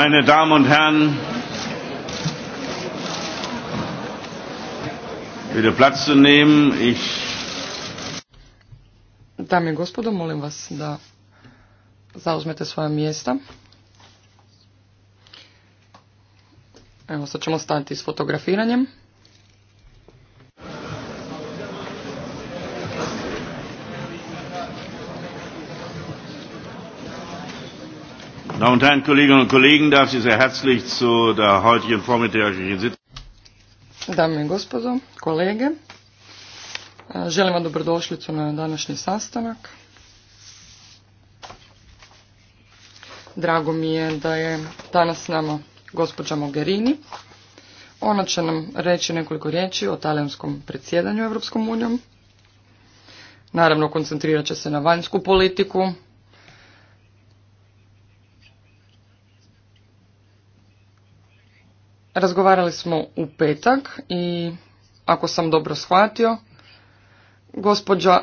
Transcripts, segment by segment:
Meine Damen und Herren, Dame i gospodo, molim vas da zauzmete svoja mjesta. Evo sad ćemo stati s fotografiranjem. Meine und Herren Dame i gospodo, kolege, e, želim vam dobrodošlicu na današnji sastanak. Drago mi je da je danas s nama gospođa Mogherini. Ona će nam reći nekoliko riječi o talijanskom predsjedanju Europskom unijom. Naravno, koncentrirat će se na vanjsku politiku, Razgovarali smo u petak i, ako sam dobro shvatio, gospođa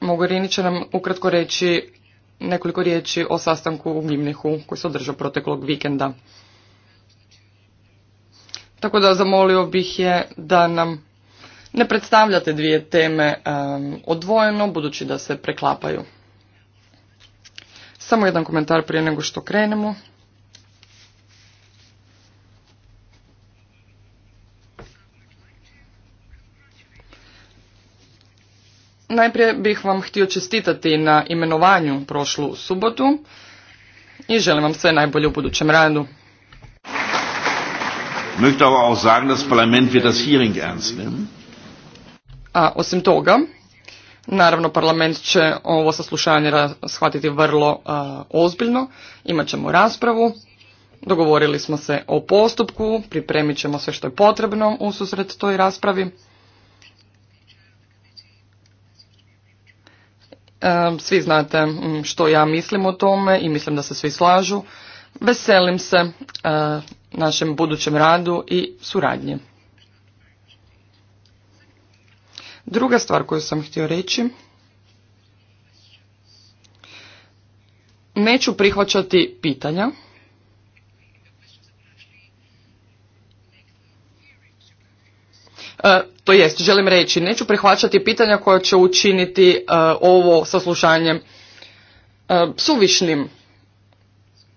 Mogorini će nam ukratko reći nekoliko riječi o sastanku u Gimnihu koji se održao proteklog vikenda. Tako da zamolio bih je da nam ne predstavljate dvije teme odvojeno, budući da se preklapaju. Samo jedan komentar prije nego što krenemo. Najprije bih vam htio čestitati na imenovanju prošlu subotu i želim vam sve najbolje u budućem radu. A osim toga, naravno parlament će ovo saslušanje shvatiti vrlo ozbiljno, ozbiljno. Imaćemo raspravu, dogovorili smo se o postupku, pripremit ćemo sve što je potrebno u susret toj raspravi. Svi znate mm, što ja mislim o tome i mislim da se svi slažu. Veselim se e, našem budućem radu i suradnji. Druga stvar koju sam htio reći. Neću prihvaćati pitanja. E, to jest želim reći neću prihvaćati pitanja koja će učiniti e, ovo saslušanje e, suvišnim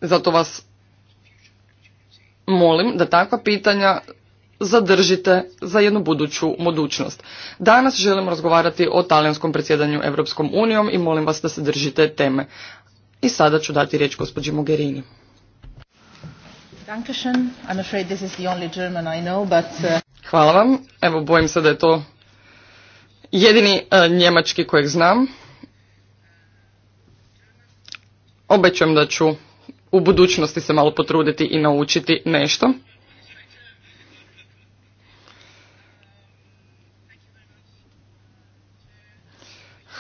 zato vas molim da takva pitanja zadržite za jednu buduću budućnost. Danas želim razgovarati o talijanskom predsjedanju Europskom unijom i molim vas da se držite teme. I sada ću dati riječ gospođi Mogherini. Dankeschön. I'm afraid this is the only German I know, but uh, Hvala vam. Evo, bojim se da je to jedini e, njemački kojeg znam. Obećujem da ću u budućnosti se malo potruditi i naučiti nešto.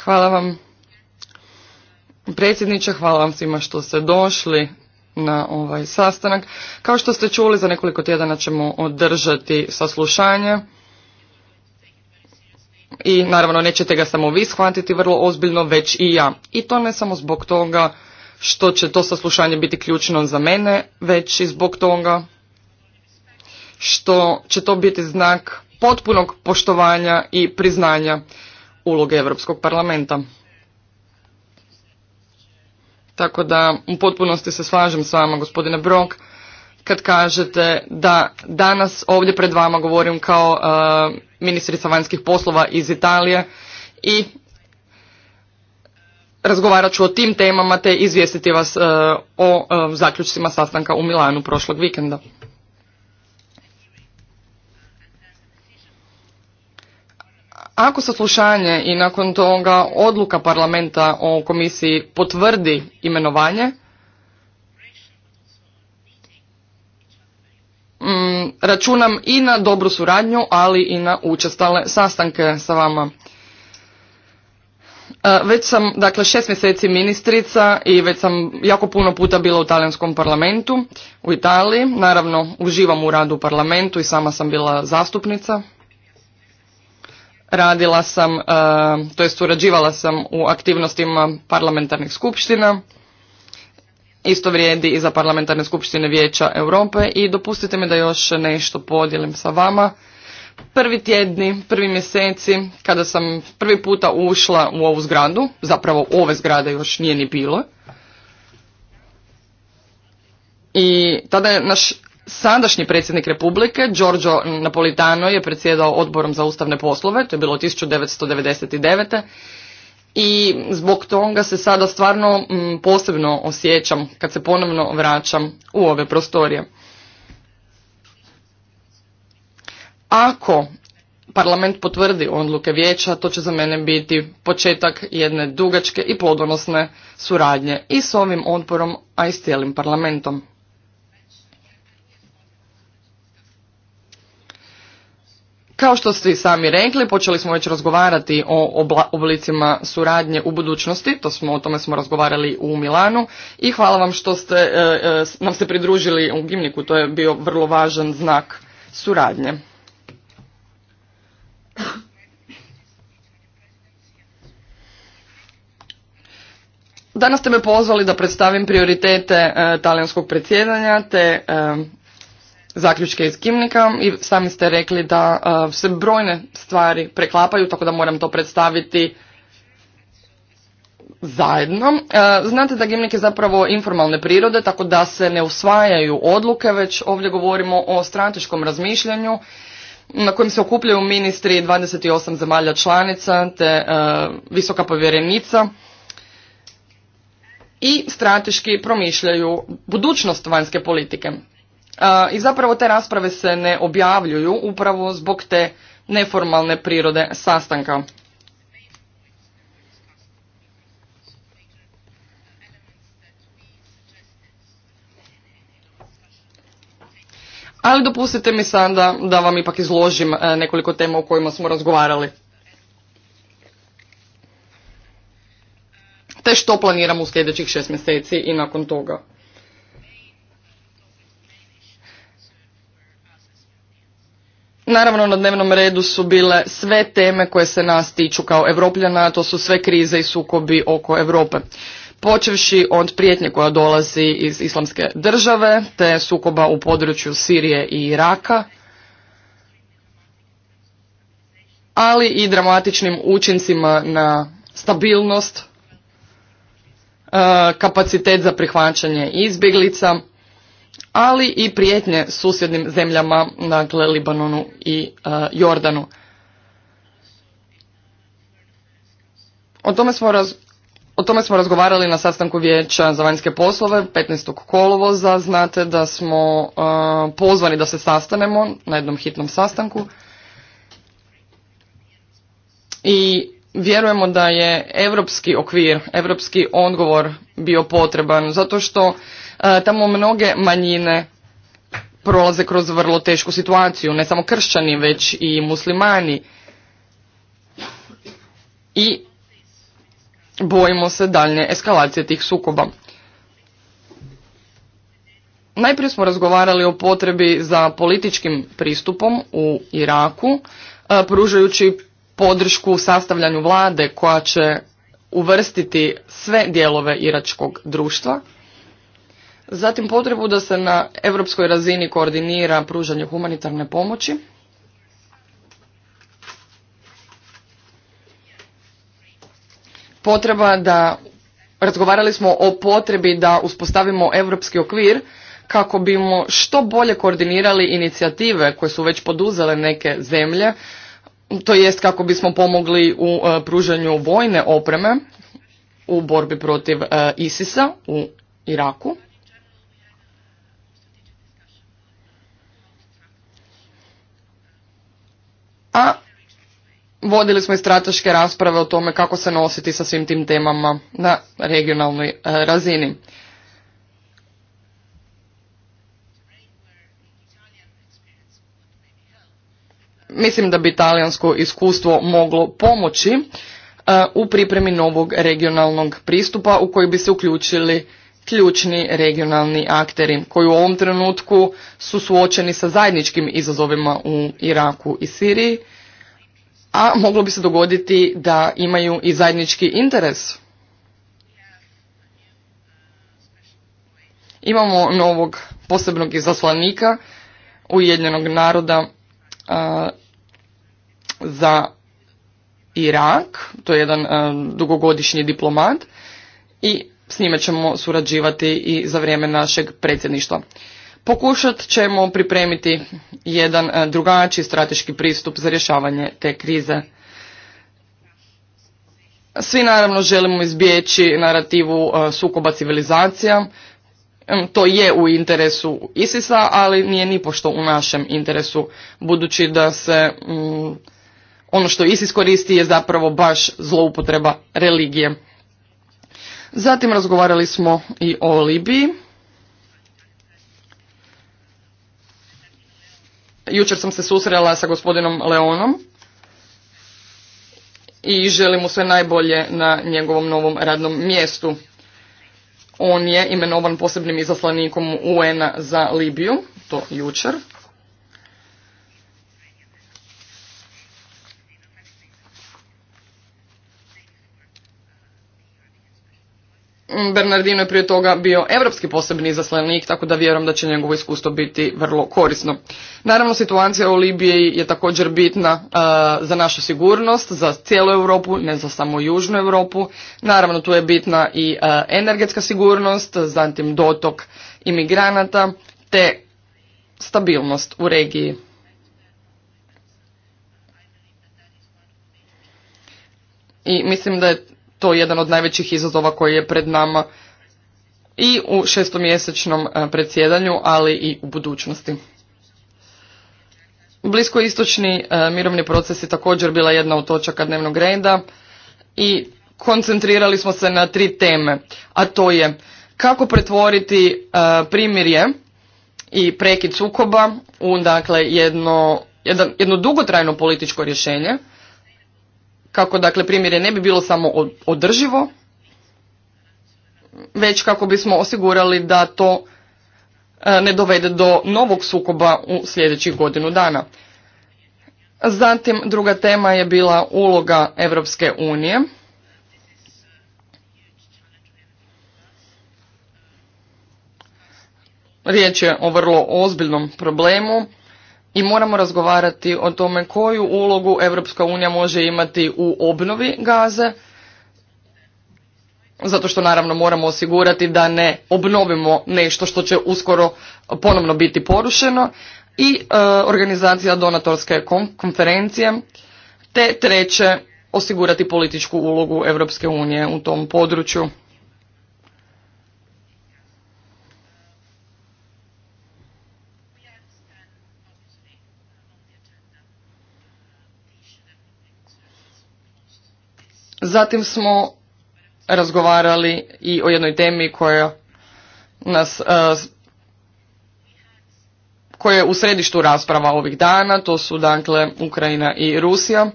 Hvala vam. Predsjedniče, hvala vam svima što ste došli na ovaj sastanak. Kao što ste čuli, za nekoliko tjedana ćemo održati saslušanje i naravno nećete ga samo vi shvatiti vrlo ozbiljno, već i ja. I to ne samo zbog toga što će to saslušanje biti ključno za mene, već i zbog toga što će to biti znak potpunog poštovanja i priznanja uloge Europskog parlamenta. Tako da u potpunosti se slažem s vama, gospodine Brok, kad kažete da danas ovdje pred vama govorim kao e, ministrica vanjskih poslova iz Italije i razgovarat ću o tim temama te izvijestiti vas e, o e, zaključcima sastanka u Milanu prošlog vikenda. Ako saslušanje i nakon toga odluka parlamenta o komisiji potvrdi imenovanje, mm, računam i na dobru suradnju, ali i na učestale sastanke sa vama. E, već sam, dakle, šest mjeseci ministrica i već sam jako puno puta bila u talijanskom parlamentu, u Italiji. Naravno, uživam u radu u parlamentu i sama sam bila zastupnica radila sam, e, to jest surađivala sam u aktivnostima parlamentarnih skupština. Isto vrijedi i za parlamentarne skupštine Vijeća Europe i dopustite mi da još nešto podijelim sa vama. Prvi tjedni, prvi mjeseci, kada sam prvi puta ušla u ovu zgradu, zapravo ove zgrade još nije ni bilo, i tada je naš Sadašnji predsjednik Republike, Giorgio Napolitano, je predsjedao odborom za ustavne poslove, to je bilo 1999. I zbog toga se sada stvarno mm, posebno osjećam kad se ponovno vraćam u ove prostorije. Ako parlament potvrdi odluke vijeća, to će za mene biti početak jedne dugačke i plodonosne suradnje i s ovim odborom, a i s cijelim parlamentom. Kao što ste i sami rekli, počeli smo već razgovarati o oblicima suradnje u budućnosti, to smo, o tome smo razgovarali u Milanu i hvala vam što ste, e, e, nam se pridružili u Gimniku, to je bio vrlo važan znak suradnje. Danas ste me pozvali da predstavim prioritete e, talijanskog predsjedanja te zaključke iz Kimnika i sami ste rekli da uh, se brojne stvari preklapaju, tako da moram to predstaviti zajedno. Uh, znate da Gimnik je zapravo informalne prirode, tako da se ne usvajaju odluke, već ovdje govorimo o strateškom razmišljanju na kojem se okupljaju ministri 28 zemalja članica te uh, visoka povjerenica i strateški promišljaju budućnost vanjske politike. I zapravo te rasprave se ne objavljuju upravo zbog te neformalne prirode sastanka. Ali dopustite mi sada da vam ipak izložim e, nekoliko tema o kojima smo razgovarali. Te što planiramo u sljedećih šest mjeseci i nakon toga. Naravno na dnevnom redu su bile sve teme koje se nas tiču kao Evropljana, to su sve krize i sukobi oko Europe. Počevši od prijetnje koja dolazi iz islamske države, te sukoba u području Sirije i Iraka, ali i dramatičnim učincima na stabilnost, e, kapacitet za prihvaćanje izbjeglica, ali i prijetnje susjednim zemljama, dakle Libanonu i e, Jordanu. O tome, smo raz, o tome smo razgovarali na sastanku vijeća za vanjske poslove 15. kolovoza. Znate da smo e, pozvani da se sastanemo na jednom hitnom sastanku. I vjerujemo da je europski okvir, europski odgovor bio potreban zato što E, tamo mnoge manjine prolaze kroz vrlo tešku situaciju, ne samo kršćani, već i muslimani. I bojimo se daljnje eskalacije tih sukoba. Najprije smo razgovarali o potrebi za političkim pristupom u Iraku, e, pružajući podršku sastavljanju vlade koja će uvrstiti sve dijelove iračkog društva zatim potrebu da se na europskoj razini koordinira pružanje humanitarne pomoći, potreba da razgovarali smo o potrebi da uspostavimo europski okvir kako bimo što bolje koordinirali inicijative koje su već poduzele neke zemlje, to jest kako bismo pomogli u e, pružanju vojne opreme u borbi protiv e, ISIS-a u Iraku. a vodili smo i strateške rasprave o tome kako se nositi sa svim tim temama na regionalnoj e, razini. Mislim da bi italijansko iskustvo moglo pomoći e, u pripremi novog regionalnog pristupa u koji bi se uključili ključni regionalni akteri koji u ovom trenutku su suočeni sa zajedničkim izazovima u Iraku i Siriji, a moglo bi se dogoditi da imaju i zajednički interes. Imamo novog posebnog izaslanika Ujedinjenog naroda za Irak, to je jedan dugogodišnji diplomat i s njime ćemo surađivati i za vrijeme našeg predsjedništva. Pokušat ćemo pripremiti jedan e, drugačiji strateški pristup za rješavanje te krize. Svi naravno želimo izbjeći narativu e, sukoba civilizacija. E, to je u interesu Isisa, ali nije ni u našem interesu, budući da se mm, ono što ISIS koristi je zapravo baš zloupotreba religije. Zatim razgovarali smo i o Libiji. Jučer sam se susrela sa gospodinom Leonom i želim mu sve najbolje na njegovom novom radnom mjestu. On je imenovan posebnim izaslanikom UN-a za Libiju, to jučer. Mm, Bernardino je prije toga bio europski posebni izaslanik, tako da vjerujem da će njegovo iskustvo biti vrlo korisno. Naravno, situacija u Libiji je također bitna e, za našu sigurnost, za cijelu Europu, ne za samo južnu Europu. Naravno, tu je bitna i e, energetska sigurnost, zatim dotok imigranata, te stabilnost u regiji. I mislim da je to je jedan od najvećih izazova koji je pred nama i u šestomjesečnom e, predsjedanju, ali i u budućnosti. Bliskoistočni e, mirovni proces je također bila jedna od točaka dnevnog reda i koncentrirali smo se na tri teme, a to je kako pretvoriti e, primirje i prekid sukoba u dakle jedno, jedno dugotrajno političko rješenje, kako dakle primjere ne bi bilo samo održivo, već kako bismo osigurali da to e, ne dovede do novog sukoba u sljedećih godinu dana. Zatim druga tema je bila uloga Europske unije. Riječ je o vrlo ozbiljnom problemu i moramo razgovarati o tome koju ulogu Europska unija može imati u obnovi gaze, zato što naravno moramo osigurati da ne obnovimo nešto što će uskoro ponovno biti porušeno i e, organizacija donatorske konferencije, te treće osigurati političku ulogu Europske unije u tom području. Zatim smo razgovarali i o jednoj temi koja nas e, koja je u središtu rasprava ovih dana, to su dakle Ukrajina i Rusija.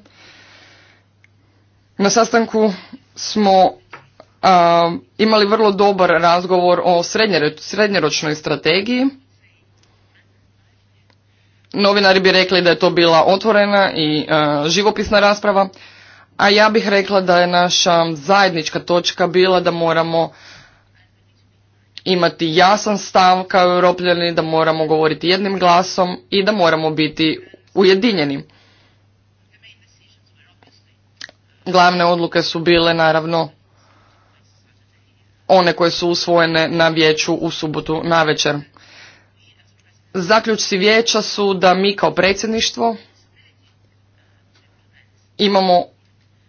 Na sastanku smo e, imali vrlo dobar razgovor o srednjeročnoj strategiji. Novinari bi rekli da je to bila otvorena i e, živopisna rasprava a ja bih rekla da je naša zajednička točka bila da moramo imati jasan stav kao europljani, da moramo govoriti jednim glasom i da moramo biti ujedinjeni. Glavne odluke su bile naravno one koje su usvojene na vijeću u subotu navečer. Zaključci vijeća su da mi kao predsjedništvo imamo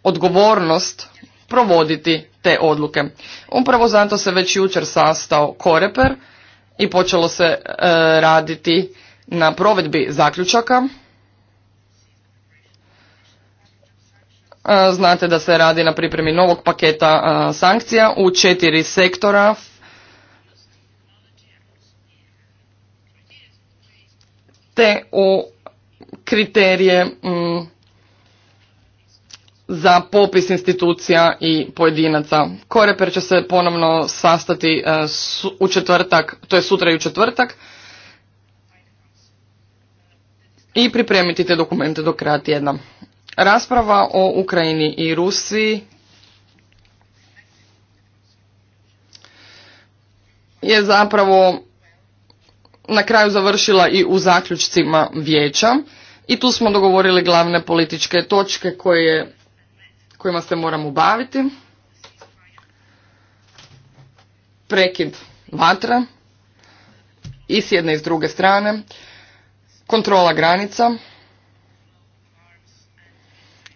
odgovornost provoditi te odluke. Upravo zato se već jučer sastao Koreper i počelo se e, raditi na provedbi zaključaka. E, znate da se radi na pripremi novog paketa e, sankcija u četiri sektora te u kriterije mm, za popis institucija i pojedinaca. Koreper će se ponovno sastati e, u četvrtak, to je sutra i u četvrtak, i pripremiti te dokumente do kraja tjedna. Rasprava o Ukrajini i Rusiji je zapravo na kraju završila i u zaključcima vijeća i tu smo dogovorili glavne političke točke koje kojima se moramo baviti, prekid vatra i s jedne i s druge strane, kontrola granica,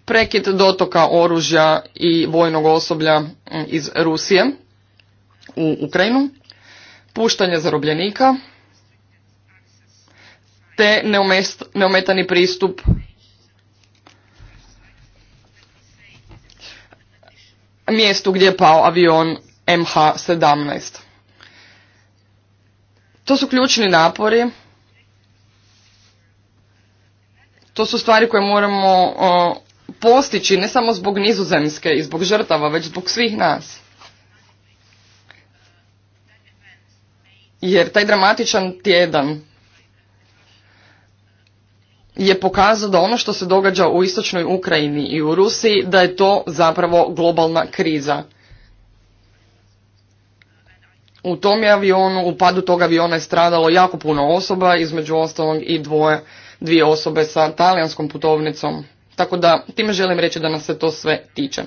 prekid dotoka oružja i vojnog osoblja mm, iz Rusije u Ukrajinu, puštanje zarobljenika te neometani pristup mjestu gdje je pao avion MH17. To su ključni napori. To su stvari koje moramo postići ne samo zbog nizozemske i zbog žrtava, već zbog svih nas. Jer taj dramatičan tjedan je pokazao da ono što se događa u istočnoj Ukrajini i u Rusiji da je to zapravo globalna kriza. U tom je avionu, u padu tog aviona je stradalo jako puno osoba, između ostalog i dvoje, dvije osobe sa talijanskom putovnicom. Tako da time želim reći da nas se to sve tiče.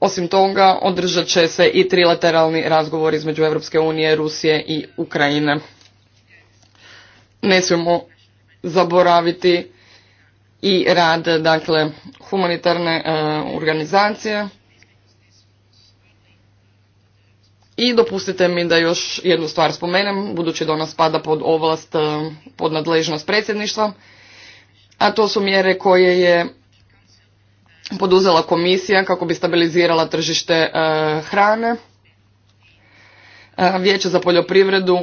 Osim toga, održat će se i trilateralni razgovor između Europske unije, Rusije i Ukrajine. Ne smijemo zaboraviti i rad dakle, humanitarne e, organizacije. I dopustite mi da još jednu stvar spomenem, budući da ona spada pod ovlast, e, pod nadležnost predsjedništva, a to su mjere koje je poduzela komisija kako bi stabilizirala tržište e, hrane. E, Vijeće za poljoprivredu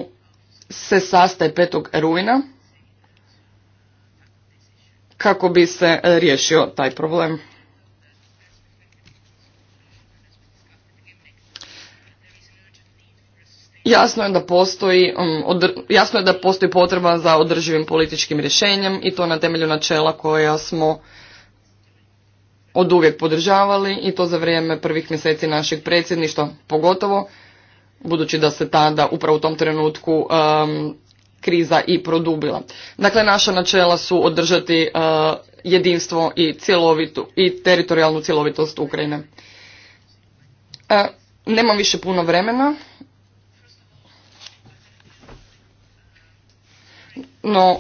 se sastaje 5. rujna kako bi se e, riješio taj problem. Jasno je da postoji, um, jasno je da postoji potreba za održivim političkim rješenjem i to na temelju načela koja smo od uvijek podržavali i to za vrijeme prvih mjeseci našeg predsjedništva pogotovo, budući da se tada upravo u tom trenutku kriza i produbila. Dakle, naša načela su održati e, jedinstvo i cjelovitu i teritorijalnu cjelovitost Ukrajine. Uh, nemam više puno vremena. No,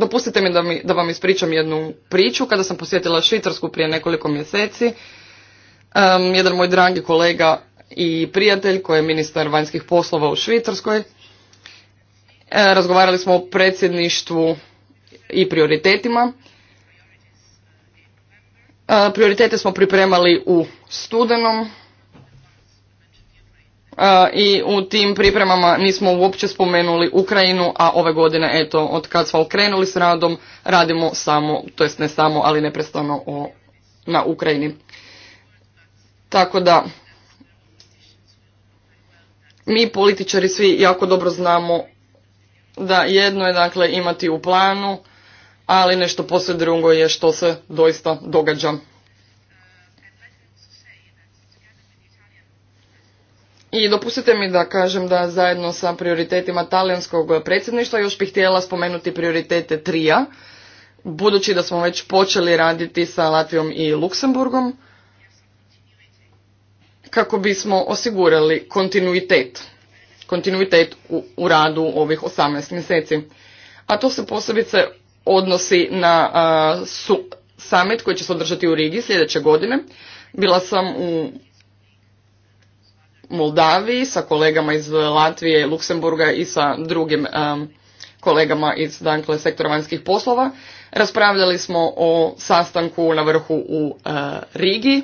Dopustite mi da, mi da vam ispričam jednu priču. Kada sam posjetila Švicarsku prije nekoliko mjeseci, um, jedan moj dragi kolega i prijatelj koji je ministar vanjskih poslova u Švicarskoj, e, razgovarali smo o predsjedništvu i prioritetima. E, prioritete smo pripremali u studenom, i u tim pripremama nismo uopće spomenuli Ukrajinu, a ove godine, eto, od kad smo krenuli s radom, radimo samo, to jest ne samo, ali neprestano o, na Ukrajini. Tako da, mi političari svi jako dobro znamo da jedno je dakle imati u planu, ali nešto posve drugo je što se doista događa. I dopustite mi da kažem da zajedno sa prioritetima talijanskog predsjedništva još bih htjela spomenuti prioritete trija, budući da smo već počeli raditi sa Latvijom i Luksemburgom, kako bismo osigurali kontinuitet, kontinuitet u, radu ovih 18 mjeseci. A to se posebice odnosi na summit koji će se održati u Rigi sljedeće godine. Bila sam u Moldaviji, sa kolegama iz Latvije, Luksemburga i sa drugim kolegama iz dakle, sektora vanjskih poslova. Raspravljali smo o sastanku na vrhu u e, Rigi.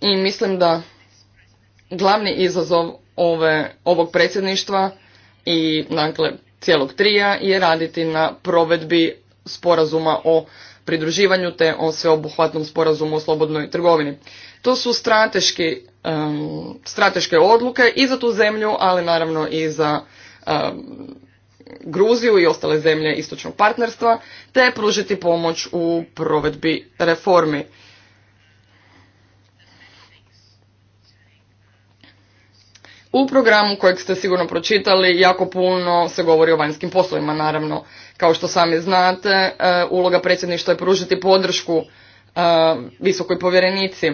I mislim da glavni izazov ove, ovog predsjedništva i dakle, cijelog trija je raditi na provedbi sporazuma o pridruživanju te o sveobuhvatnom sporazumu o slobodnoj trgovini. To su strateški, strateške odluke i za tu zemlju, ali naravno i za Gruziju i ostale zemlje istočnog partnerstva, te pružiti pomoć u provedbi reformi. U programu kojeg ste sigurno pročitali jako puno se govori o vanjskim poslovima, naravno. Kao što sami znate, e, uloga predsjedništva je pružiti podršku e, visokoj povjerenici.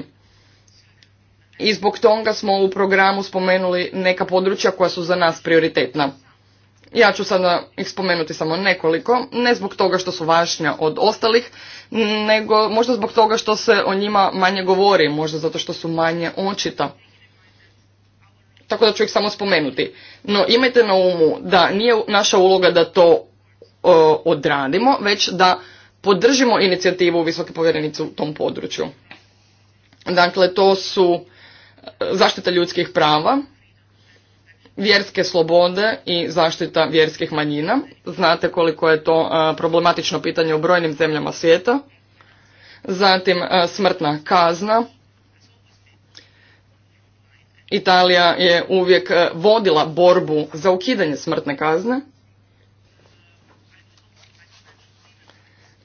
I zbog toga smo u programu spomenuli neka područja koja su za nas prioritetna. Ja ću sada ih spomenuti samo nekoliko, ne zbog toga što su važnja od ostalih, nego možda zbog toga što se o njima manje govori, možda zato što su manje očita. Tako da ću ih samo spomenuti. No imajte na umu da nije naša uloga da to E, odradimo, već da podržimo inicijativu visoke povjerenice u tom području. Dakle, to su e, zaštita ljudskih prava, vjerske slobode i zaštita vjerskih manjina. Znate koliko je to e, problematično pitanje u brojnim zemljama svijeta. Zatim smrtna kazna. Italija je uvijek vodila borbu za ukidanje smrtne kazne.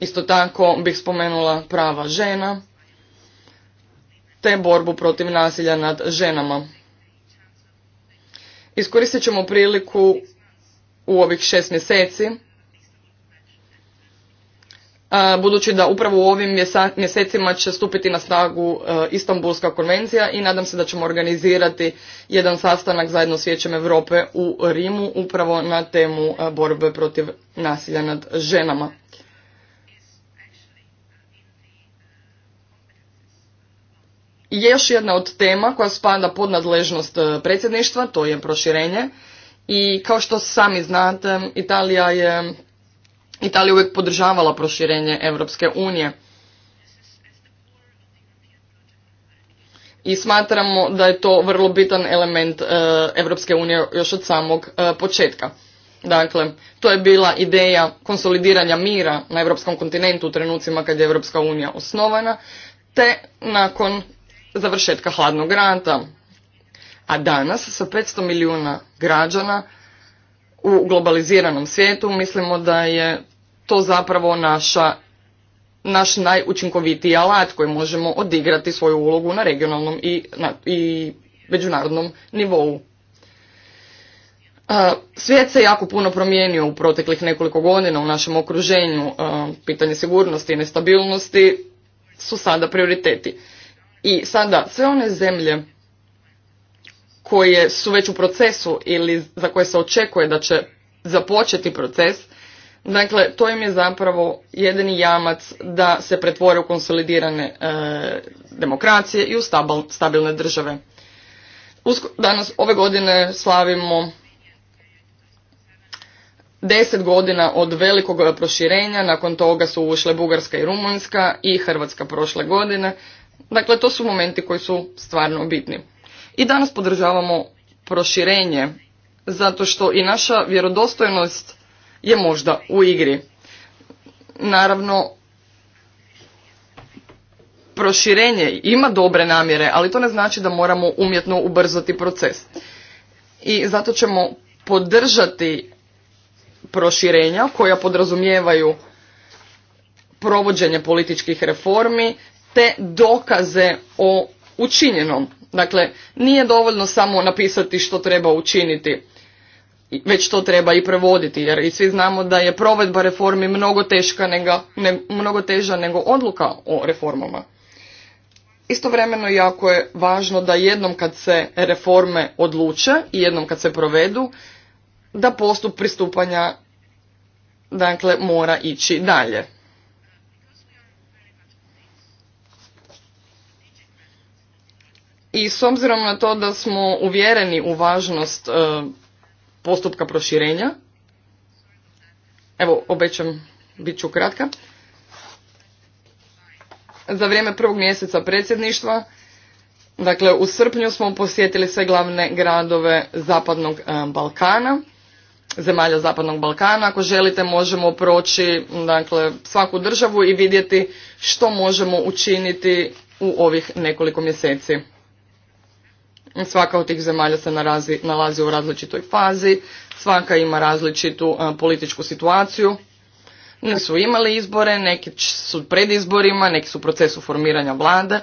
Isto tako bih spomenula prava žena te borbu protiv nasilja nad ženama. Iskoristit ćemo priliku u ovih šest mjeseci, budući da upravo u ovim mjesecima će stupiti na snagu e, Istanbulska konvencija i nadam se da ćemo organizirati jedan sastanak zajedno s Vijećem Europe u Rimu upravo na temu e, borbe protiv nasilja nad ženama. još jedna od tema koja spada pod nadležnost e, predsjedništva, to je proširenje. I kao što sami znate, Italija je Italija uvijek podržavala proširenje Europske unije. I smatramo da je to vrlo bitan element e, Europske unije još od samog e, početka. Dakle, to je bila ideja konsolidiranja mira na europskom kontinentu u trenucima kad je Europska unija osnovana, te nakon završetka hladnog rata. A danas sa 500 milijuna građana u globaliziranom svijetu mislimo da je to zapravo naša, naš najučinkovitiji alat koji možemo odigrati svoju ulogu na regionalnom i, i međunarodnom nivou. Svijet se jako puno promijenio u proteklih nekoliko godina u našem okruženju. Pitanje sigurnosti i nestabilnosti su sada prioriteti. I sada sve one zemlje koje su već u procesu ili za koje se očekuje da će započeti proces, dakle to im je zapravo jedini jamac da se pretvore u konsolidirane e, demokracije i u stabilne države. danas ove godine slavimo deset godina od velikog proširenja, nakon toga su ušle Bugarska i Rumunjska i Hrvatska prošle godine, Dakle, to su momenti koji su stvarno bitni. I danas podržavamo proširenje, zato što i naša vjerodostojnost je možda u igri. Naravno, proširenje ima dobre namjere, ali to ne znači da moramo umjetno ubrzati proces. I zato ćemo podržati proširenja koja podrazumijevaju provođenje političkih reformi, te dokaze o učinjenom. Dakle, nije dovoljno samo napisati što treba učiniti, već to treba i provoditi, jer i svi znamo da je provedba reformi mnogo, teška nego, mnogo teža nego odluka o reformama. Istovremeno jako je važno da jednom kad se reforme odluče i jednom kad se provedu, da postup pristupanja dakle, mora ići dalje. I s obzirom na to da smo uvjereni u važnost e, postupka proširenja, evo obećam, bit ću kratka, za vrijeme prvog mjeseca predsjedništva, dakle u srpnju smo posjetili sve glavne gradove Zapadnog e, Balkana, zemalja Zapadnog Balkana. Ako želite možemo proći dakle, svaku državu i vidjeti što možemo učiniti u ovih nekoliko mjeseci. Svaka od tih zemalja se nalazi u različitoj fazi, svaka ima različitu političku situaciju. Ne su imali izbore, neki su pred izborima, neki su u procesu formiranja vlade.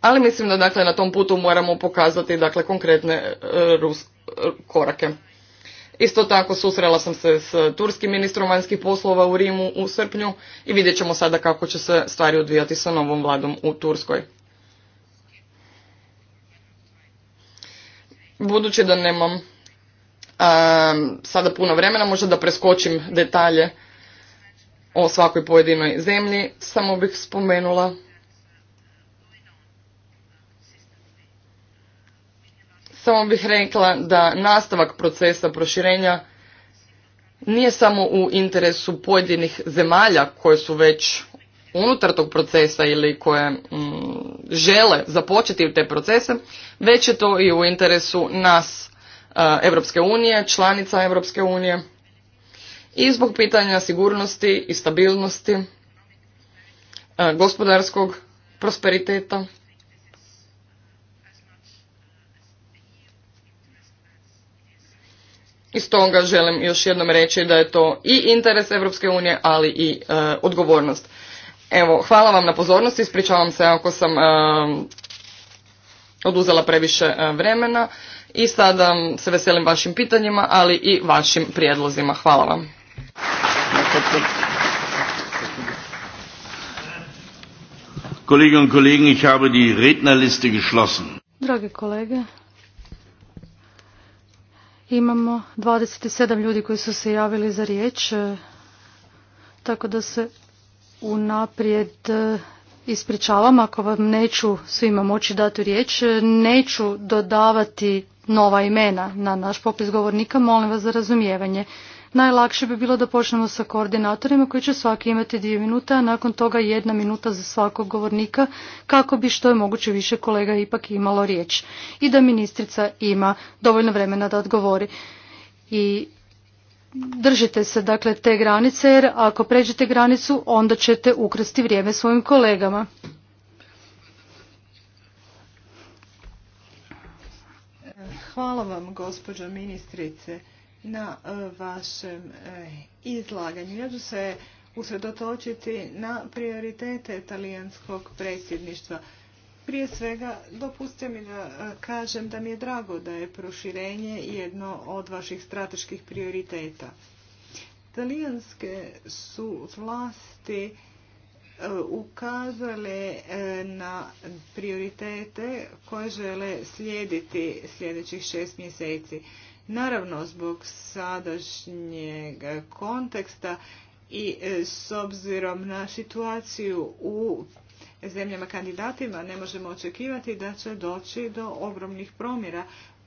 Ali mislim da dakle na tom putu moramo pokazati dakle konkretne e, rus, e, korake. Isto tako susrela sam se s eh, turskim ministrom vanjskih poslova u Rimu u srpnju i vidjet ćemo sada kako će se stvari odvijati sa novom vladom u Turskoj. Budući da nemam ehm, sada puno vremena, možda da preskočim detalje o svakoj pojedinoj zemlji, samo bih spomenula Samo bih rekla da nastavak procesa proširenja nije samo u interesu pojedinih zemalja koje su već unutar tog procesa ili koje mm, žele započeti te procese, već je to i u interesu nas, Europske unije, članica Europske unije i zbog pitanja sigurnosti i stabilnosti, e, gospodarskog prosperiteta i stoga želim još jednom reći da je to i interes Europske unije, ali i e, odgovornost. Evo, hvala vam na pozornosti, ispričavam se ako sam e, oduzela previše e, vremena i sada se veselim vašim pitanjima, ali i vašim prijedlozima. Hvala vam. Kolege kolegom, ich habe die Rednerliste geschlossen. Drage kolege, Imamo 27 ljudi koji su se javili za riječ, e, tako da se unaprijed e, ispričavam ako vam neću svima moći dati riječ. E, neću dodavati nova imena na naš popis govornika, molim vas za razumijevanje. Najlakše bi bilo da počnemo sa koordinatorima koji će svaki imati dvije minuta, a nakon toga jedna minuta za svakog govornika kako bi što je moguće više kolega ipak imalo riječ i da ministrica ima dovoljno vremena da odgovori. I držite se dakle te granice jer ako pređete granicu onda ćete ukrasti vrijeme svojim kolegama. Hvala vam gospođo ministrice na e, vašem e, izlaganju. Ja ću se usredotočiti na prioritete talijanskog predsjedništva. Prije svega, dopustite mi da e, kažem da mi je drago da je proširenje jedno od vaših strateških prioriteta. Talijanske su vlasti ukazale na prioritete koje žele slijediti sljedećih šest mjeseci. Naravno, zbog sadašnjeg konteksta i e, s obzirom na situaciju u zemljama kandidatima ne možemo očekivati da će doći do ogromnih promjera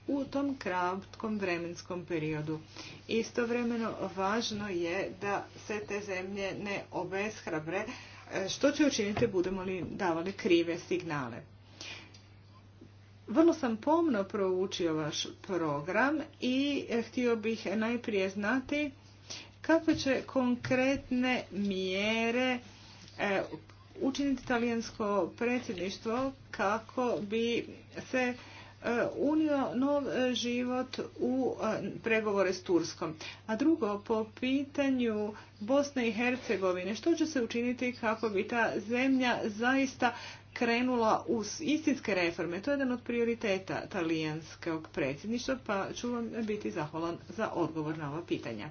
u tom kratkom vremenskom periodu. Istovremeno važno je da se te zemlje ne obeshrabre e, što će učiniti budemo li davali krive signale. Vrlo sam pomno proučio vaš program i eh, htio bih najprije znati kakve će konkretne mjere eh, učiniti talijansko predsjedništvo kako bi se eh, unio nov život u pregovore s Turskom. A drugo, po pitanju Bosne i Hercegovine, što će se učiniti kako bi ta zemlja zaista krenula uz istinske reforme. To je jedan od prioriteta talijanskog predsjedništva, pa ću vam biti zahvalan za odgovor na ova pitanja.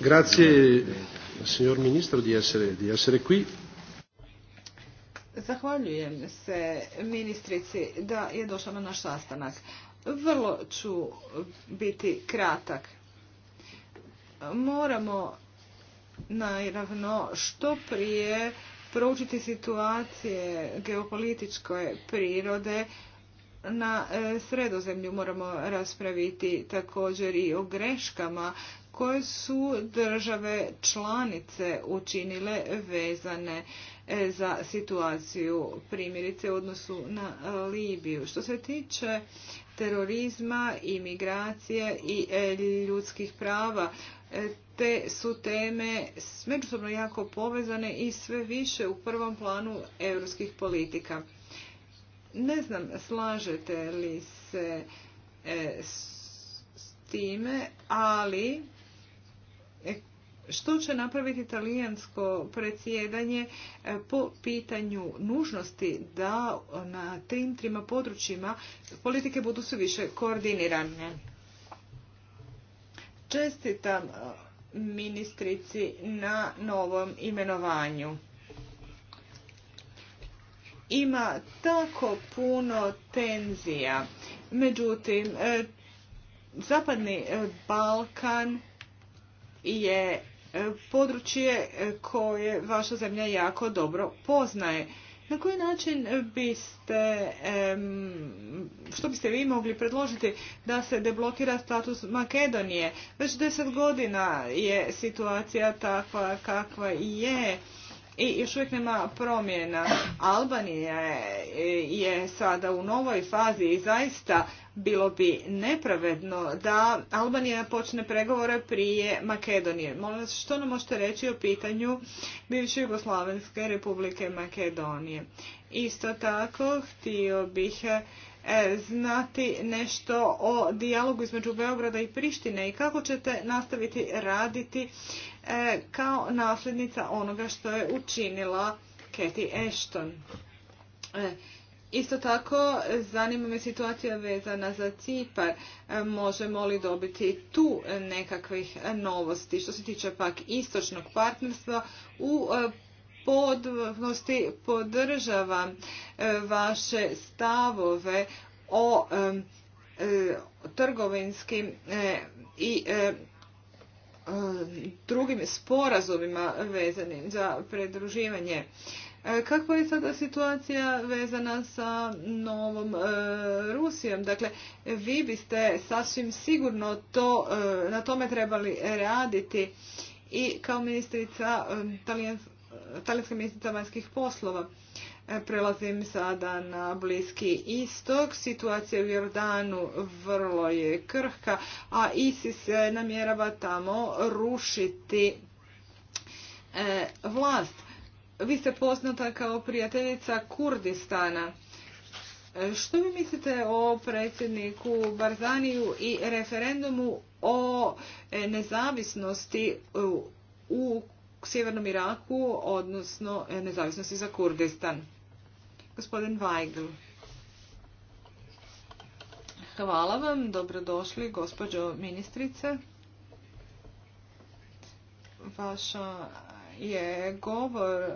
Grazie, signor ministro, di essere, di essere qui. Zahvaljujem se ministrici da je došla na naš sastanak. Vrlo ću biti kratak. Moramo naravno što prije proučiti situacije geopolitičke prirode na e, sredozemlju moramo raspraviti također i o greškama koje su države članice učinile vezane e, za situaciju primjerice u odnosu na e, Libiju. Što se tiče terorizma, imigracije i ljudskih prava, te su teme međusobno jako povezane i sve više u prvom planu europskih politika. Ne znam, slažete li se e, s, time, ali e, što će napraviti italijansko predsjedanje e, po pitanju nužnosti da na tim trima područjima politike budu sve više koordinirane? Čestitam ministrici na novom imenovanju. Ima tako puno tenzija. Međutim, e, Zapadni e, Balkan je e, područje koje vaša zemlja jako dobro poznaje. Na koji način biste, što biste vi mogli predložiti da se deblokira status Makedonije? Već deset godina je situacija takva kakva i je i još uvijek nema promjena. Albanija je sada u novoj fazi i zaista bilo bi nepravedno da Albanija počne pregovore prije Makedonije. Molim vas, što nam možete reći o pitanju bivše Jugoslavenske republike Makedonije? Isto tako, htio bih E, znati nešto o dijalogu između Beograda i Prištine i kako ćete nastaviti raditi e, kao nasljednica onoga što je učinila Cathy Ashton. E, isto tako, zanima me situacija vezana za Cipar. Možemo li dobiti tu nekakvih novosti što se tiče pak istočnog partnerstva u podnosti podržavam e, vaše stavove o e, e, trgovinskim i drugim sporazumima vezanim za predruživanje. Kakva je sada situacija vezana sa novom Rusijom? Dakle, vi biste sasvim sigurno to, na tome trebali raditi i kao ministrica e, talijanske ministrica vanjskih poslova. E, prelazim sada na Bliski istok. Situacija u Jordanu vrlo je krhka, a ISIS namjerava tamo rušiti e, vlast. Vi ste poznata kao prijateljica Kurdistana. E, što vi mislite o predsjedniku Barzaniju i referendumu o nezavisnosti u Sjevernom Iraku, odnosno e, nezavisnosti za Kurdistan. Gospodin Weigl. Hvala vam, dobrodošli, gospođo ministrice. Vaša je govor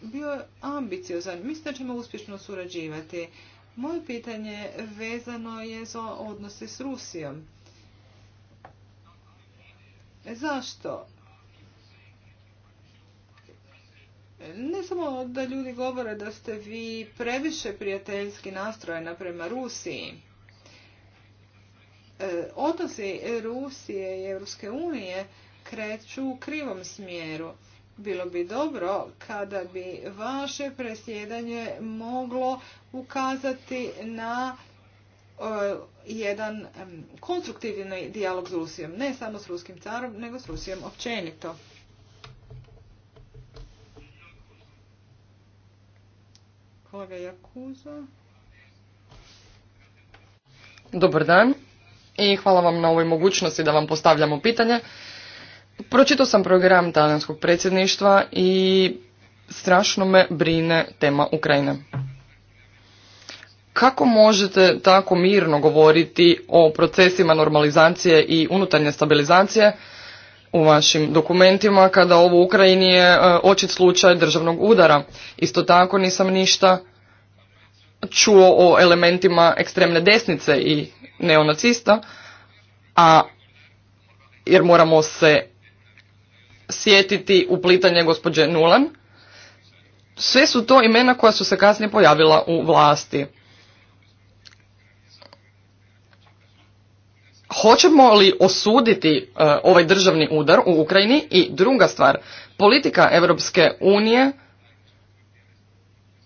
bio ambiciozan. Mislim da ćemo uspješno surađivati. Moje pitanje vezano je za odnose s Rusijom. Zašto Ne samo da ljudi govore da ste vi previše prijateljski nastrojena prema Rusiji. E, odnosi Rusije i Europske unije kreću u krivom smjeru. Bilo bi dobro kada bi vaše presjedanje moglo ukazati na e, jedan konstruktivni dijalog s Rusijom, ne samo s ruskim carom, nego s Rusijom općenito. Kolega Dobar dan i hvala vam na ovoj mogućnosti da vam postavljamo pitanje. Pročitao sam program talijanskog predsjedništva i strašno me brine tema Ukrajine. Kako možete tako mirno govoriti o procesima normalizacije i unutarnje stabilizacije u vašim dokumentima kada ovo u Ukrajini je e, očit slučaj državnog udara. Isto tako nisam ništa čuo o elementima ekstremne desnice i neonacista, a jer moramo se sjetiti uplitanje gospođe Nulan. Sve su to imena koja su se kasnije pojavila u vlasti. hoćemo li osuditi e, ovaj državni udar u Ukrajini i druga stvar, politika Europske unije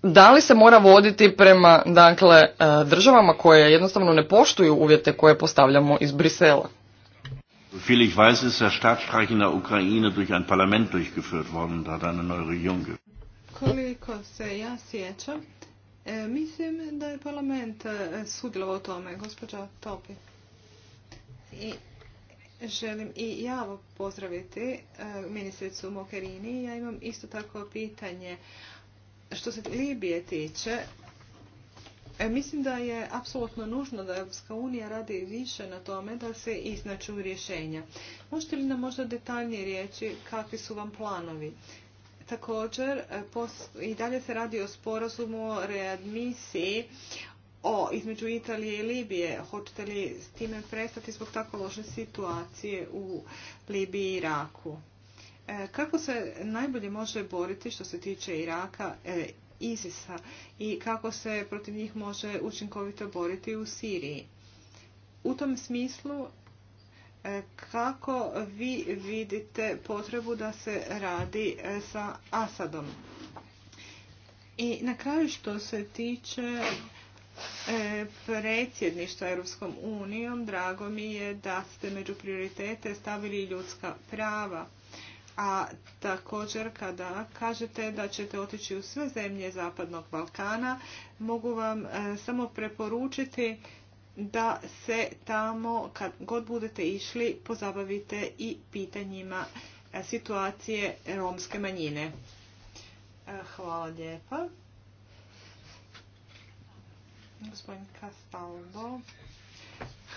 da li se mora voditi prema dakle, e, državama koje jednostavno ne poštuju uvjete koje postavljamo iz Brisela? Koliko se ja sjećam, e, mislim da je parlament sudjelovao o tome, gospođa Topi. I želim i ja pozdraviti e, ministricu Mokerini. Ja imam isto tako pitanje što se Libije tiče. E, mislim da je apsolutno nužno da Evropska unija radi više na tome da se iznaču rješenja. Možete li nam možda detaljnije riječi kakvi su vam planovi? Također, e, i dalje se radi o sporazumu o readmisiji o, između Italije i Libije. Hoćete li s time prestati zbog tako loše situacije u Libiji i Iraku? E, kako se najbolje može boriti što se tiče Iraka e, i kako se protiv njih može učinkovito boriti u Siriji? U tom smislu e, kako vi vidite potrebu da se radi e, sa Asadom? I na kraju što se tiče E, predsjedništva Europskom unijom. Drago mi je da ste među prioritete stavili ljudska prava. A također kada kažete da ćete otići u sve zemlje Zapadnog Balkana, mogu vam e, samo preporučiti da se tamo kad god budete išli pozabavite i pitanjima e, situacije romske manjine. Hvala lijepa. Gospodin Castaldo.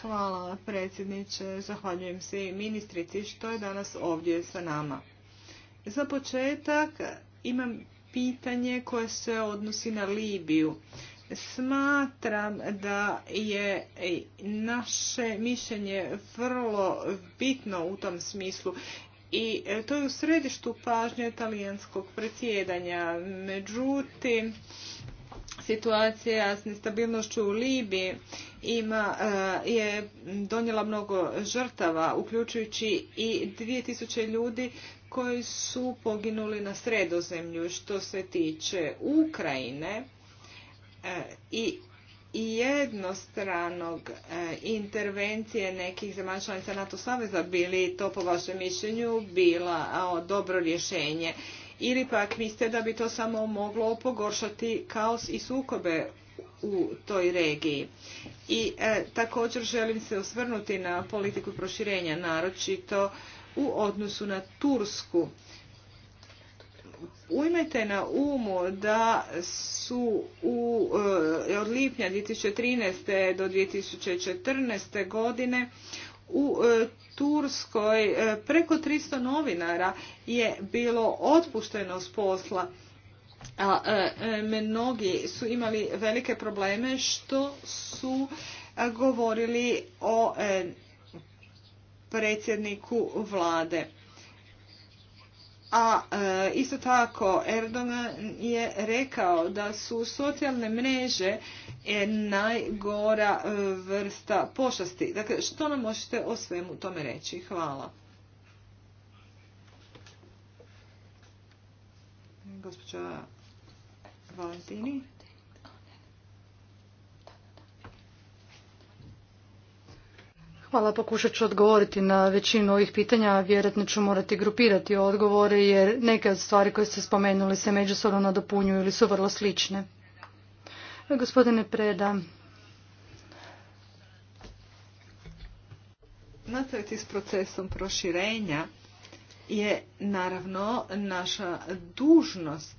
Hvala predsjedniče, zahvaljujem se i ministrici što je danas ovdje sa nama. Za početak imam pitanje koje se odnosi na Libiju. Smatram da je naše mišljenje vrlo bitno u tom smislu i to je u središtu pažnje talijanskog predsjedanja. Međutim, situacija s nestabilnošću u Libiji ima, eh, je donijela mnogo žrtava, uključujući i 2000 ljudi koji su poginuli na sredozemlju. Što se tiče Ukrajine eh, i jednostranog eh, intervencije nekih zemalja članica NATO saveza bili to po vašem mišljenju bila dobro rješenje ili pak mislite da bi to samo moglo pogoršati kaos i sukobe u toj regiji. I e, također želim se osvrnuti na politiku proširenja, naročito u odnosu na Tursku. Ujmete na umu da su u, e, od lipnja 2013. do 2014. godine u e, Turskoj e, preko 300 novinara je bilo otpušteno s posla a e, mnogi su imali velike probleme što su govorili o predsjedniku vlade a e, isto tako Erdogan je rekao da su socijalne mreže e, najgora e, vrsta pošasti. Dakle, što nam možete o svemu tome reći? Hvala. Valentini. Hvala, pokušat ću odgovoriti na većinu ovih pitanja, vjerojatno ću morati grupirati odgovore jer neke od stvari koje ste spomenuli se međusobno nadopunjuju ili su vrlo slične. Gospodine Preda. Nastaviti s procesom proširenja je naravno naša dužnost.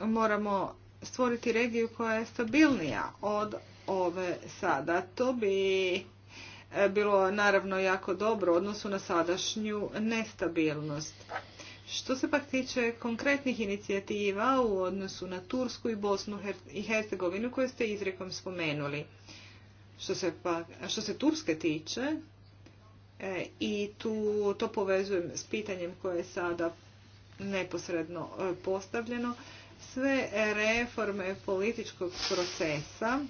Moramo stvoriti regiju koja je stabilnija od ove sada. To bi e, bilo naravno jako dobro u odnosu na sadašnju nestabilnost. Što se pak tiče konkretnih inicijativa u odnosu na Tursku i Bosnu i Hercegovinu koje ste izrekom spomenuli. Što se, Turske tiče, e, i tu to povezujem s pitanjem koje je sada neposredno e, postavljeno, sve reforme političkog procesa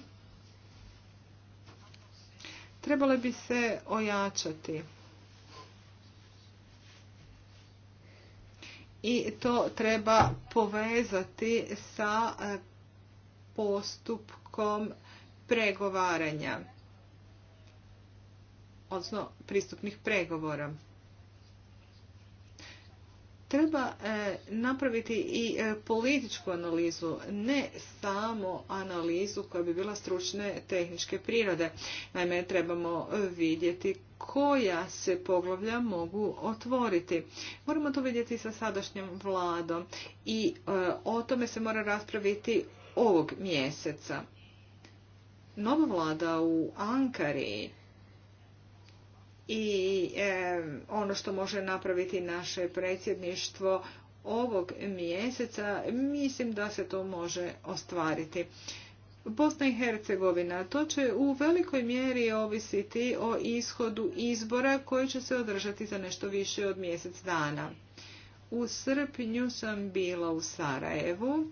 trebale bi se ojačati. I to treba povezati sa e, postupkom pregovaranja, odnosno pristupnih pregovora. Treba e, napraviti i e, političku analizu, ne samo analizu koja bi bila stručne tehničke prirode. Naime, trebamo vidjeti koja se poglavlja mogu otvoriti. Moramo to vidjeti sa sadašnjom vladom i e, o tome se mora raspraviti ovog mjeseca. Nova vlada u Ankari i e, ono što može napraviti naše predsjedništvo ovog mjeseca, mislim da se to može ostvariti. Bosna i Hercegovina, to će u velikoj mjeri ovisiti o ishodu izbora koji će se održati za nešto više od mjesec dana. U srpnju sam bila u Sarajevu,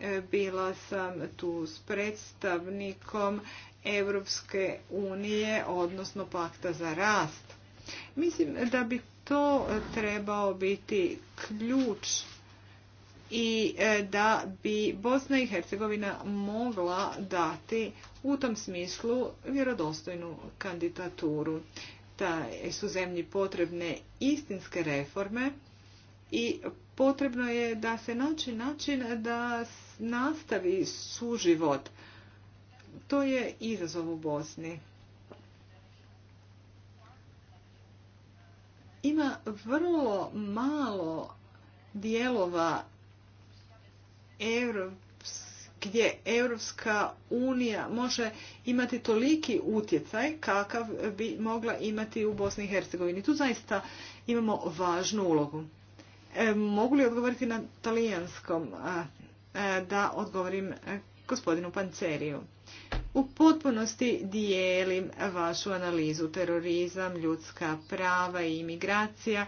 e, bila sam tu s predstavnikom Europske unije, odnosno pakta za rast. Mislim da bi to trebao biti ključ i e, da bi Bosna i Hercegovina mogla dati u tom smislu vjerodostojnu kandidaturu. Da su zemlji potrebne istinske reforme i potrebno je da se naći način da nastavi suživot to je izazov u Bosni. Ima vrlo malo dijelova gdje Europska unija može imati toliki utjecaj kakav bi mogla imati u Bosni i Hercegovini. Tu zaista imamo važnu ulogu. E, mogu li odgovoriti na talijanskom? E, e, da odgovorim gospodinu Panceriju. U potpunosti dijelim vašu analizu. Terorizam, ljudska prava i imigracija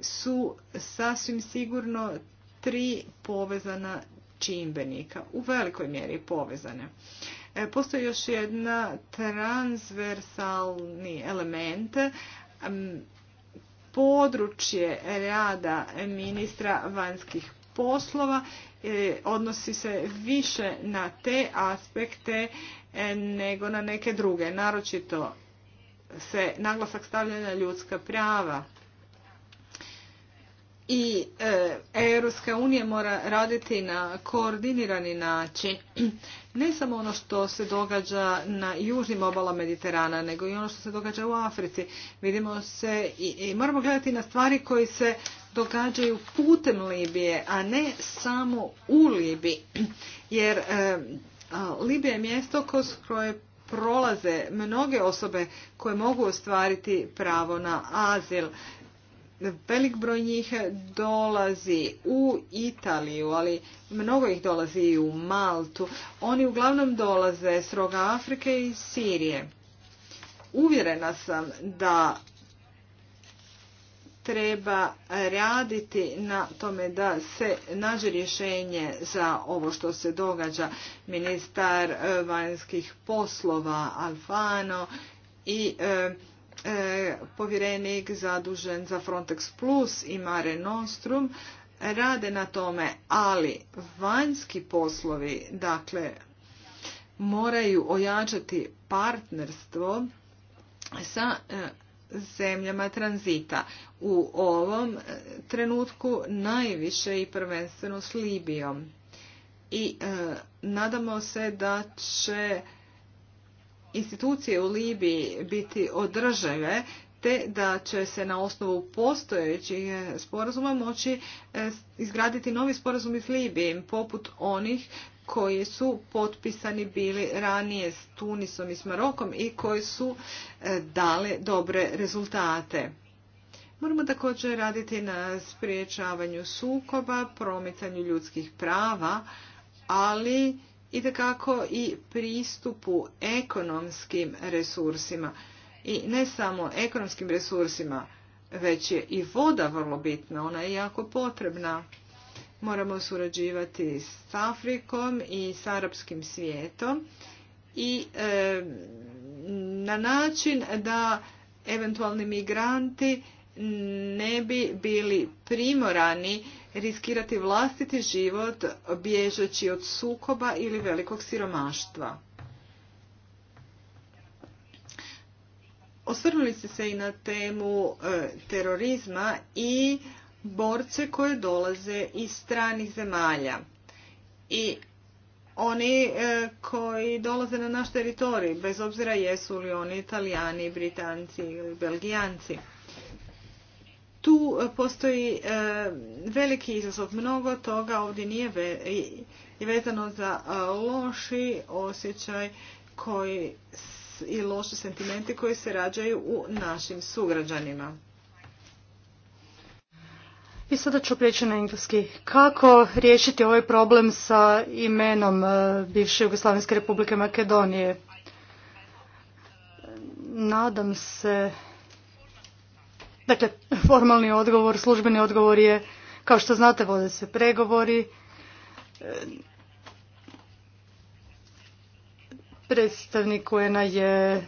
su sasvim sigurno tri povezana čimbenika, u velikoj mjeri povezane. E, postoji još jedna transversalni element, područje rada ministra vanjskih poslova e, odnosi se više na te aspekte E, nego na neke druge. Naročito se naglasak stavlja na ljudska prava. I e, Europska unija mora raditi na koordinirani način. Ne samo ono što se događa na južnim obala Mediterana, nego i ono što se događa u Africi. Vidimo se i, i moramo gledati na stvari koje se događaju putem Libije, a ne samo u Libiji. Jer e, Libija je mjesto kroz koje prolaze mnoge osobe koje mogu ostvariti pravo na azil. Velik broj njih dolazi u Italiju, ali mnogo ih dolazi i u Maltu. Oni uglavnom dolaze s roga Afrike i Sirije. Uvjerena sam da treba raditi na tome da se nađe rješenje za ovo što se događa. Ministar e, vanjskih poslova Alfano i e, e, povjerenik zadužen za Frontex Plus i Mare Nostrum rade na tome, ali vanjski poslovi, dakle, moraju ojačati partnerstvo sa zemljama tranzita. U ovom e, trenutku najviše i prvenstveno s Libijom. I e, nadamo se da će institucije u Libiji biti održave te da će se na osnovu postojećih e, sporazuma moći izgraditi novi sporazumi s Libijom poput onih koji su potpisani bili ranije s Tunisom i s Marokom i koji su e, dale dobre rezultate. Moramo također raditi na spriječavanju sukoba, promicanju ljudskih prava, ali i takako i pristupu ekonomskim resursima. I ne samo ekonomskim resursima, već je i voda vrlo bitna, ona je jako potrebna. Moramo surađivati s Afrikom i s arapskim svijetom i na način da eventualni migranti ne bi bili primorani riskirati vlastiti život bježeći od sukoba ili velikog siromaštva. Osvrnuli ste se i na temu e, terorizma i borce koje dolaze iz stranih zemalja. I oni e, koji dolaze na naš teritorij, bez obzira jesu li oni italijani, britanci ili belgijanci. Tu e, postoji e, veliki izazov. Mnogo toga ovdje nije vezano za loši osjećaj koji i loši sentimenti koji se rađaju u našim sugrađanima. I sada ću prijeći na engleski. Kako riješiti ovaj problem sa imenom e, bivše Jugoslavenske republike Makedonije? Nadam se... Dakle, formalni odgovor, službeni odgovor je, kao što znate, vode se pregovori. E, predstavnik un je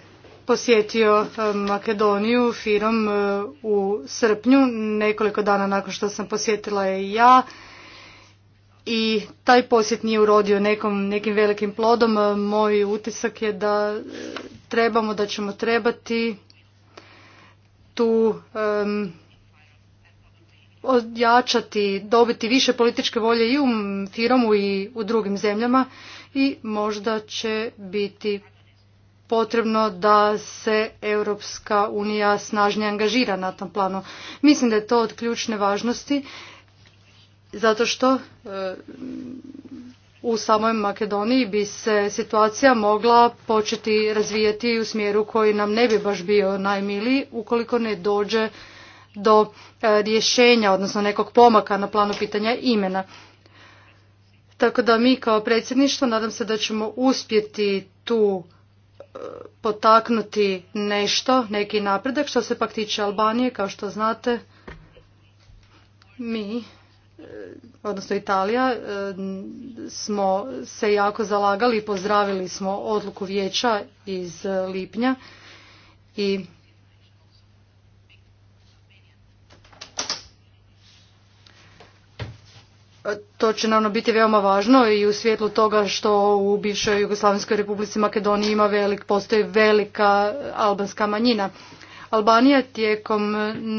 posjetio e, Makedoniju firom e, u srpnju, nekoliko dana nakon što sam posjetila je ja i taj posjet nije urodio nekom, nekim velikim plodom. E, moj utisak je da trebamo, da ćemo trebati tu um, odjačati, dobiti više političke volje i u Firomu i u drugim zemljama i možda će biti potrebno da se Europska unija snažnije angažira na tom planu. Mislim da je to od ključne važnosti zato što e, u samoj Makedoniji bi se situacija mogla početi razvijati u smjeru koji nam ne bi baš bio najmiliji ukoliko ne dođe do e, rješenja, odnosno nekog pomaka na planu pitanja imena. Tako da mi kao predsjedništvo nadam se da ćemo uspjeti tu potaknuti nešto, neki napredak. Što se pak tiče Albanije, kao što znate, mi, e, odnosno Italija, e, smo se jako zalagali i pozdravili smo odluku vijeća iz lipnja i To će naravno biti veoma važno i u svjetlu toga što u bivšoj Jugoslavenskoj republici Makedoniji ima velik, postoji velika albanska manjina. Albanija tijekom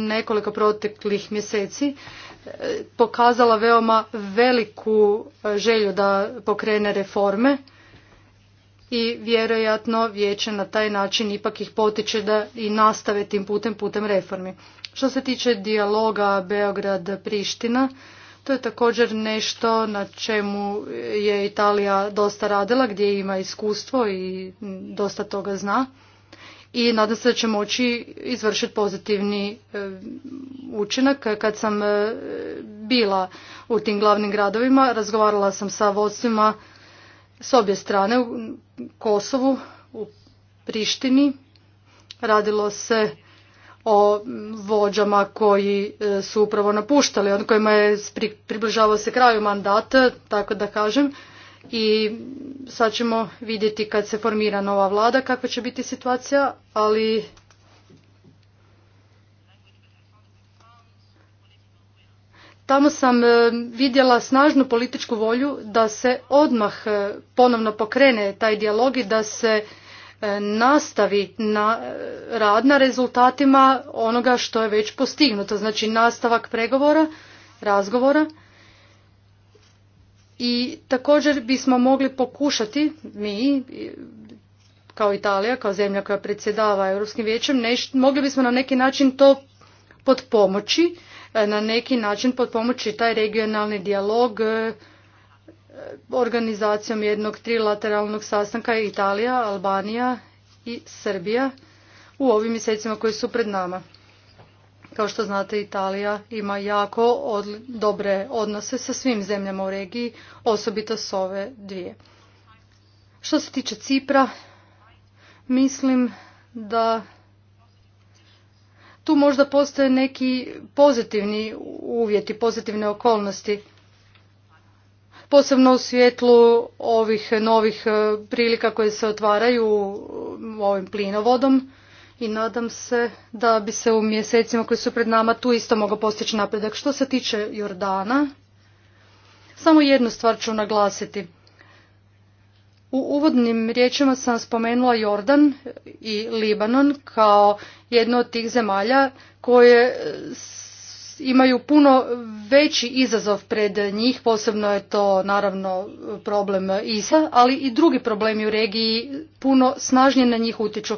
nekoliko proteklih mjeseci e, pokazala veoma veliku e, želju da pokrene reforme i vjerojatno vijeće na taj način ipak ih potiče da i nastave tim putem putem reformi. Što se tiče dijaloga Beograd-Priština, to je također nešto na čemu je Italija dosta radila, gdje ima iskustvo i dosta toga zna. I nadam se da će moći izvršiti pozitivni e, učinak. Kad sam e, bila u tim glavnim gradovima, razgovarala sam sa vodstvima s obje strane u Kosovu, u Prištini. Radilo se o vođama koji e, su upravo napuštali, on kojima je približavao se kraju mandata, tako da kažem. I sad ćemo vidjeti kad se formira nova vlada kakva će biti situacija, ali tamo sam e, vidjela snažnu političku volju da se odmah e, ponovno pokrene taj dijalog i da se E, nastavi na e, rad na rezultatima onoga što je već postignuto, znači nastavak pregovora, razgovora. I također bismo mogli pokušati mi kao Italija, kao zemlja koja predsjedava Europskim vijećem, mogli bismo na neki način to potpomoći, e, na neki način potpomoći taj regionalni dijalog organizacijom jednog trilateralnog sastanka je Italija, Albanija i Srbija u ovim mjesecima koji su pred nama. Kao što znate, Italija ima jako dobre odnose sa svim zemljama u regiji, osobito s ove dvije. Što se tiče Cipra, mislim da tu možda postoje neki pozitivni uvjeti, pozitivne okolnosti posebno u svjetlu ovih novih e, prilika koje se otvaraju e, ovim plinovodom i nadam se da bi se u mjesecima koji su pred nama tu isto mogao postići napredak. Što se tiče Jordana, samo jednu stvar ću naglasiti. U uvodnim riječima sam spomenula Jordan i Libanon kao jedno od tih zemalja koje imaju puno veći izazov pred njih, posebno je to naravno problem ISA, ali i drugi problemi u regiji puno snažnije na njih utječu.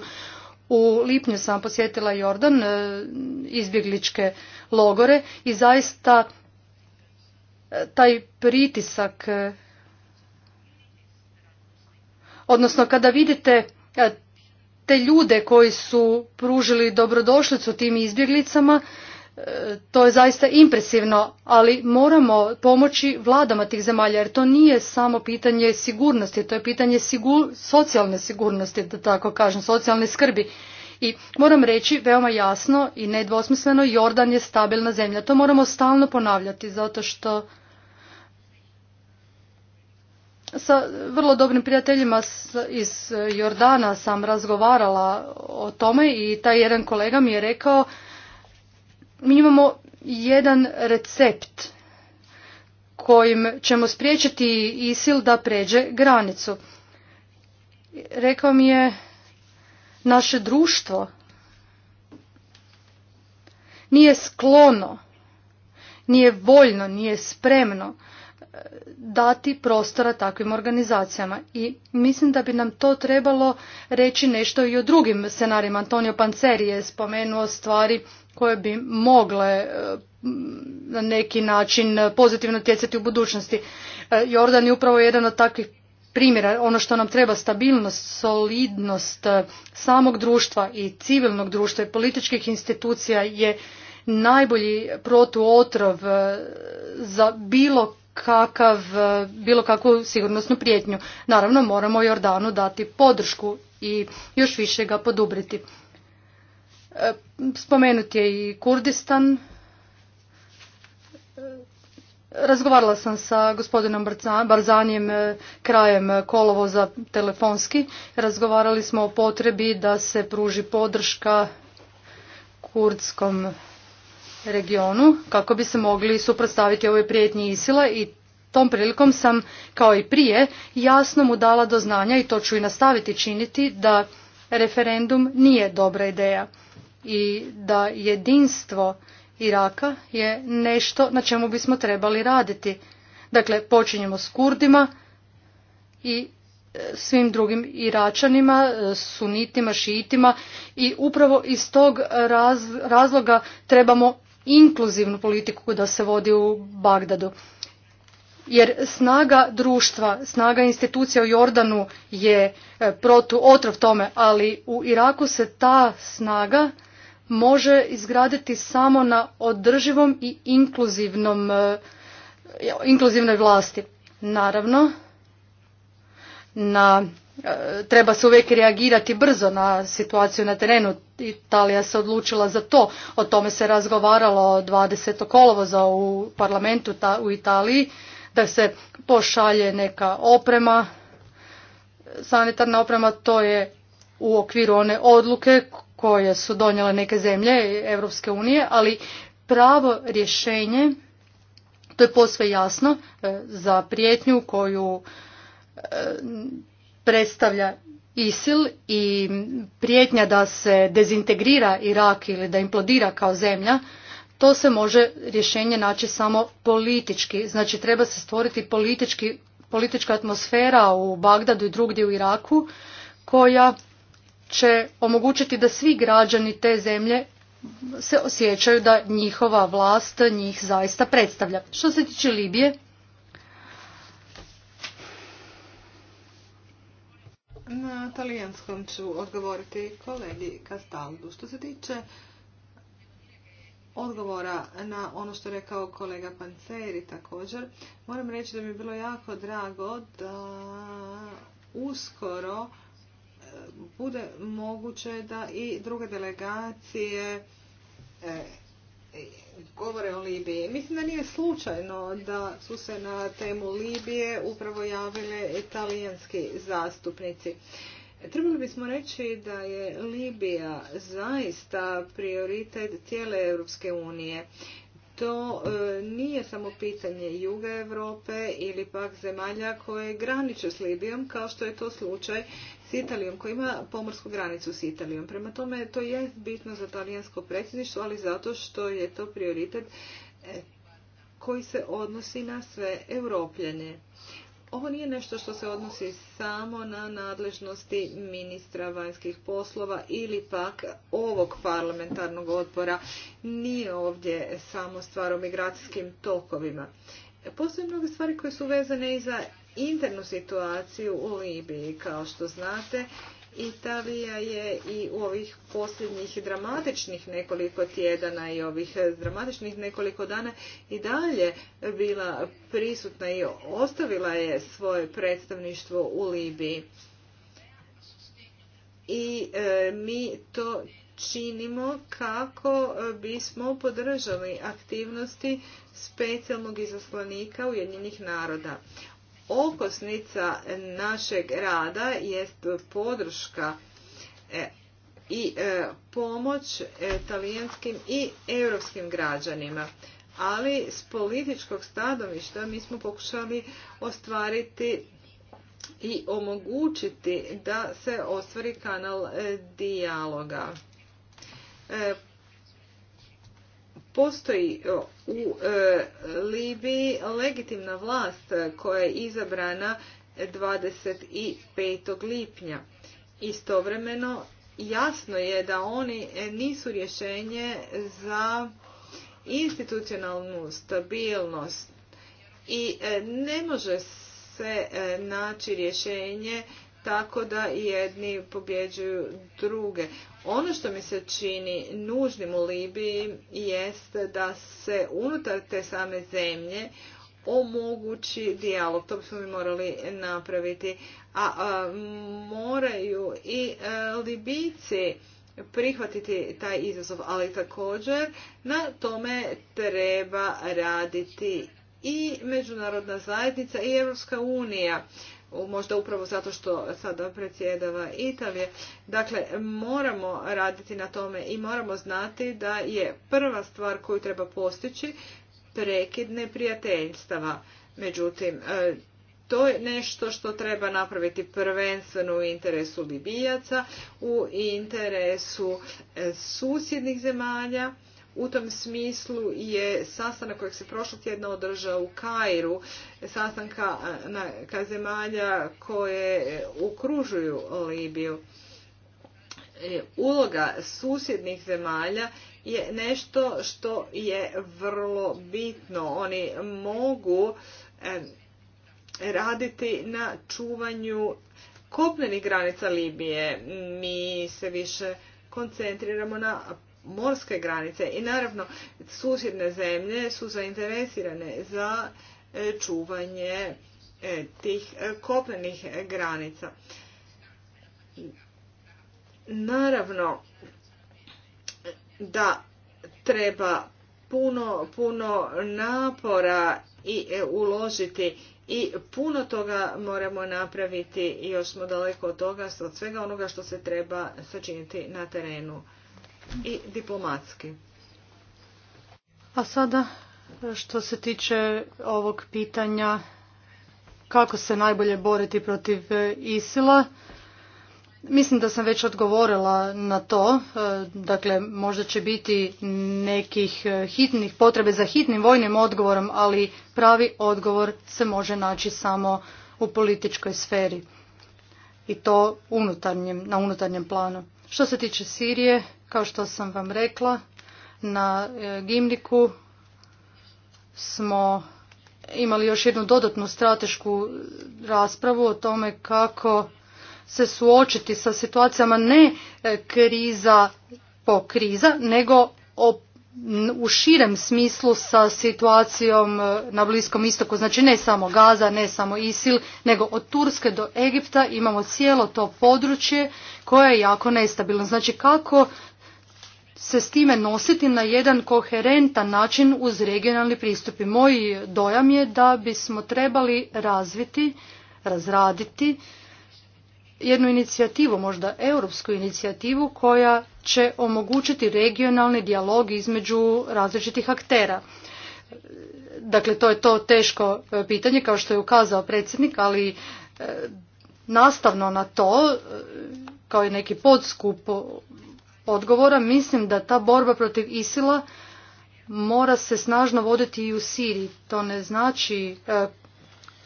U lipnju sam posjetila Jordan, e, izbjegličke logore i zaista e, taj pritisak, e, odnosno kada vidite te ljude koji su pružili dobrodošlicu tim izbjeglicama, to je zaista impresivno, ali moramo pomoći vladama tih zemalja jer to nije samo pitanje sigurnosti, to je pitanje socijalne sigurnosti, da tako kažem, socijalne skrbi. I moram reći veoma jasno i nedvosmisleno Jordan je stabilna zemlja. To moramo stalno ponavljati zato što sa vrlo dobrim prijateljima iz Jordana sam razgovarala o tome i taj jedan kolega mi je rekao mi imamo jedan recept kojim ćemo spriječiti ISIL da pređe granicu. Rekao mi je naše društvo nije sklono, nije voljno, nije spremno dati prostora takvim organizacijama i mislim da bi nam to trebalo reći nešto i o drugim scenarijima. Antonio Panceri je spomenuo stvari koje bi mogle e, na neki način pozitivno utjecati u budućnosti. E, Jordan je upravo jedan od takvih primjera. Ono što nam treba stabilnost, solidnost e, samog društva i civilnog društva i političkih institucija je najbolji protuotrov za bilo kakav, e, bilo kakvu sigurnosnu prijetnju. Naravno moramo Jordanu dati podršku i još više ga podubriti. E, spomenut je i Kurdistan. E, razgovarala sam sa gospodinom Barzanijem krajem kolovoza telefonski. Razgovarali smo o potrebi da se pruži podrška kurdskom regionu kako bi se mogli suprotstaviti ovoj prijetnji Isila i tom prilikom sam, kao i prije, jasno mu dala do znanja i to ću i nastaviti činiti da referendum nije dobra ideja i da jedinstvo Iraka je nešto na čemu bismo trebali raditi. Dakle, počinjemo s Kurdima i e, svim drugim Iračanima, e, sunitima, šiitima i upravo iz tog razloga trebamo inkluzivnu politiku da se vodi u Bagdadu. Jer snaga društva, snaga institucija u Jordanu je e, protu otrov tome, ali u Iraku se ta snaga može izgraditi samo na održivom i inkluzivnom, e, inkluzivnoj vlasti. Naravno, na E, treba se uvijek reagirati brzo na situaciju na terenu. Italija se odlučila za to. O tome se razgovaralo 20. kolovoza u parlamentu ta, u Italiji da se pošalje neka oprema, sanitarna oprema, to je u okviru one odluke koje su donijele neke zemlje Europske unije, ali pravo rješenje, to je posve jasno e, za prijetnju koju e, predstavlja ISIL i prijetnja da se dezintegrira Irak ili da implodira kao zemlja, to se može rješenje naći samo politički. Znači treba se stvoriti politički, politička atmosfera u Bagdadu i drugdje u Iraku koja će omogućiti da svi građani te zemlje se osjećaju da njihova vlast njih zaista predstavlja. Što se tiče Libije, Na talijanskom ću odgovoriti kolegi Castaldu. Što se tiče odgovora na ono što je rekao kolega Panceri također, moram reći da mi je bilo jako drago da uskoro e, bude moguće da i druge delegacije e, govore o Libiji. Mislim da nije slučajno da su se na temu Libije upravo javile italijanski zastupnici. Trebali bismo reći da je Libija zaista prioritet cijele Europske unije. To e, nije samo pitanje juga Europe ili pak zemalja koje graniče s Libijom, kao što je to slučaj Italijom, koja ima pomorsku granicu s Italijom. Prema tome, to je bitno za talijansko predsjedništvo, ali zato što je to prioritet e, koji se odnosi na sve europljane Ovo nije nešto što se odnosi samo na nadležnosti ministra vanjskih poslova ili pak ovog parlamentarnog odbora. Nije ovdje samo stvar o migracijskim tokovima. Postoje mnoge stvari koje su vezane i za internu situaciju u Libiji. Kao što znate, Italija je i u ovih posljednjih dramatičnih nekoliko tjedana i ovih dramatičnih nekoliko dana i dalje bila prisutna i ostavila je svoje predstavništvo u Libiji. I e, mi to činimo kako bismo podržali aktivnosti specijalnog izaslanika Ujedinjenih naroda okosnica našeg rada jest podrška e, i e, pomoć e, talijanskim i europskim građanima. Ali s političkog stadovišta mi smo pokušali ostvariti i omogućiti da se ostvari kanal dijaloga postoji u e, Libiji legitimna vlast koja je izabrana 25. lipnja. Istovremeno jasno je da oni e, nisu rješenje za institucionalnu stabilnost i e, ne može se naći rješenje tako da jedni pobjeđuju druge. Ono što mi se čini nužnim u Libiji jest da se unutar te same zemlje omogući dijalog. To bismo mi morali napraviti. A, moraju i e, Libijci prihvatiti taj izazov, ali također na tome treba raditi i međunarodna zajednica i Europska unija možda upravo zato što sada predsjedava Italije. Dakle, moramo raditi na tome i moramo znati da je prva stvar koju treba postići prekid neprijateljstava. Međutim, e, to je nešto što treba napraviti prvenstveno u interesu Libijaca, u interesu e, susjednih zemalja u tom smislu je sastanak kojeg se prošlog tjedna održao u Kairu, sastanka na kazemalja koje e, okružuju Libiju. E, uloga susjednih zemalja je nešto što je vrlo bitno. Oni mogu e, raditi na čuvanju kopnenih granica Libije. Mi se više koncentriramo na morske granice i naravno susjedne zemlje su zainteresirane za e, čuvanje e, tih e, kopnenih granica. Naravno da treba puno, puno napora i uložiti i puno toga moramo napraviti i još smo daleko od toga od svega onoga što se treba sačiniti na terenu i diplomatski. A sada e, što se tiče ovog pitanja kako se najbolje boriti protiv e, Isila, mislim da sam već odgovorila na to. E, dakle, možda će biti nekih hitnih potrebe za hitnim vojnim odgovorom, ali pravi odgovor se može naći samo u političkoj sferi i to na unutarnjem planu. Što se tiče Sirije, kao što sam vam rekla, na e, Gimniku smo imali još jednu dodatnu stratešku raspravu o tome kako se suočiti sa situacijama ne e, kriza po kriza, nego u širem smislu sa situacijom e, na Bliskom istoku, znači ne samo Gaza, ne samo Isil, nego od Turske do Egipta imamo cijelo to područje koje je jako nestabilno. Znači kako se s time nositi na jedan koherentan način uz regionalni pristup. I moj dojam je da bismo trebali razviti, razraditi jednu inicijativu, možda europsku inicijativu koja će omogućiti regionalni dijalog između različitih aktera. Dakle, to je to teško e, pitanje kao što je ukazao predsjednik, ali e, nastavno na to, e, kao i neki podskup odgovora, mislim da ta borba protiv Isila mora se snažno voditi i u Siriji. To ne znači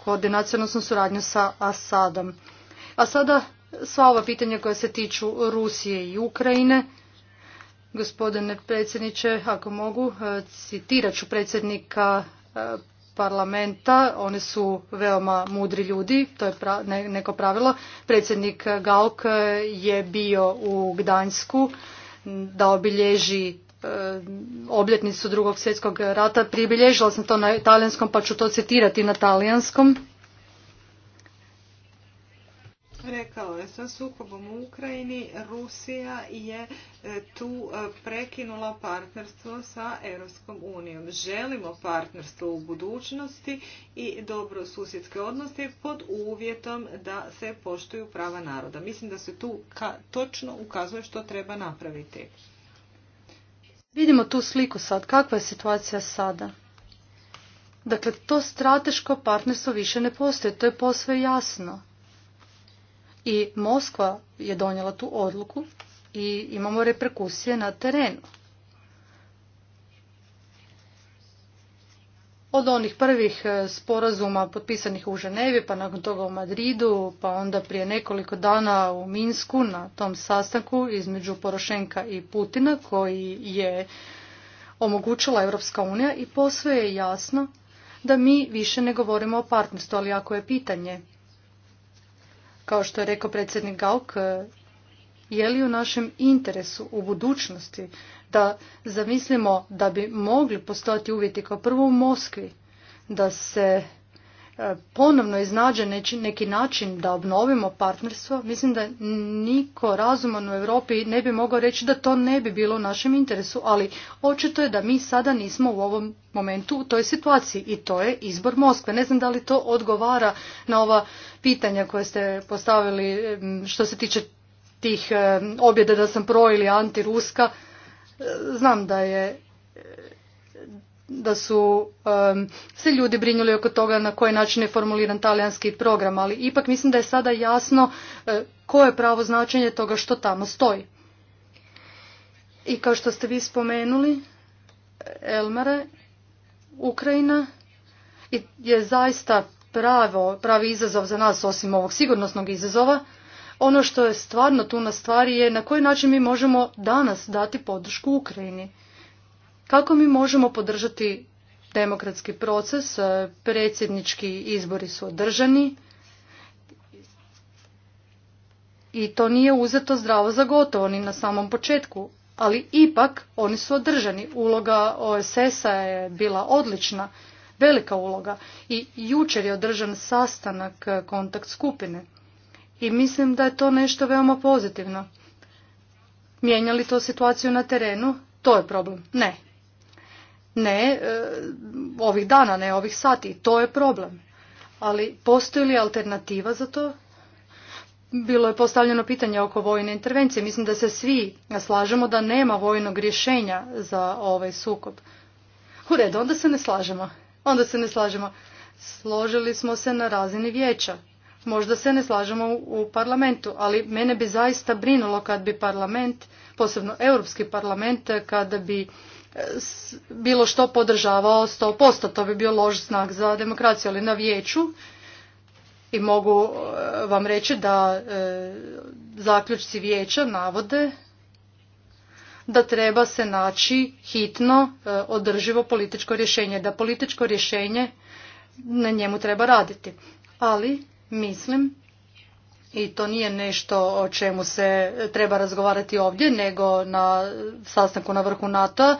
koordinaciju, odnosno suradnju sa Asadom. A sada sva ova pitanja koja se tiču Rusije i Ukrajine. Gospodine predsjedniče, ako mogu, e, citirat ću predsjednika e, parlamenta, oni su veoma mudri ljudi, to je neko pravilo. Predsjednik Gauk je bio u Gdansku da obilježi e, obljetnicu drugog svjetskog rata. Pribilježila sam to na talijanskom pa ću to citirati na talijanskom rekao je, sa sukobom u Ukrajini Rusija je e, tu e, prekinula partnerstvo sa Europskom unijom. Želimo partnerstvo u budućnosti i dobro susjedske odnose pod uvjetom da se poštuju prava naroda. Mislim da se tu točno ukazuje što treba napraviti. Vidimo tu sliku sad. Kakva je situacija sada? Dakle, to strateško partnerstvo više ne postoji, to je posve jasno i Moskva je donijela tu odluku i imamo reperkusije na terenu. Od onih prvih e, sporazuma potpisanih u Ženevi, pa nakon toga u Madridu, pa onda prije nekoliko dana u Minsku na tom sastanku između Porošenka i Putina koji je omogućila Europska unija i posve je jasno da mi više ne govorimo o partnerstvu, ali ako je pitanje kao što je rekao predsjednik Gauk, e, je li u našem interesu u budućnosti da zamislimo da bi mogli postojati uvjeti kao prvo u Moskvi, da se E, ponovno iznađe neki način da obnovimo partnerstvo, mislim da niko razuman u Europi ne bi mogao reći da to ne bi bilo u našem interesu, ali očito je da mi sada nismo u ovom momentu u toj situaciji i to je izbor Moskve. Ne znam da li to odgovara na ova pitanja koje ste postavili e, što se tiče tih e, objeda da sam pro ili antiruska. Znam da je da su um, se ljudi brinuli oko toga na koji način je formuliran talijanski program, ali ipak mislim da je sada jasno e, koje je pravo značenje toga što tamo stoji. I kao što ste vi spomenuli, Elmare, Ukrajina je zaista pravo, pravi izazov za nas osim ovog sigurnosnog izazova. Ono što je stvarno tu na stvari je na koji način mi možemo danas dati podršku Ukrajini. Kako mi možemo podržati demokratski proces? E, predsjednički izbori su održani i to nije uzeto zdravo za gotovo ni na samom početku, ali ipak oni su održani. Uloga OSS-a je bila odlična, velika uloga i jučer je održan sastanak kontakt skupine i mislim da je to nešto veoma pozitivno. Mijenja li to situaciju na terenu? To je problem. Ne, ne e, ovih dana, ne ovih sati. To je problem. Ali postoji li alternativa za to? Bilo je postavljeno pitanje oko vojne intervencije. Mislim da se svi slažemo da nema vojnog rješenja za ovaj sukob. U redu, onda se ne slažemo. Onda se ne slažemo. Složili smo se na razini vijeća. Možda se ne slažemo u parlamentu, ali mene bi zaista brinulo kad bi parlament, posebno Europski parlament, kada bi bilo što podržavao 100%. To bi bio loš znak za demokraciju, ali na vijeću i mogu e, vam reći da e, zaključci vijeća navode da treba se naći hitno e, održivo političko rješenje, da političko rješenje na njemu treba raditi. Ali mislim i to nije nešto o čemu se treba razgovarati ovdje, nego na sastanku na vrhu NATO-a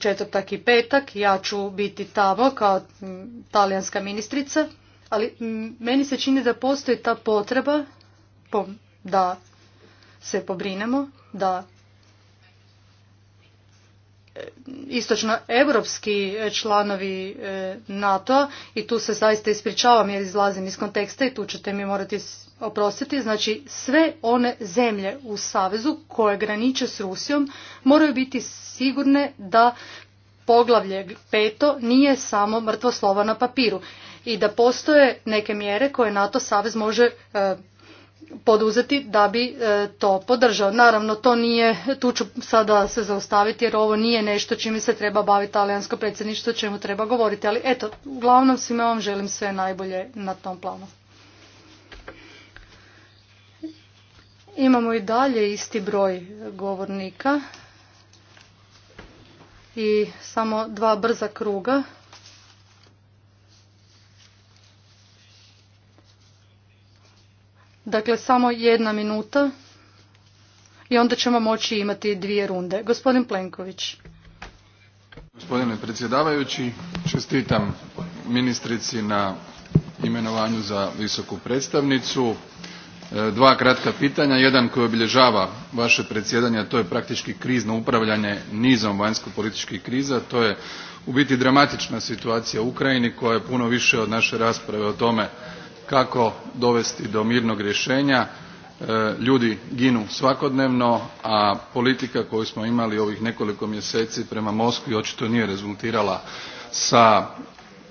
četvrtak i petak. Ja ću biti tamo kao talijanska ministrica, ali meni se čini da postoji ta potreba da se pobrinemo, da istočnoevropski e, članovi e, NATO i tu se zaista ispričavam jer izlazim iz konteksta i tu ćete mi morati oprostiti. Znači sve one zemlje u Savezu koje graniče s Rusijom moraju biti sigurne da poglavlje peto nije samo mrtvo slovo na papiru i da postoje neke mjere koje NATO savez može e, poduzeti da bi e, to podržao. Naravno, to nije, tu ću sada se zaustaviti jer ovo nije nešto čime se treba baviti talijansko predsjedništvo, čemu treba govoriti. Ali eto, uglavnom svima vam želim sve najbolje na tom planu. Imamo i dalje isti broj govornika i samo dva brza kruga. Dakle, samo jedna minuta i onda ćemo moći imati dvije runde. Gospodin Plenković. Gospodine predsjedavajući, čestitam ministrici na imenovanju za visoku predstavnicu. E, dva kratka pitanja, jedan koji obilježava vaše predsjedanje, a to je praktički krizno upravljanje nizom vanjskopolitičkih kriza, to je u biti dramatična situacija u Ukrajini koja je puno više od naše rasprave o tome kako dovesti do mirnog rješenja. E, ljudi ginu svakodnevno, a politika koju smo imali ovih nekoliko mjeseci prema Moskvi očito nije rezultirala sa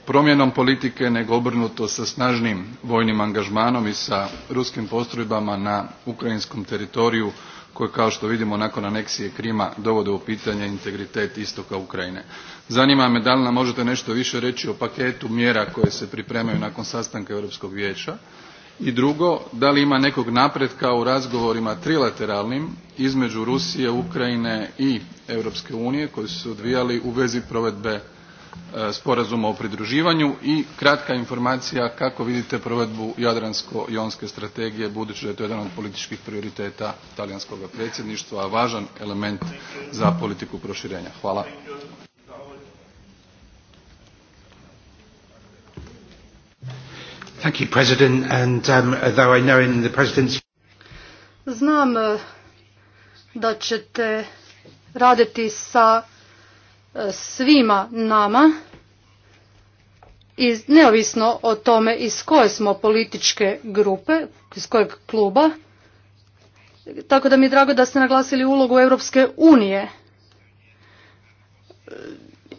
promjenom politike nego obrnuto sa snažnim vojnim angažmanom i sa ruskim postrojbama na ukrajinskom teritoriju koje kao što vidimo nakon aneksije krima dovode u pitanje integritet istoka ukrajine zanima me da li nam možete nešto više reći o paketu mjera koje se pripremaju nakon sastanka europskog vijeća i drugo da li ima nekog napretka u razgovorima trilateralnim između rusije ukrajine i europske unije koji su se odvijali u vezi provedbe e, sporazuma o pridruživanju i kratka informacija kako vidite provedbu jadransko jonske strategije budući da je to jedan od političkih prioriteta talijanskog predsjedništva a važan element za politiku proširenja. hvala. Thank you, um, Znam eh, da ćete raditi sa eh, svima nama, iz, neovisno o tome iz koje smo političke grupe, iz kojeg kluba, tako da mi je drago da ste naglasili ulogu Europske unije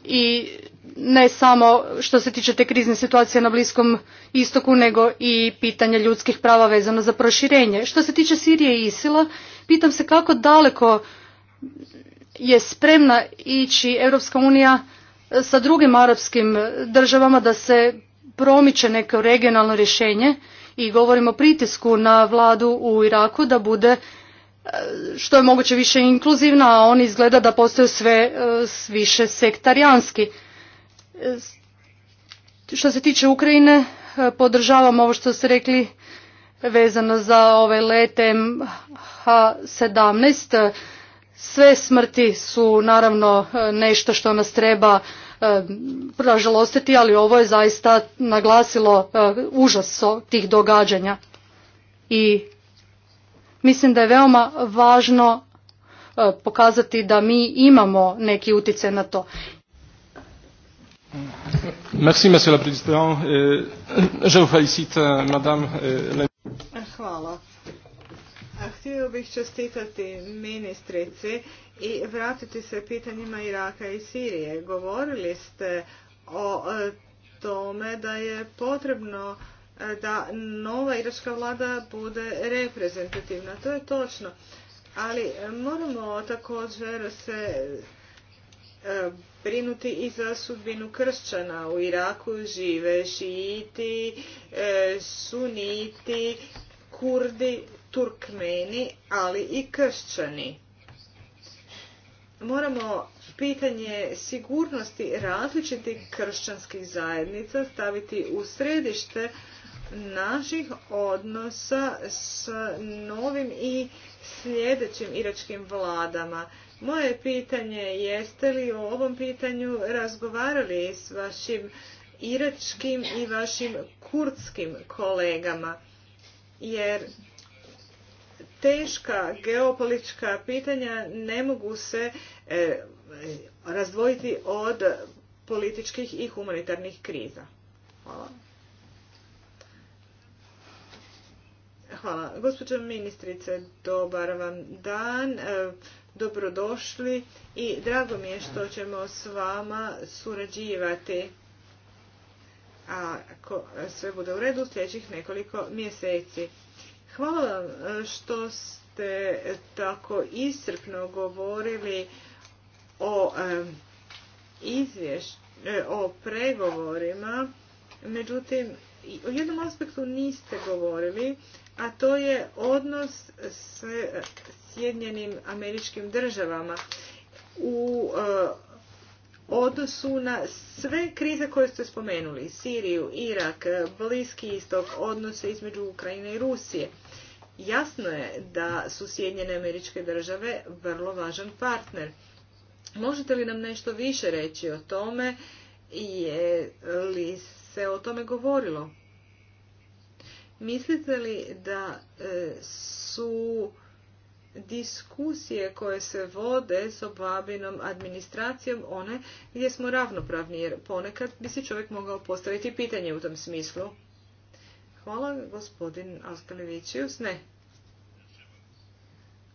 i ne samo što se tiče te krizne situacije na Bliskom istoku, nego i pitanje ljudskih prava vezano za proširenje. Što se tiče Sirije i Isila, pitam se kako daleko je spremna ići Europska unija sa drugim arapskim državama da se promiče neko regionalno rješenje i govorimo o pritisku na vladu u Iraku da bude e, što je moguće više inkluzivna, a on izgleda da postaju sve e, više sektarijanski. E, što se tiče Ukrajine, e, podržavam ovo što ste rekli vezano za ovaj let MH17. Sve smrti su naravno e, nešto što nas treba pražalostiti, ali ovo je zaista naglasilo užas tih događanja. I mislim da je veoma važno pokazati da mi imamo neki utjecaj na to. Merci, monsieur Htio bih čestitati ministrici i vratiti se pitanjima Iraka i Sirije. Govorili ste o e, tome da je potrebno e, da nova iračka vlada bude reprezentativna. To je točno. Ali moramo također se e, brinuti i za sudbinu kršćana. U Iraku žive šijiti, e, suniti, kurdi, turkmeni, ali i kršćani. Moramo pitanje sigurnosti različitih kršćanskih zajednica staviti u središte naših odnosa s novim i sljedećim iračkim vladama. Moje pitanje jeste li o ovom pitanju razgovarali s vašim iračkim i vašim kurdskim kolegama, jer teška geopolitička pitanja ne mogu se e, razdvojiti od političkih i humanitarnih kriza. Hvala. Hvala. Gospođo ministrice, dobar vam dan. E, dobrodošli i drago mi je što ćemo s vama surađivati. A ako sve bude u redu, sljedećih nekoliko mjeseci. Hvala vam e, što ste tako iscrpno govorili o e, izvješ, e, o pregovorima. Međutim, o jednom aspektu niste govorili, a to je odnos s Sjedinjenim američkim državama u e, odnosu na sve krize koje ste spomenuli, Siriju, Irak, Bliski istok, odnose između Ukrajine i Rusije. Jasno je da su Sjedinjene američke države vrlo važan partner. Možete li nam nešto više reći o tome i je li se o tome govorilo? Mislite li da e, su diskusije koje se vode s obabinom administracijom one gdje smo ravnopravni jer ponekad bi se čovjek mogao postaviti pitanje u tom smislu. Hvala gospodin Askalevićius. Ne.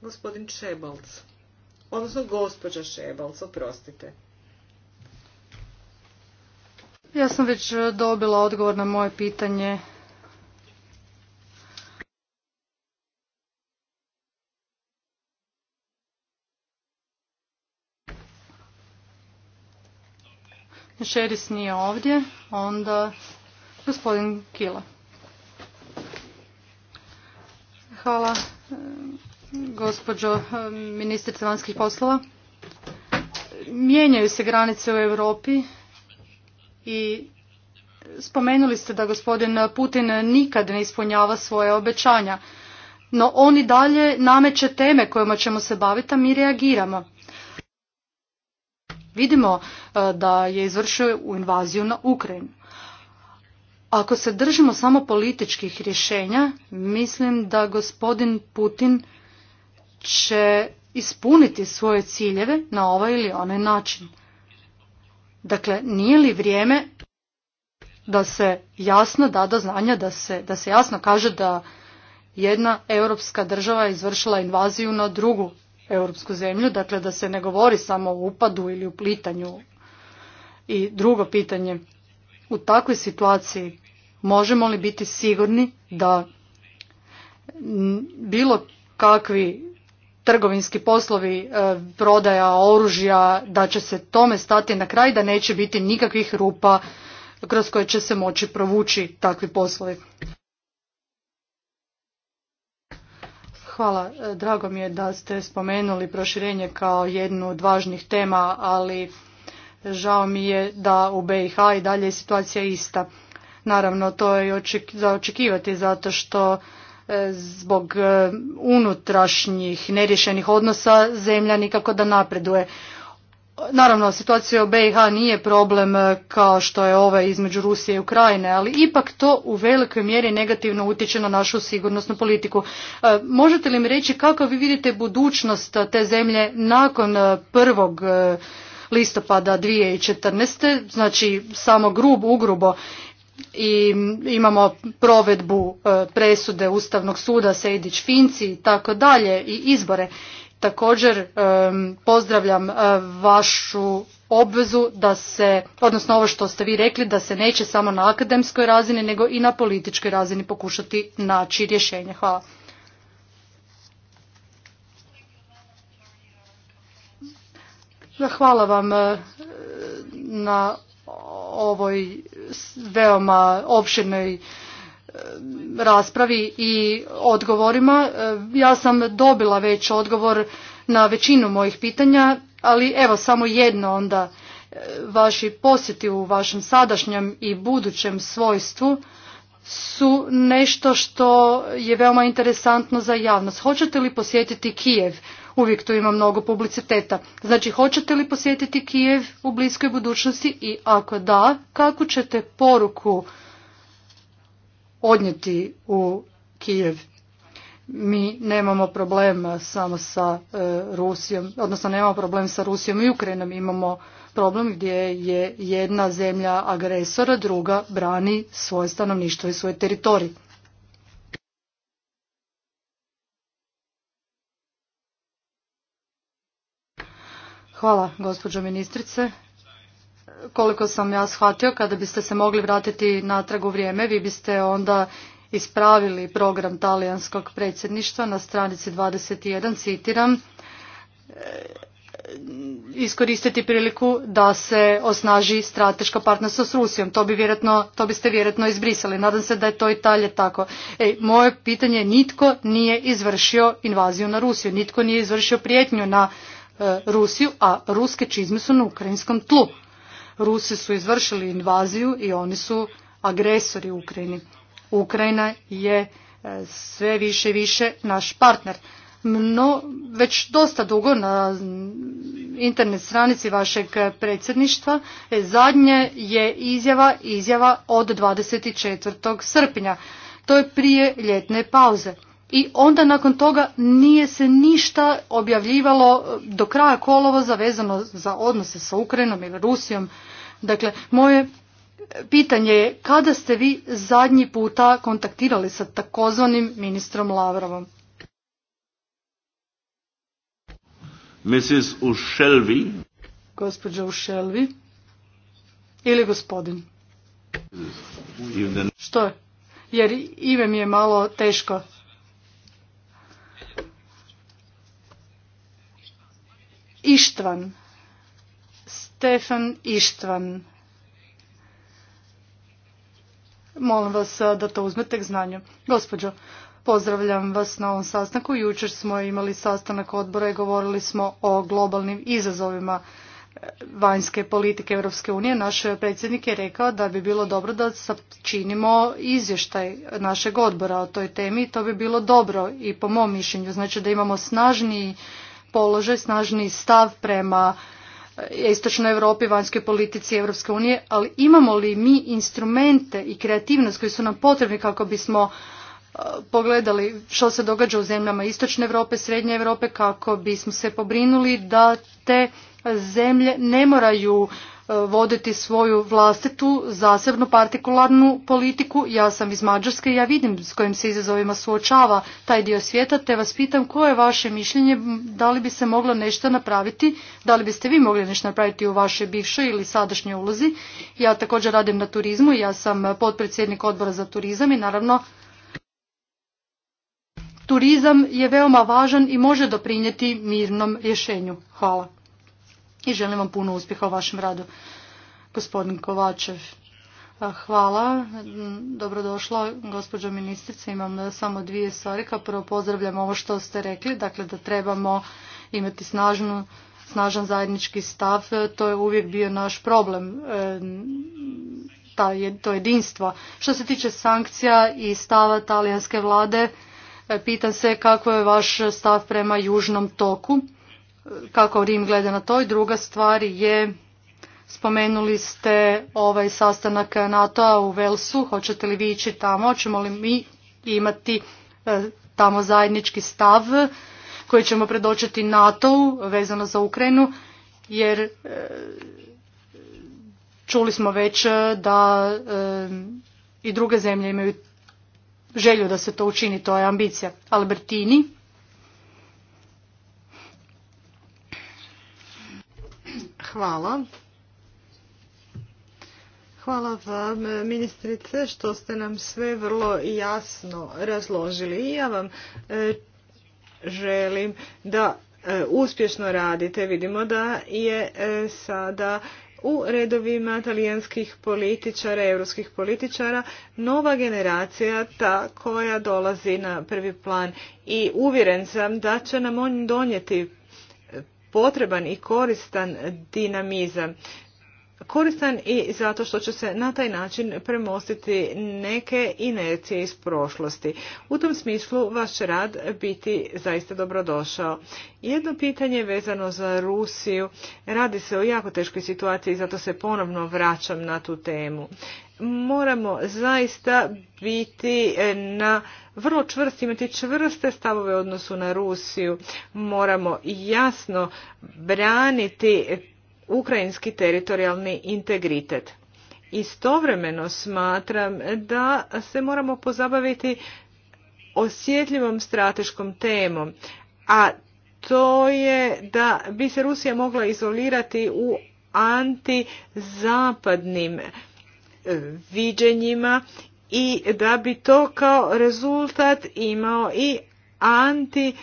Gospodin Šebalc. Odnosno gospođa Šebalc, oprostite. Ja sam već dobila odgovor na moje pitanje Šeris nije ovdje, onda gospodin Kila. Hvala gospođo ministrice vanjskih poslova. Mijenjaju se granice u Europi i spomenuli ste da gospodin Putin nikad ne ispunjava svoje obećanja, no on i dalje nameće teme kojima ćemo se baviti, a mi reagiramo. Vidimo e, da je izvršio invaziju na Ukrajinu. Ako se držimo samo političkih rješenja, mislim da gospodin Putin će ispuniti svoje ciljeve na ovaj ili onaj način. Dakle, nije li vrijeme da se jasno da do znanja, da se, da se jasno kaže da jedna europska država je izvršila invaziju na drugu europsku zemlju, dakle da se ne govori samo o upadu ili plitanju. I drugo pitanje, u takvoj situaciji možemo li biti sigurni da bilo kakvi trgovinski poslovi, e, prodaja oružja, da će se tome stati na kraj, da neće biti nikakvih rupa kroz koje će se moći provući takvi poslovi. Hvala. E, drago mi je da ste spomenuli proširenje kao jednu od važnih tema, ali žao mi je da u BiH i dalje je situacija ista. Naravno, to je za očekivati zato što e, zbog e, unutrašnjih nerješenih odnosa zemlja nikako da napreduje. Naravno, situacija u BiH nije problem e, kao što je ova između Rusije i Ukrajine, ali ipak to u velikoj mjeri negativno utječe na našu sigurnosnu politiku. E, možete li mi reći kako vi vidite budućnost te zemlje nakon e, prvog listopada 2014. znači samo grubo, ugrubo i imamo provedbu presude Ustavnog suda Sejdić Finci i tako dalje i izbore. Također pozdravljam e, vašu obvezu da se, odnosno ovo što ste vi rekli, da se neće samo na akademskoj razini nego i na političkoj razini pokušati naći rješenje. Hvala. Hvala vam e, na ovoj veoma opširnoj raspravi i odgovorima. E, ja sam dobila već odgovor na većinu mojih pitanja, ali evo samo jedno onda. E, vaši posjeti u vašem sadašnjem i budućem svojstvu su nešto što je veoma interesantno za javnost. Hoćete li posjetiti Kijev? Uvijek tu ima mnogo publiciteta. Znači, hoćete li posjetiti Kijev u bliskoj budućnosti i ako da, kako ćete poruku odnijeti u Kijev. Mi nemamo problem samo sa e, Rusijom, odnosno nemamo problem sa Rusijom i Ukrajinom, imamo problem gdje je jedna zemlja agresora, druga brani svoje stanovništvo i svoj teritorij. Hvala, gospođo ministrice koliko sam ja shvatio, kada biste se mogli vratiti natrag u vrijeme, vi biste onda ispravili program talijanskog predsjedništva na stranici 21, citiram, e, iskoristiti priliku da se osnaži strateško partnerstvo s Rusijom. To, bi vjerojatno, to biste vjerojatno izbrisali. Nadam se da je to i dalje tako. E, moje pitanje je nitko nije izvršio invaziju na Rusiju, nitko nije izvršio prijetnju na e, Rusiju, a ruske čizme su na ukrajinskom tlu. Rusi su izvršili invaziju i oni su agresori u Ukrajini. Ukrajina je e, sve više i više naš partner. No, već dosta dugo na internet stranici vašeg predsjedništva e, zadnje je izjava izjava od 24. srpnja. To je prije ljetne pauze i onda nakon toga nije se ništa objavljivalo e, do kraja kolovoza vezano za odnose sa Ukrajinom ili Rusijom. Dakle, moje pitanje je kada ste vi zadnji puta kontaktirali sa takozvanim ministrom Lavrovom? Mrs. Ušelvi. Gospođa Ušelvi. Ili gospodin. Što je? Jer ime mi je malo teško. Ištvan. Stefan Ištvan. Molim vas da to uzmete k znanju. Gospođo, pozdravljam vas na ovom sastanku. Jučer smo imali sastanak odbora i govorili smo o globalnim izazovima e, vanjske politike Europske unije. Naš predsjednik je rekao da bi bilo dobro da činimo izvještaj našeg odbora o toj temi. To bi bilo dobro i po mom mišljenju. Znači da imamo snažniji položaj, snažni stav prema eh, istočnoj Europi, vanjskoj politici Europske unije, ali imamo li mi instrumente i kreativnost koji su nam potrebni kako bismo eh, pogledali što se događa u zemljama istočne Europe, srednje Europe kako bismo se pobrinuli da te zemlje ne moraju voditi svoju vlastitu zasebnu partikularnu politiku. Ja sam iz Mađarske i ja vidim s kojim se izazovima suočava taj dio svijeta, te vas pitam koje je vaše mišljenje, da li bi se moglo nešto napraviti, da li biste vi mogli nešto napraviti u vašoj bivšoj ili sadašnjoj ulozi. Ja također radim na turizmu, ja sam potpredsjednik odbora za turizam i naravno turizam je veoma važan i može doprinijeti mirnom rješenju. Hvala i želim vam puno uspjeha u vašem radu. Gospodin Kovačev. Hvala, dobrodošla gospođo ministrice, imam samo dvije stvari, prvo pozdravljam ovo što ste rekli, dakle da trebamo imati snažnu, snažan zajednički stav, to je uvijek bio naš problem, e, to jedinstvo. Što se tiče sankcija i stava talijanske vlade, e, pitam se kako je vaš stav prema južnom toku kako Rim gleda na to i druga stvar je spomenuli ste ovaj sastanak NATO-a u Velsu, hoćete li vi ići tamo, hoćemo li mi imati e, tamo zajednički stav koji ćemo predočiti NATO-u vezano za Ukrajinu jer e, čuli smo već da e, i druge zemlje imaju želju da se to učini, to je ambicija. Albertini Hvala. Hvala vam, ministrice, što ste nam sve vrlo jasno razložili. I ja vam e, želim da e, uspješno radite. Vidimo da je e, sada u redovima talijanskih političara, europskih političara, nova generacija ta koja dolazi na prvi plan i uvjeren sam da će nam on donijeti potreban i koristan dinamizam koristan i zato što će se na taj način premostiti neke inercije iz prošlosti. U tom smislu vaš rad biti zaista dobrodošao. Jedno pitanje vezano za Rusiju. Radi se o jako teškoj situaciji, zato se ponovno vraćam na tu temu. Moramo zaista biti e, na vrlo čvrsti, imati čvrste stavove u odnosu na Rusiju. Moramo jasno braniti ukrajinski teritorijalni integritet. Istovremeno smatram da se moramo pozabaviti osjetljivom strateškom temom, a to je da bi se Rusija mogla izolirati u antizapadnim e, viđenjima i da bi to kao rezultat imao i anti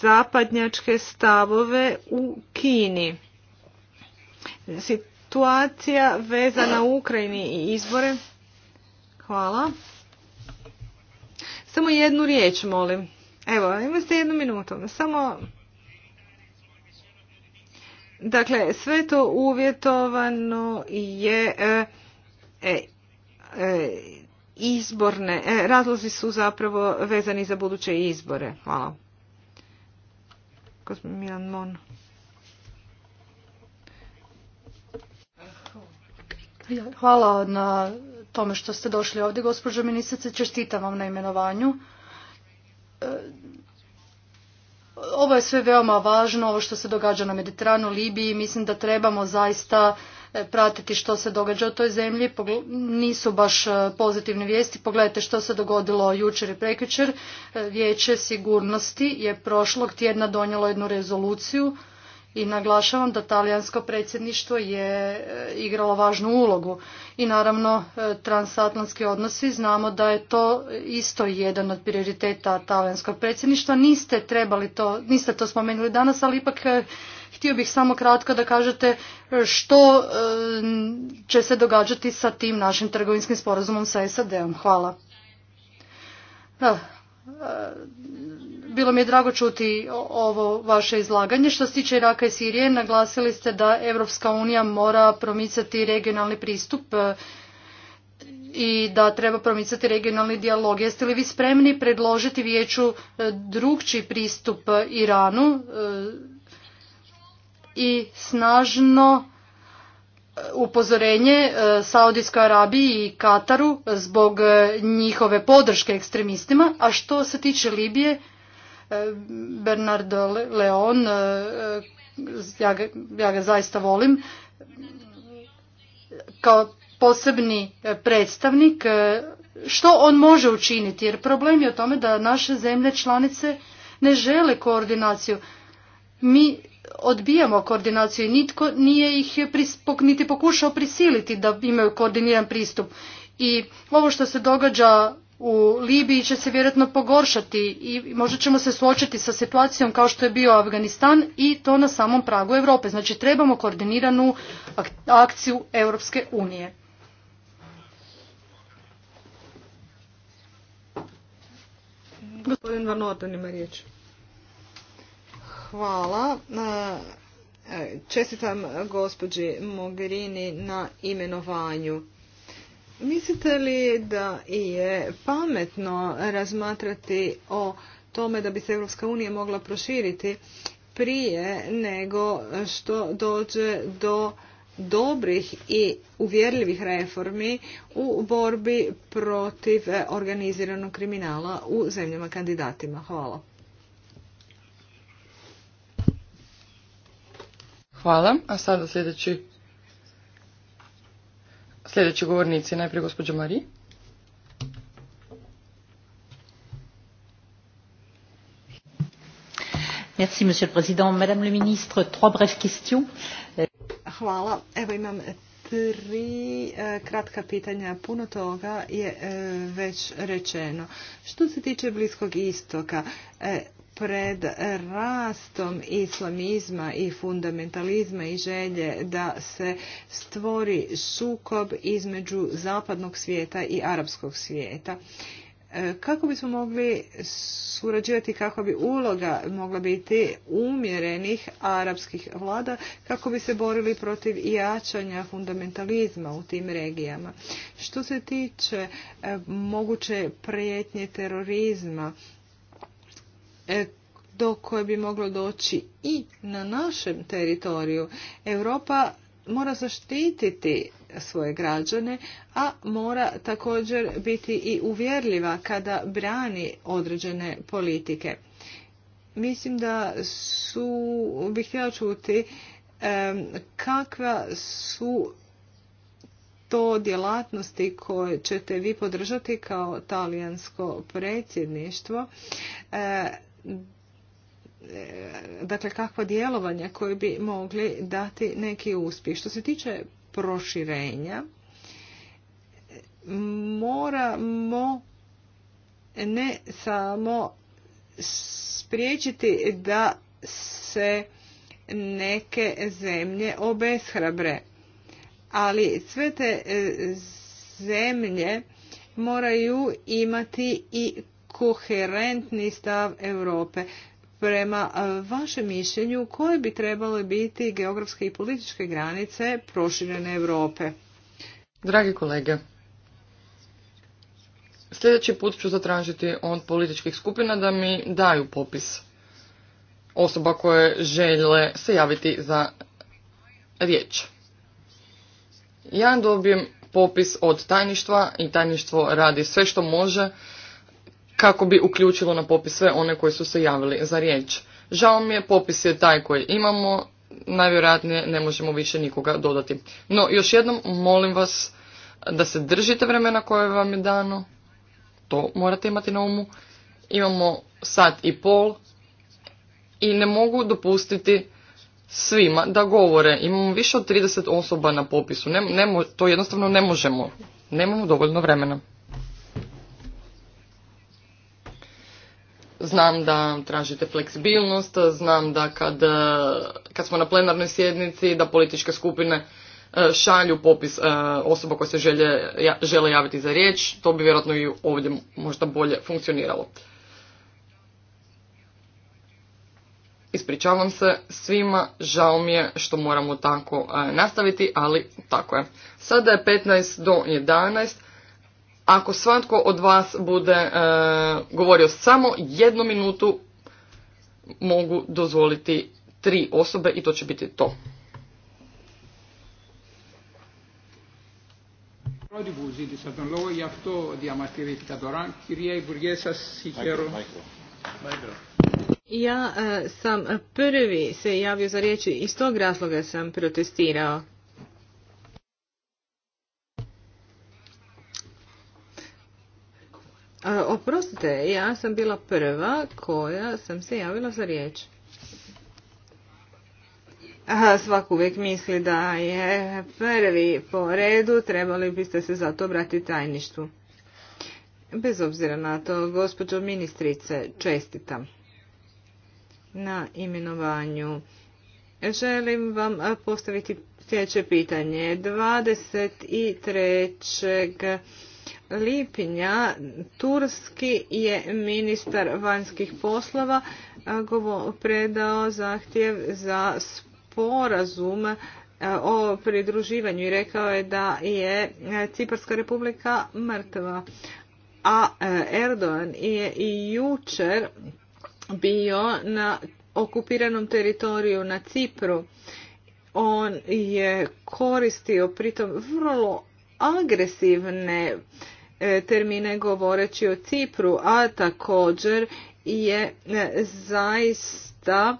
zapadnjačke stavove u Kini. Situacija vezana u Ukrajini i izbore. Hvala. Samo jednu riječ, molim. Evo, imate jednu minutu. Samo... Dakle, sve to uvjetovano je e, e, e izborne. E, razlozi su zapravo vezani za buduće izbore. Hvala. Milan Mon. Hvala na tome što ste došli ovdje, gospođo ministrice. Čestitam vam na imenovanju. E, ovo je sve veoma važno, ovo što se događa na Mediteranu, Libiji. Mislim da trebamo zaista E, pratiti što se događa u toj zemlji. Nisu baš e, pozitivne vijesti. Pogledajte što se dogodilo jučer i prekjučer. E, Vijeće sigurnosti je prošlog tjedna donijelo jednu rezoluciju i naglašavam da talijansko predsjedništvo je igralo važnu ulogu. I naravno transatlantski odnosi znamo da je to isto jedan od prioriteta talijanskog predsjedništva. Niste trebali to, niste to spomenuli danas, ali ipak Htio bih samo kratko da kažete e, što e, će se događati sa tim našim trgovinskim sporazumom sa SAD-om. Hvala. E, bilo mi je drago čuti ovo vaše izlaganje. Što se tiče Iraka i Sirije, naglasili ste da Evropska unija mora promicati regionalni pristup i da treba promicati regionalni dijalog. Jeste li vi spremni predložiti vijeću drugčiji pristup Iranu i snažno e, upozorenje e, Saudijskoj Arabiji i Kataru zbog e, njihove podrške ekstremistima, a što se tiče Libije, Bernardo Leon, ja ga, ja zaista volim, kao posebni predstavnik, što on može učiniti, jer problem je u tome da naše zemlje članice ne žele koordinaciju. Mi odbijamo koordinaciju i nitko nije ih niti pokušao prisiliti da imaju koordiniran pristup. I ovo što se događa u Libiji će se vjerojatno pogoršati i možda ćemo se suočiti sa situacijom kao što je bio Afganistan i to na samom pragu Europe. Znači trebamo koordiniranu akciju Europske unije. Gospodin Hvala. E, čestitam gospođi Mogherini na imenovanju. Mislite li da je pametno razmatrati o tome da bi se Europska unija mogla proširiti prije nego što dođe do dobrih i uvjerljivih reformi u borbi protiv organiziranog kriminala u zemljama kandidatima. Hvala. Hvala. A sada sljedeći sljedeći govornici, najprije gospođa Marija. Merci, monsieur le président. Madame le ministre, trois brèves questions. Hvala. Evo imam tri e, kratka pitanja. Puno toga je e, već rečeno. Što se tiče Bliskog istoka, e, pred rastom islamizma i fundamentalizma i želje da se stvori sukob između zapadnog svijeta i arapskog svijeta. E, kako bismo mogli surađivati, kako bi uloga mogla biti umjerenih arapskih vlada, kako bi se borili protiv jačanja fundamentalizma u tim regijama. Što se tiče e, moguće prijetnje terorizma, E, do koje bi moglo doći i na našem teritoriju. Europa mora zaštititi svoje građane, a mora također biti i uvjerljiva kada brani određene politike. Mislim da su, bih htjela čuti kakva su to djelatnosti koje ćete vi podržati kao talijansko predsjedništvo e, dakle kakva djelovanja koje bi mogli dati neki uspjeh. Što se tiče proširenja, moramo ne samo spriječiti da se neke zemlje obeshrabre, ali sve te e, zemlje moraju imati i koherentni stav Europe. Prema vašem mišljenju, koje bi trebale biti geografske i političke granice proširene Europe? Dragi kolege, sljedeći put ću zatražiti od političkih skupina da mi daju popis osoba koje žele se javiti za riječ. Ja dobijem popis od tajništva i tajništvo radi sve što može kako bi uključilo na popis sve one koji su se javili za riječ. Žao mi je, popis je taj koji imamo, najvjerojatnije ne možemo više nikoga dodati. No, još jednom molim vas da se držite vremena koje vam je dano, to morate imati na umu. Imamo sat i pol i ne mogu dopustiti svima da govore. Imamo više od 30 osoba na popisu, ne, to jednostavno ne možemo, nemamo dovoljno vremena. Znam da tražite fleksibilnost, znam da kad, e, kad smo na plenarnoj sjednici da političke skupine e, šalju popis e, osoba koje se želje, žele javiti za riječ, to bi vjerojatno i ovdje možda bolje funkcioniralo. Ispričavam se svima, žao mi je što moramo tako nastaviti, ali tako je. Sada je 15 do 11, ako svatko od vas bude e, govorio samo jednu minutu, mogu dozvoliti tri osobe i to će biti to. Ja e, sam prvi se javio za riječi i iz tog razloga sam protestirao. Oprostite, ja sam bila prva koja sam se javila za riječ. Svaku uvijek misli da je prvi po redu, trebali biste se zato obratiti tajništvu. Bez obzira na to, gospođo ministrice, čestitam na imenovanju. Želim vam postaviti sljedeće pitanje. 23 lipnja turski je ministar vanjskih poslova predao zahtjev za sporazum o pridruživanju i rekao je da je e, Ciparska republika mrtva. A e, Erdogan je i jučer bio na okupiranom teritoriju na Cipru. On je koristio pritom vrlo agresivne E, termine govoreći o Cipru, a također je e, zaista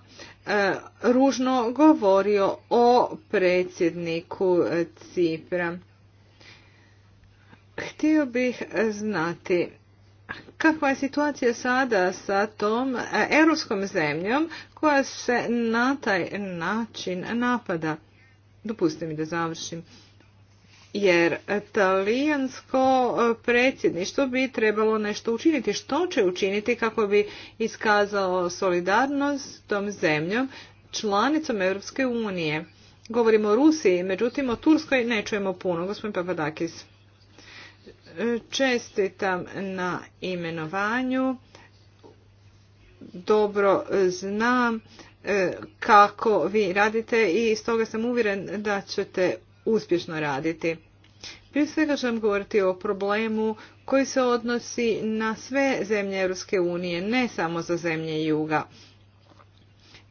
e, ružno govorio o predsjedniku Cipra. Htio bih znati kakva je situacija sada sa tom europskom zemljom koja se na taj način napada. Dopustite mi da završim jer talijansko e, predsjedništvo bi trebalo nešto učiniti. Što će učiniti kako bi iskazao solidarnost tom zemljom članicom Europske unije? Govorimo o Rusiji, međutim o Turskoj ne čujemo puno. Gospodin Papadakis, e, čestitam na imenovanju. Dobro znam e, kako vi radite i stoga sam uvjeren da ćete uspješno raditi. Prije svega želim govoriti o problemu koji se odnosi na sve zemlje Europske unije, ne samo za zemlje juga.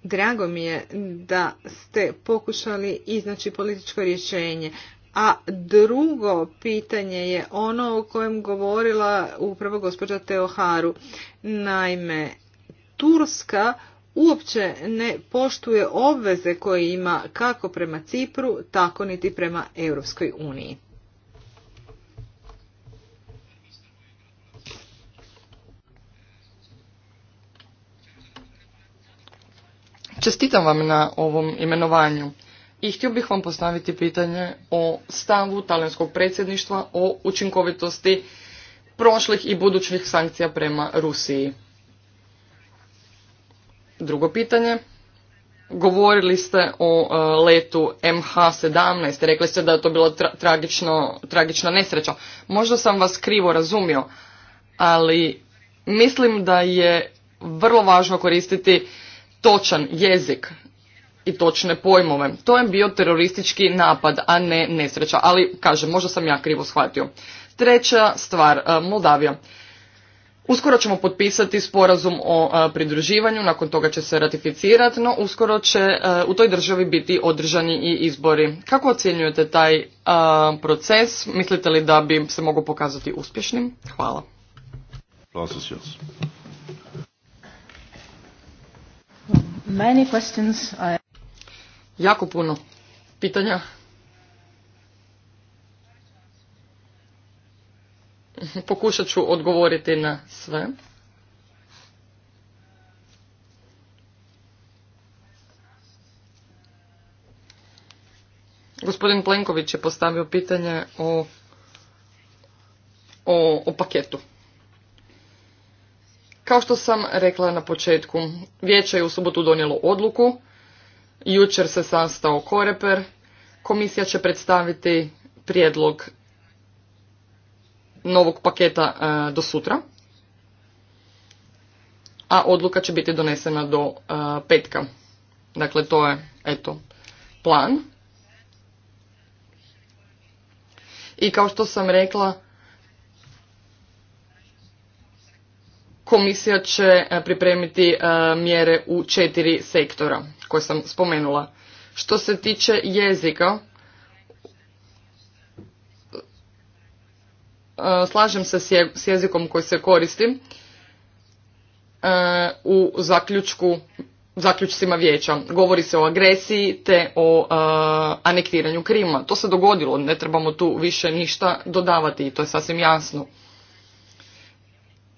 Drago mi je da ste pokušali iznaći političko rješenje. A drugo pitanje je ono o kojem govorila upravo gospođa Teoharu. Naime, Turska uopće ne poštuje obveze koje ima kako prema Cipru, tako niti prema Europskoj uniji. Čestitam vam na ovom imenovanju i htio bih vam postaviti pitanje o stavu talijanskog predsjedništva o učinkovitosti prošlih i budućih sankcija prema Rusiji. Drugo pitanje. Govorili ste o e, letu MH17, rekli ste da je to bila tragična nesreća. Možda sam vas krivo razumio, ali mislim da je vrlo važno koristiti točan jezik i točne pojmove. To je bio teroristički napad, a ne nesreća. Ali, kažem, možda sam ja krivo shvatio. Treća stvar, e, Moldavija. Uskoro ćemo potpisati sporazum o e, pridruživanju, nakon toga će se ratificirati, no uskoro će e, u toj državi biti održani i izbori. Kako ocjenjujete taj proces? Mislite li da bi se mogao pokazati uspješnim? Hvala. Many Jako puno pitanja. Pokušat ću odgovoriti na sve. Gospodin Plenković je postavio pitanje o paketu. Kao što sam rekla na početku, vijeće je u subotu donijelo odluku, jučer se sastao Koreper, komisija će predstaviti prijedlog novog paketa e, do sutra, a odluka će biti donesena do e, petka. Dakle, to je, eto, plan. I kao što sam rekla, komisija će e, pripremiti e, mjere u četiri sektora koje sam spomenula. Što se tiče jezika, e, slažem se s jezikom koji se koristi u zaključku, zaključcima vijeća. Govori se o agresiji te o anektiranju Krima. To se dogodilo, ne trebamo tu više ništa dodavati i to je sasvim jasno.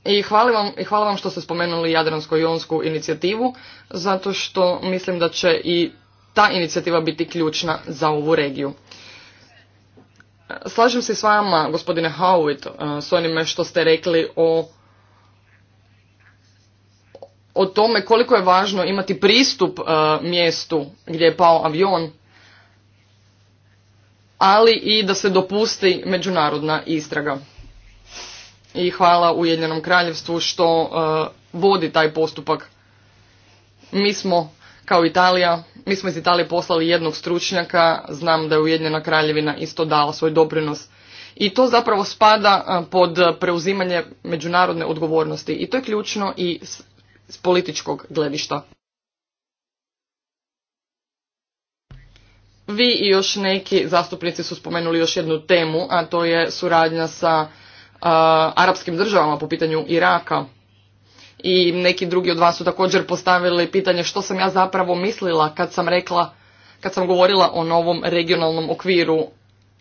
I hvala vam, što ste spomenuli Jadransko-jonsku inicijativu, zato što mislim da će i ta inicijativa biti ključna za ovu regiju. Slažem se s vama, gospodine Howitt, e, s onime što ste rekli o o tome koliko je važno imati pristup e, mjestu gdje je pao avion, ali i da se dopusti međunarodna istraga i hvala Ujedinjenom kraljevstvu što uh, vodi taj postupak. Mi smo kao Italija, mi smo iz Italije poslali jednog stručnjaka, znam da je Ujedinjena kraljevina isto dala svoj doprinos. I to zapravo spada uh, pod preuzimanje međunarodne odgovornosti i to je ključno i s, s političkog gledišta. Vi i još neki zastupnici su spomenuli još jednu temu, a to je suradnja sa arapskim državama po pitanju Iraka i neki drugi od vas su također postavili pitanje što sam ja zapravo mislila kad sam rekla, kad sam govorila o novom regionalnom okviru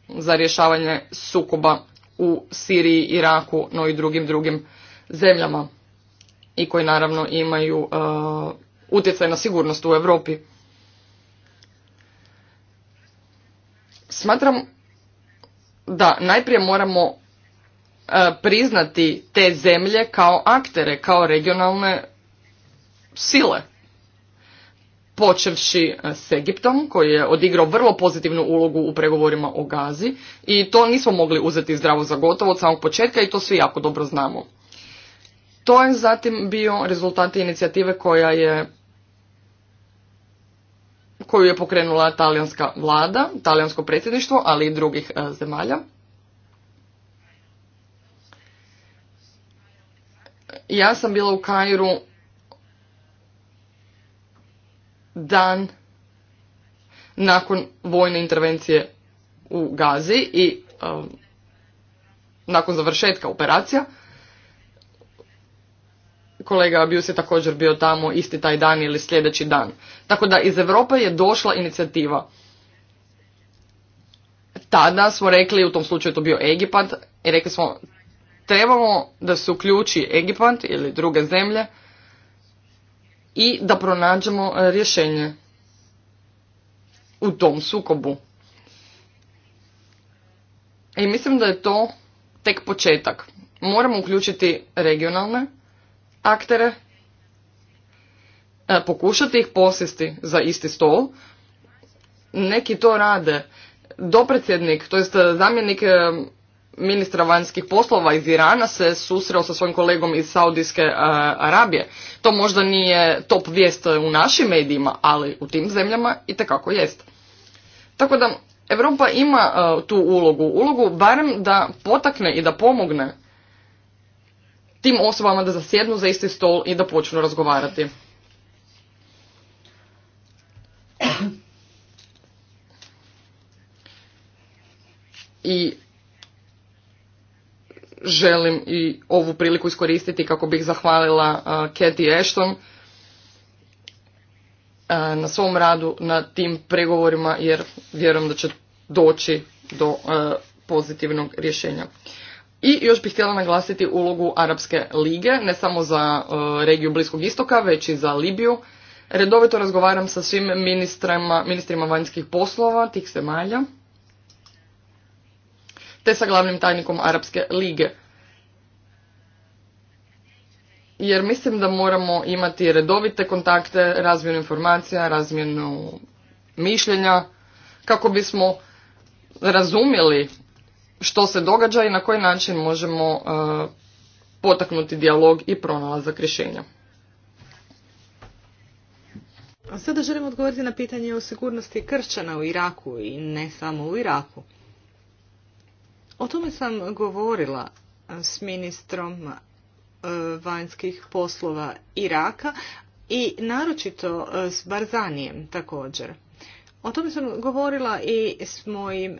za rješavanje sukoba u Siriji, Iraku, no i drugim drugim zemljama i koji naravno imaju utjecaj na sigurnost u Europi. Smatram da najprije moramo E, priznati te zemlje kao aktere, kao regionalne sile. Počevši e, s Egiptom, koji je odigrao vrlo pozitivnu ulogu u pregovorima o Gazi i to nismo mogli uzeti zdravo za gotovo od samog početka i to svi jako dobro znamo. To je zatim bio rezultat inicijative koja je koju je pokrenula talijanska vlada, talijansko predsjedništvo, ali i drugih e, zemalja. ja sam bila u Kairu dan nakon vojne intervencije u Gazi i um, nakon završetka operacija. Kolega Abius je također bio tamo isti taj dan ili sljedeći dan. Tako da iz Europe je došla inicijativa. Tada smo rekli, u tom slučaju je to bio Egipat, i rekli smo trebamo da se uključi Egipat ili druge zemlje i da pronađemo e, rješenje u tom sukobu. I mislim da je to tek početak. Moramo uključiti regionalne aktere, e, pokušati ih posjesti za isti stol. Neki to rade. Dopredsjednik, to jest zamjenik e, ministra vanjskih poslova iz Irana se susreo sa svojim kolegom iz Saudijske eh, Arabije. To možda nije top vijest eh, u našim medijima, ali u tim zemljama i tekako jest. Tako da Europa ima eh, tu ulogu, ulogu barem da potakne i da pomogne tim osobama da zasjednu za isti stol i da počnu razgovarati. I želim i ovu priliku iskoristiti kako bih zahvalila uh, Cathy Ashton uh, na svom radu na tim pregovorima jer vjerujem da će doći do uh, pozitivnog rješenja. I još bih htjela naglasiti ulogu Arapske lige, ne samo za regiju Bliskog istoka, već i za Libiju. Redovito razgovaram sa svim ministrima vanjskih poslova tih zemalja te sa glavnim tajnikom Arapske lige. Jer mislim da moramo imati redovite kontakte, razmjenu informacija, razmjenu mišljenja, kako bismo razumjeli što se događa i na koji način možemo e, potaknuti dijalog i pronalazak rješenja. A sada želim odgovoriti na pitanje o sigurnosti kršćana u Iraku i ne samo u Iraku. O tome sam govorila e, s ministrom e, vanjskih poslova Iraka i naročito e, s Barzanijem također. O tome sam govorila i s mojim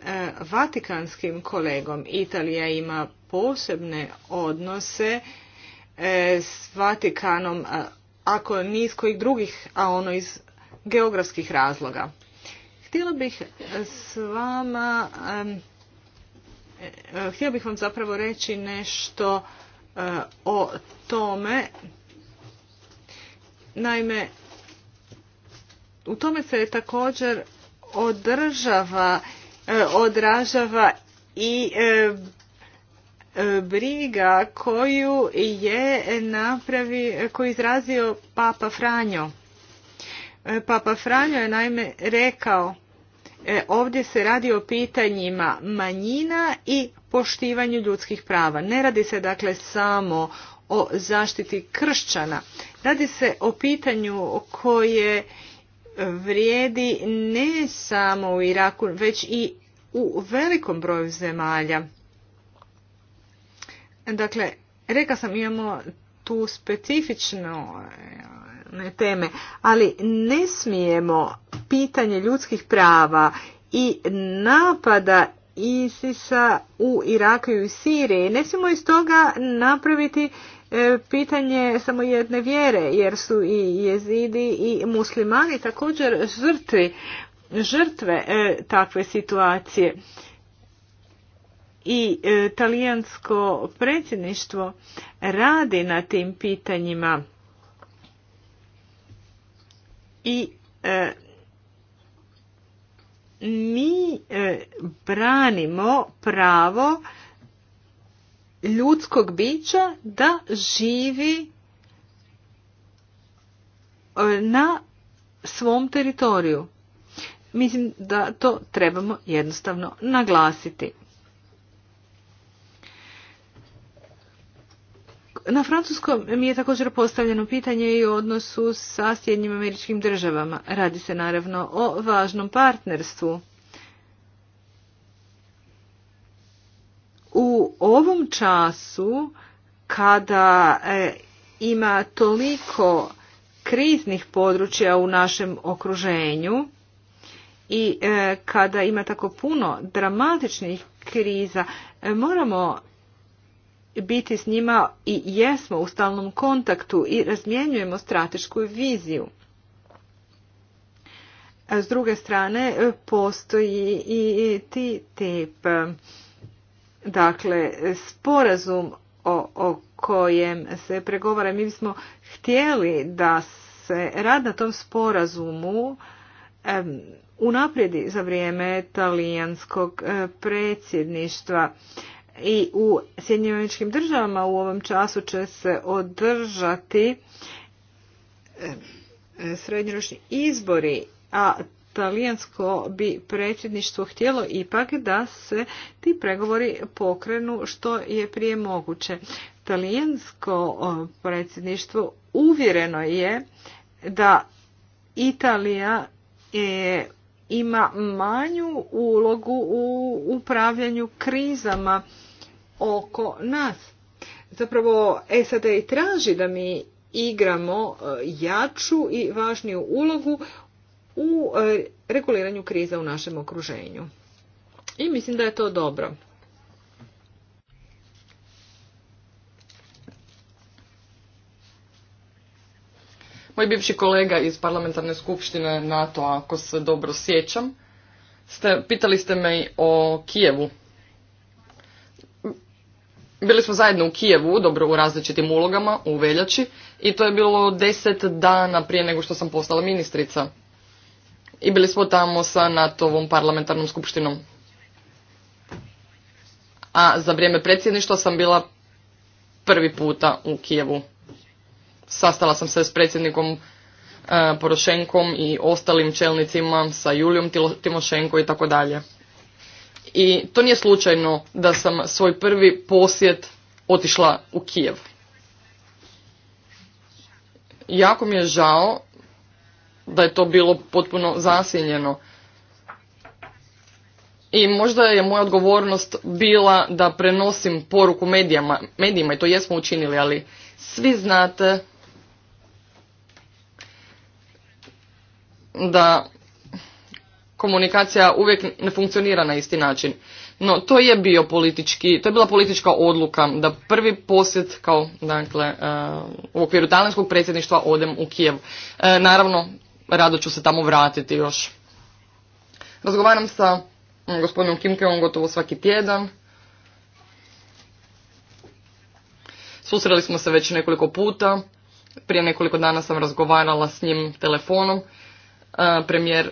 vatikanskim kolegom. Italija ima posebne odnose s Vatikanom, ako ni iz kojih drugih, a ono iz geografskih razloga. Htjela bih s vama E, htio bih vam zapravo reći nešto e, o tome. Naime, u tome se također održava, e, odražava i briga koju je napravi, koju izrazio Papa Franjo. Papa Franjo je naime rekao E, ovdje se radi o pitanjima manjina i poštivanju ljudskih prava. Ne radi se dakle samo o zaštiti kršćana. Radi se o pitanju koje vrijedi ne samo u Iraku, već i u velikom broju zemalja. Dakle, reka sam imamo tu specifično teme, ali ne smijemo pitanje ljudskih prava i napada ISIS-a u Iraku i u Siriji. Ne smijemo iz toga napraviti e, pitanje samo jedne vjere, jer su i jezidi i muslimani također žrtvi, žrtve e, takve situacije. I e, talijansko predsjedništvo radi na tim pitanjima. I e, mi e, branimo pravo ljudskog bića da živi e, na svom teritoriju. Mislim da to trebamo jednostavno naglasiti. Na francuskom mi je također postavljeno pitanje i o odnosu sa Sjednjim američkim državama. Radi se naravno o važnom partnerstvu. U ovom času kada e, ima toliko kriznih područja u našem okruženju i e, kada ima tako puno dramatičnih kriza, e, moramo biti s njima i jesmo u stalnom kontaktu i razmjenjujemo stratešku viziju. s druge strane e, postoji i tip. dakle sporazum o, kojem se pregovara. Mi bismo htjeli da se rad na tom sporazumu um, unaprijedi za vrijeme talijanskog e, predsjedništva i u Sjedinjeničkim državama u ovom času će se održati e, e, srednjoročni izbori, a talijansko bi predsjedništvo htjelo ipak da se ti pregovori pokrenu što je prije moguće. Talijansko predsjedništvo uvjereno je da Italija je ima manju ulogu u upravljanju krizama oko nas. Zapravo SAD i traži da mi igramo e, jaču i važniju ulogu u e, reguliranju kriza u našem okruženju. I mislim da je to dobro. Moj bivši kolega iz parlamentarne skupštine NATO, ako se dobro sjećam, pitali ste me o Kijevu bili smo zajedno u Kijevu, dobro u različitim ulogama, u veljači, i to je bilo deset dana prije nego što sam postala ministrica. I bili smo tamo sa NATO-ovom parlamentarnom skupštinom. A za vrijeme predsjedništva sam bila prvi puta u Kijevu. Sastala sam se s predsjednikom e, Porošenkom i ostalim čelnicima, sa Julijom Timošenko i tako dalje i to nije slučajno da sam svoj prvi posjet otišla u Kijev. Jako mi je žao da je to bilo potpuno zasiljeno. I možda je moja odgovornost bila da prenosim poruku medijama, medijima i to jesmo učinili, ali svi znate da komunikacija uvijek ne funkcionira na isti način. No, to je bio politički, to je bila politička odluka da prvi posjet kao dakle e, u okviru talijanskog predsjedništva odem u Kijev. E, naravno, rado ću se tamo vratiti još. Razgovaram sa mm, gospodinom Kimkeom gotovo svaki tjedan. Susreli smo se već nekoliko puta. Prije nekoliko dana sam razgovarala s njim telefonom. E, premijer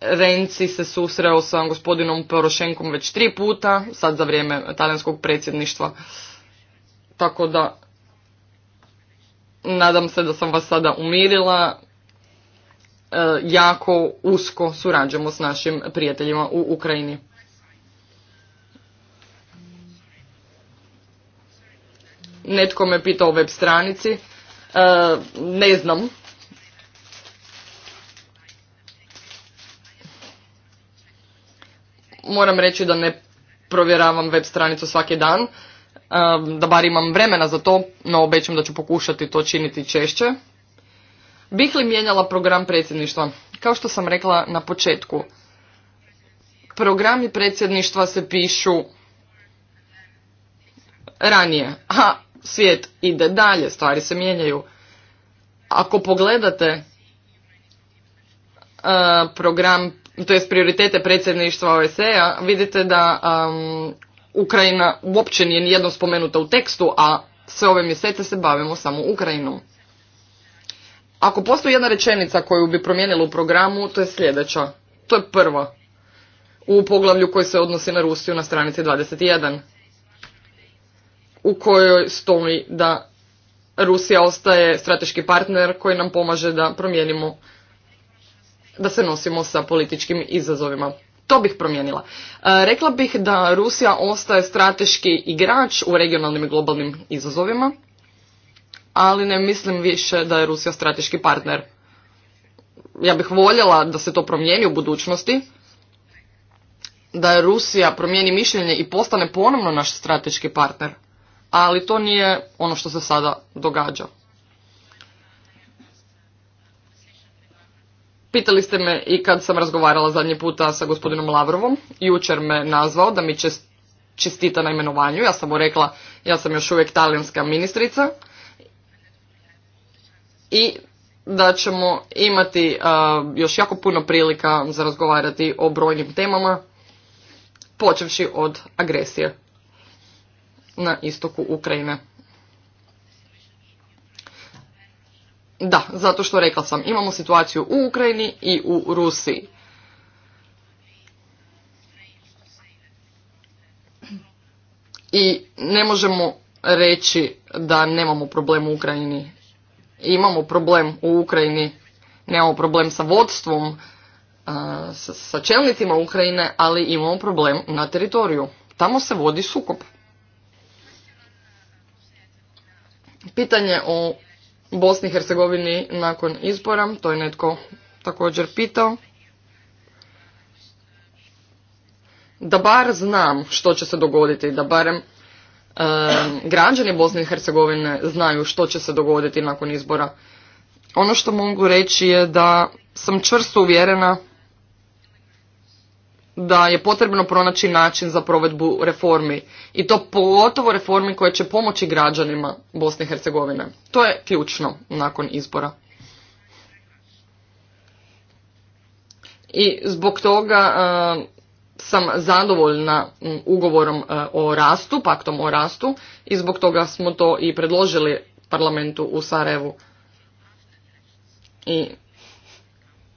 Renci se susreo sa gospodinom Porošenkom već tri puta, sad za vrijeme talijanskog predsjedništva. Tako da, nadam se da sam vas sada umirila. E, jako usko surađujemo s našim prijateljima u Ukrajini. Netko me pitao o web stranici. E, ne znam moram reći da ne provjeravam web stranicu svaki dan, um, da bar imam vremena za to, no obećam da ću pokušati to činiti češće. Bih li mijenjala program predsjedništva? Kao što sam rekla na početku, programi predsjedništva se pišu ranije, a svijet ide dalje, stvari se mijenjaju. Ako pogledate uh, program to jest prioritete predsjedništva OSE-a, vidite da um, Ukrajina uopće nije nijedno spomenuta u tekstu, a sve ove mjesece se bavimo samo Ukrajinom. Ako postoji jedna rečenica koju bi promijenila u programu, to je sljedeća. To je prva. U poglavlju koji se odnosi na Rusiju na stranici 21. U kojoj stoji da Rusija ostaje strateški partner koji nam pomaže da promijenimo da se nosimo sa političkim izazovima. To bih promijenila. E, rekla bih da Rusija ostaje strateški igrač u regionalnim i globalnim izazovima, ali ne mislim više da je Rusija strateški partner. Ja bih voljela da se to promijeni u budućnosti, da Rusija promijeni mišljenje i postane ponovno naš strateški partner, ali to nije ono što se sada događa. Pitali ste me i kad sam razgovarala zadnji puta sa gospodinom Lavrovom, jučer me nazvao da mi čestita na imenovanju, ja sam mu rekla ja sam još uvijek talijanska ministrica i da ćemo imati još jako puno prilika za razgovarati o brojnim temama, počevši od agresije na istoku Ukrajine. Da, zato što rekla sam, imamo situaciju u Ukrajini i u Rusiji. I ne možemo reći da nemamo problem u Ukrajini. Imamo problem u Ukrajini, nemamo problem sa vodstvom, uh, sa čelnicima Ukrajine, ali imamo problem na teritoriju. Tamo se vodi sukob. Pitanje o Bosni i Hercegovini nakon izbora, to je netko također pitao. Da bar znam što će se dogoditi, da barem građani Bosne i Hercegovine znaju što će se dogoditi nakon izbora. Ono što mogu reći je da sam čvrsto uvjerena da je potrebno pronaći način za provedbu reformi i to pogotovo reformi koje će pomoći građanima Bosne i Hercegovine. To je ključno nakon izbora. I zbog toga e, sam zadovoljna ugovorom e, o rastu, paktom o rastu i zbog toga smo to i predložili parlamentu u Sarajevu. I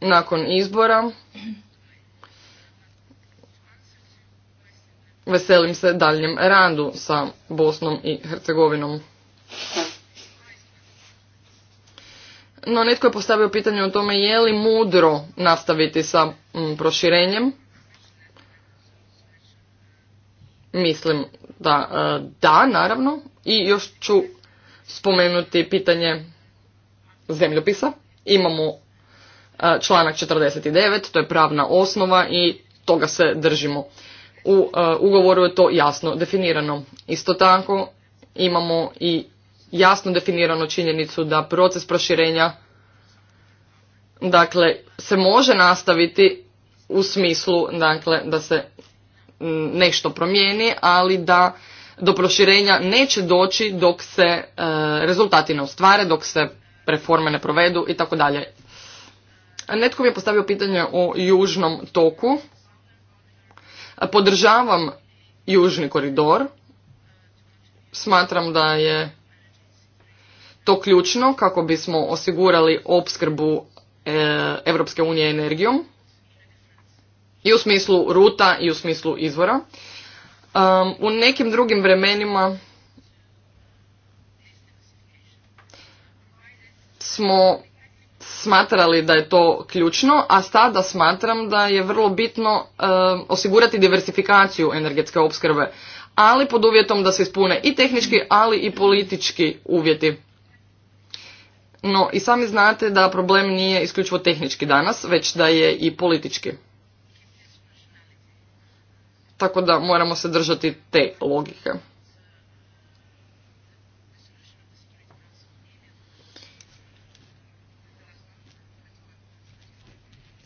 nakon izbora veselim se daljem randu sa Bosnom i Hercegovinom. No, netko je postavio pitanje o tome je li mudro nastaviti sa mm, proširenjem. Mislim da e, da, naravno. I još ću spomenuti pitanje zemljopisa. Imamo e, članak 49, to je pravna osnova i toga se držimo u e, ugovoru je to jasno definirano. Isto tako imamo i jasno definirano činjenicu da proces proširenja dakle se može nastaviti u smislu dakle da se nešto promijeni, ali da do proširenja neće doći dok se e, rezultati ne ostvare, dok se reforme ne provedu i tako dalje. Netko mi je postavio pitanje o južnom toku Podržavam južni koridor. Smatram da je to ključno kako bismo osigurali opskrbu Europske unije energijom i u smislu ruta i u smislu izvora. Um, u nekim drugim vremenima smo smatrali da je to ključno, a sada smatram da je vrlo bitno osigurati diversifikaciju energetske opskrbe, ali pod uvjetom da se ispune i tehnički, ali i politički uvjeti. No, i sami znate da problem nije isključivo tehnički danas, već da je i politički. Tako da moramo se držati te logike.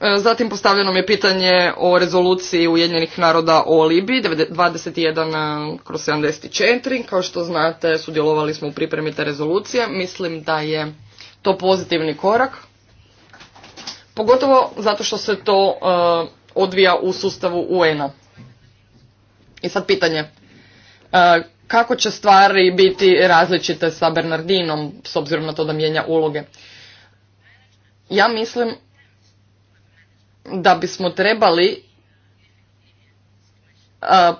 E, zatim postavljeno mi je pitanje o rezoluciji Ujedinjenih naroda o Libiji 21 e, kroz 74. Kao što znate, sudjelovali smo u pripremi te rezolucije. Mislim da je to pozitivni korak. Pogotovo zato što se to e, odvija u sustavu UN-a. I sad pitanje. kako će stvari biti različite sa Bernardinom s obzirom na to da mijenja uloge? Ja mislim da bismo trebali uh,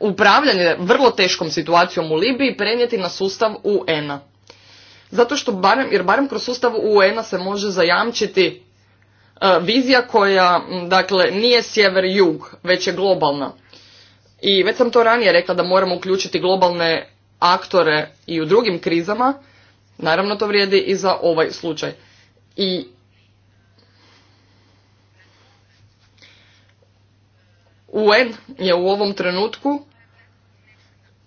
upravljanje vrlo teškom situacijom u Libiji prenijeti na sustav UN-a. Zato što barem, jer barem kroz sustav UN-a se može zajamčiti vizija koja dakle, nije sjever-jug, već je globalna. I već sam to ranije rekla da moramo uključiti globalne aktore i u drugim krizama, naravno to vrijedi i za ovaj slučaj. I UN je u ovom trenutku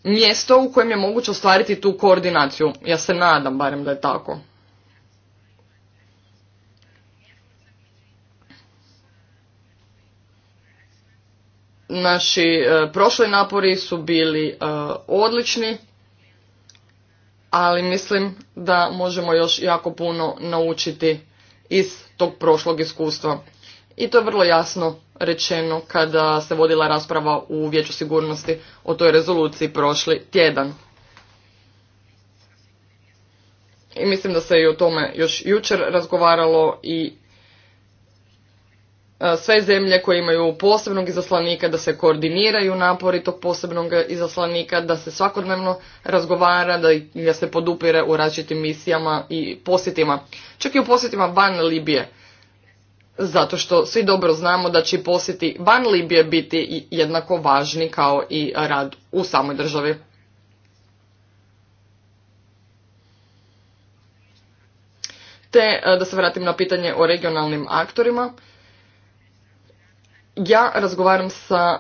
mjesto u kojem je moguće ostvariti tu koordinaciju. Ja se nadam barem da je tako. Naši e, prošli napori su bili e, odlični, ali mislim da možemo još jako puno naučiti iz tog prošlog iskustva. I to je vrlo jasno rečeno kada se vodila rasprava u Vijeću sigurnosti o toj rezoluciji prošli tjedan. I mislim da se i o tome još jučer razgovaralo i e, sve zemlje koje imaju posebnog izaslanika da se koordiniraju napori tog posebnog izaslanika, da se svakodnevno razgovara, da, se podupire u različitim misijama i posjetima. Čak i u posjetima van Libije zato što svi dobro znamo da će posjeti van Libije biti jednako važni kao i rad u samoj državi. Te e, da se vratim na pitanje o regionalnim aktorima. Ja razgovaram sa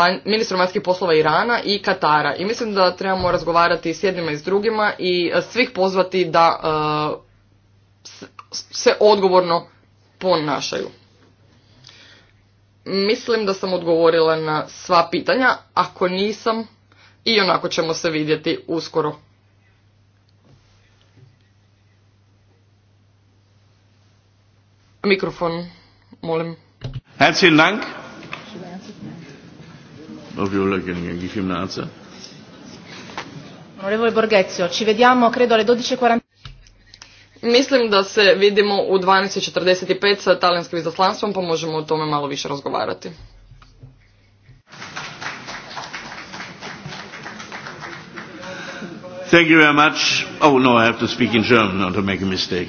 e, ministrom vanjskih poslova Irana i Katara i mislim da trebamo razgovarati s jednima i s drugima i e, svih pozvati da se odgovorno ponašaju. Mislim da sam odgovorila na sva pitanja, ako nisam, i onako ćemo se vidjeti uskoro. Mikrofon, molim. Herzlichen Dank. Onorevole Borghezio, ci vediamo credo alle 12.40. Mislim da se vidimo u 12.45 sa talijanskim izaslanstvom pa možemo o tome malo više razgovarati. Thank you very much. Oh no, I have to speak in German not to make a mistake.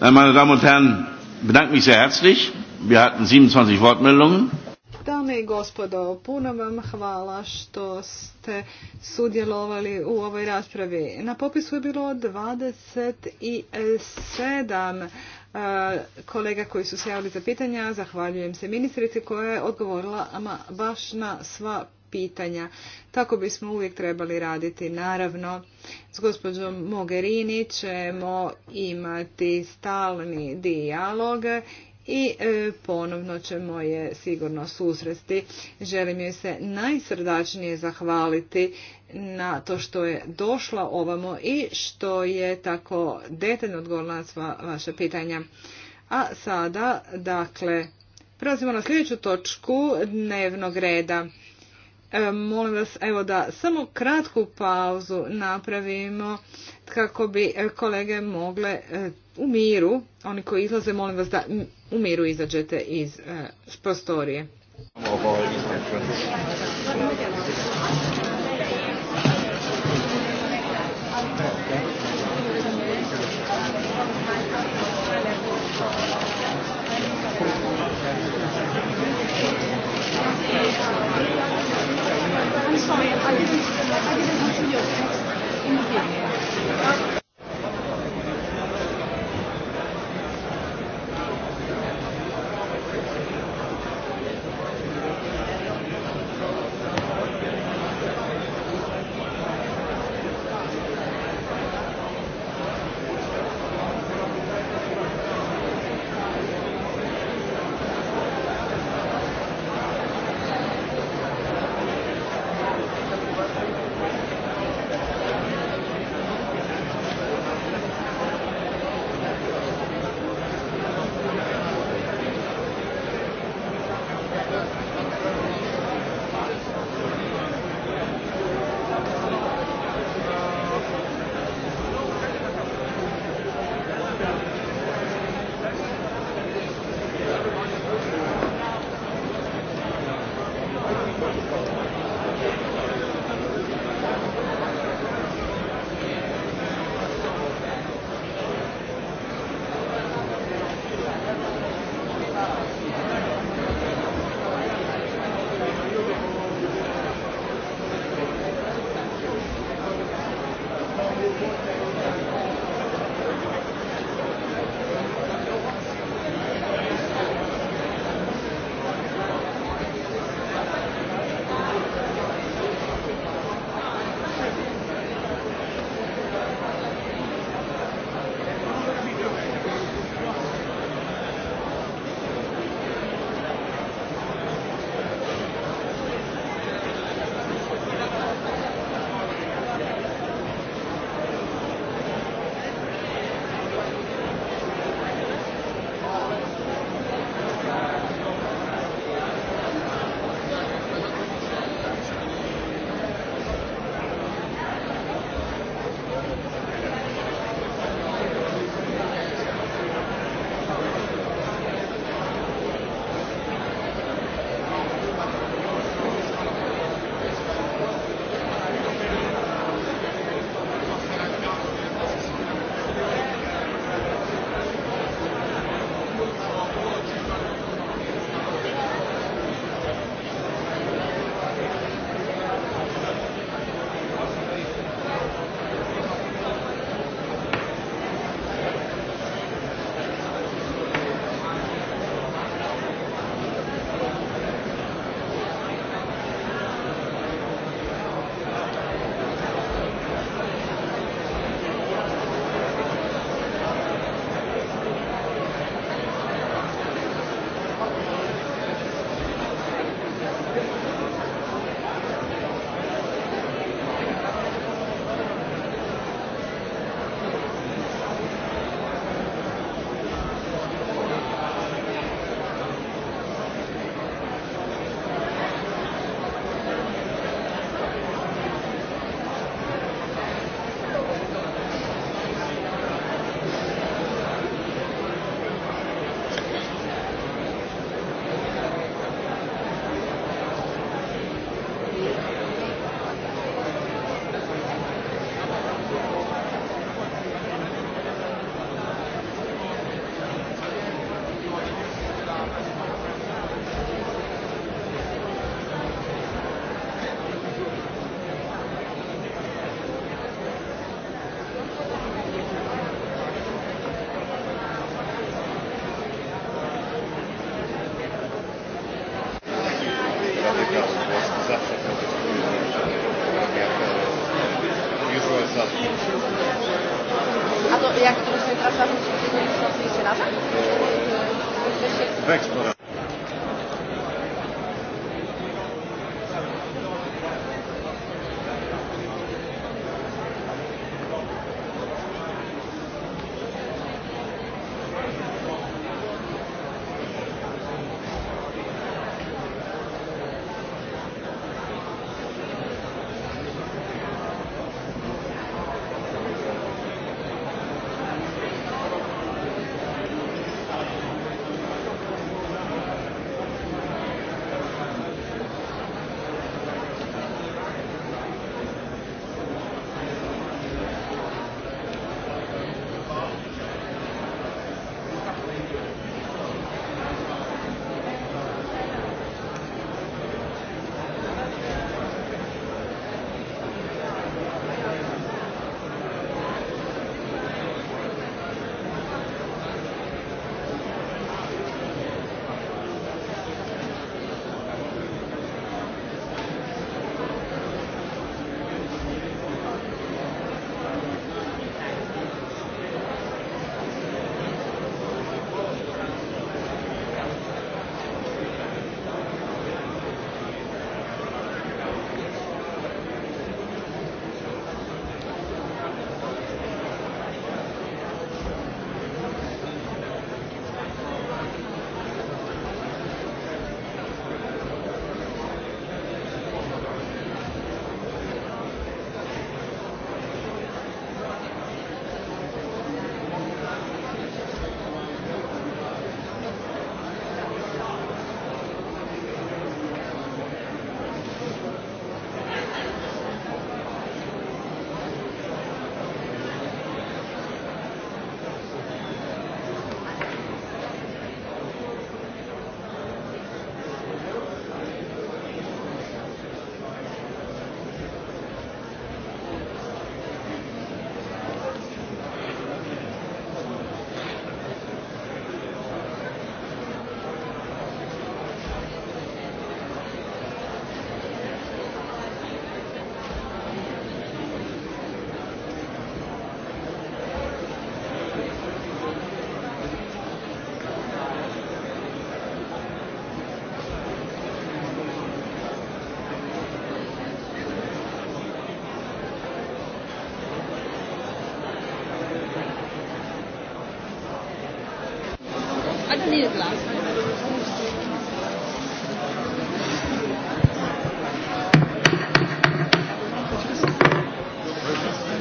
Meine Damen und Herren, bedanke mich sehr herzlich. Wir hatten 27 Wortmeldungen. Dame i gospodo, puno vam hvala što ste sudjelovali u ovoj raspravi. Na popisu je bilo 27 e, kolega koji su se javili za pitanja. Zahvaljujem se ministrici koja je odgovorila ama baš na sva pitanja. Tako bismo uvijek trebali raditi. Naravno, s gospođom Mogherini ćemo imati stalni dijalog i e, ponovno ćemo je sigurno susresti. Želim joj se najsrdačnije zahvaliti na to što je došla ovamo i što je tako detaljno odgovorila na sva vaša pitanja. A sada, dakle, prelazimo na sljedeću točku dnevnog reda. E, molim vas, evo da samo kratku pauzu napravimo kako bi kolege mogle e, u miru, oni koji izlaze, molim vas da u miru izađete iz e, prostorije. I'm sorry, I didn't, I didn't in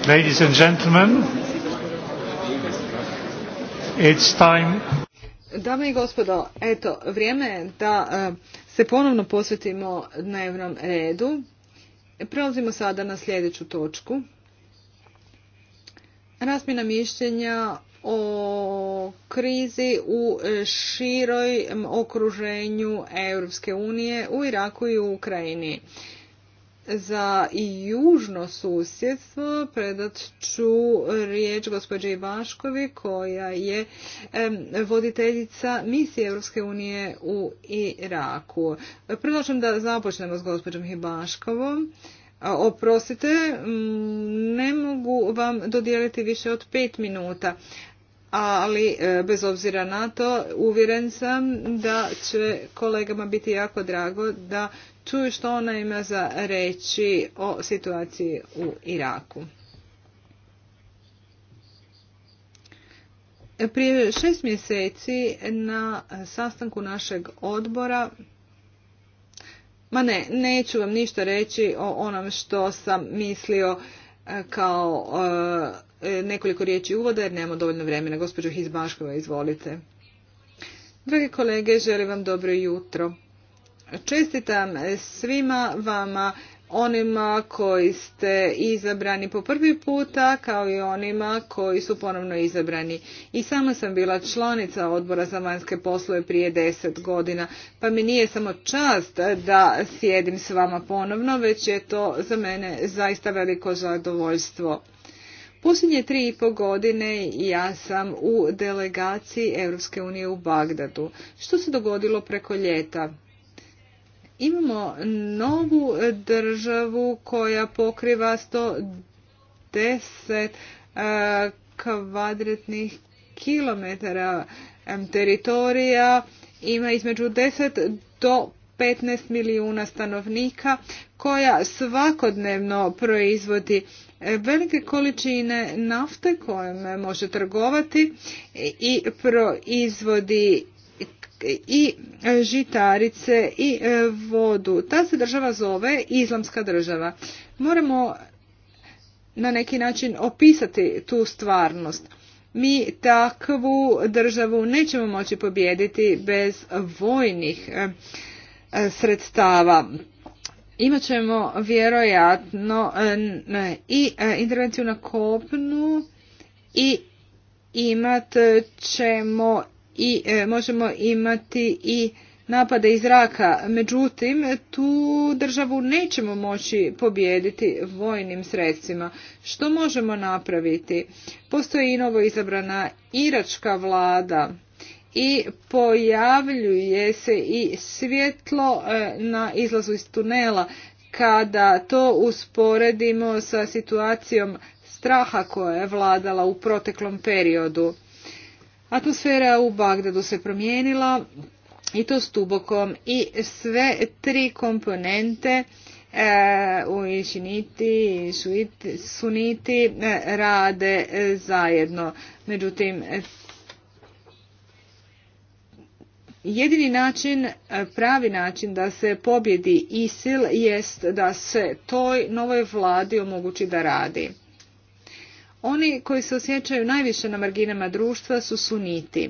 Ladies and gentlemen, it's time. Dame i gospodo, eto, vrijeme je da e, se ponovno posvetimo dnevnom redu. Prelazimo sada na sljedeću točku. Razmjena mišljenja o krizi u široj okruženju Europske unije u Iraku i u Ukrajini. Za južno susjedstvo predat ću riječ gospođe Ivaškovi koja je voditeljica misije Europske unije u Iraku. Predlažem da započnemo s gospođom Ibaškovom. Oprostite, ne mogu vam dodijeliti više od pet minuta ali e, bez obzira na to uvjeren sam da će kolegama biti jako drago da čuju što ona ima za reći o situaciji u Iraku. Prije šest mjeseci na sastanku našeg odbora Ma ne, neću vam ništa reći o onom što sam mislio e, kao e, E, nekoliko riječi uvoda jer nemamo dovoljno vremena. Gospođo Hizbaškova, izvolite. Drage kolege, želim vam dobro jutro. Čestitam svima vama onima koji ste izabrani po prvi puta kao i onima koji su ponovno izabrani. I sama sam bila članica odbora za vanjske poslove prije deset godina, pa mi nije samo čast da sjedim s vama ponovno, već je to za mene zaista veliko zadovoljstvo. Posljednje tri i po godine ja sam u delegaciji Europske unije u Bagdadu. Što se dogodilo preko ljeta? Imamo novu državu koja pokriva 110 e, kvadratnih kilometara teritorija, ima između 10 do 15 milijuna stanovnika koja svakodnevno proizvodi velike količine nafte kojom može trgovati i proizvodi i žitarice i e, vodu. Ta se država zove Islamska država. Moramo na neki način opisati tu stvarnost. Mi takvu državu nećemo moći pobijediti bez vojnih e, sredstava imat ćemo vjerojatno e, e, i e, intervenciju na kopnu i imat ćemo i možemo imati i napade iz zraka. Međutim, tu državu nećemo moći pobijediti vojnim sredstvima. Što možemo napraviti? Postoji i novo izabrana iračka vlada i pojavljuje se i svjetlo e, na izlazu iz tunela kada to usporedimo sa situacijom straha koja je vladala u proteklom periodu. Atmosfera u Bagdadu se promijenila i to s tubokom i sve tri komponente e, u šiniti i suniti e, rade zajedno. Međutim, Jedini način, e, pravi način da se pobjedi ISIL jest da se toj novoj vladi omogući da radi. Oni koji se osjećaju najviše na marginama društva su suniti.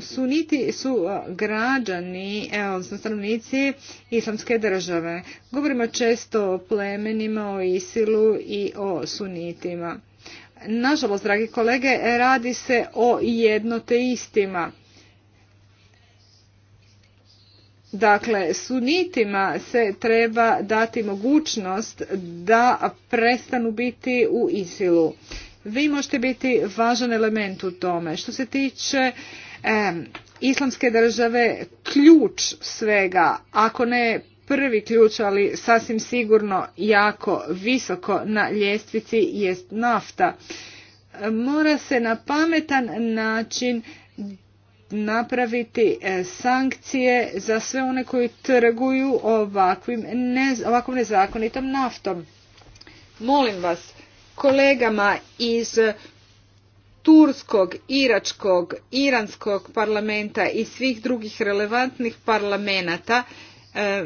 suniti su e, građani, e, odnosno stanovnici islamske države. Govorimo često o plemenima, o isilu i o sunitima. Nažalost, dragi kolege, radi se o jednote istima Dakle, sunitima se treba dati mogućnost da prestanu biti u isilu. Vi možete biti važan element u tome. Što se tiče islamske države, ključ svega, ako ne prvi ključ, ali sasvim sigurno jako visoko na ljestvici jest nafta. Mora se na pametan način napraviti e, sankcije za sve one koji trguju ovakvim, nezakonitom naftom. Molim vas, kolegama iz Turskog, Iračkog, Iranskog parlamenta i svih drugih relevantnih parlamenta, e,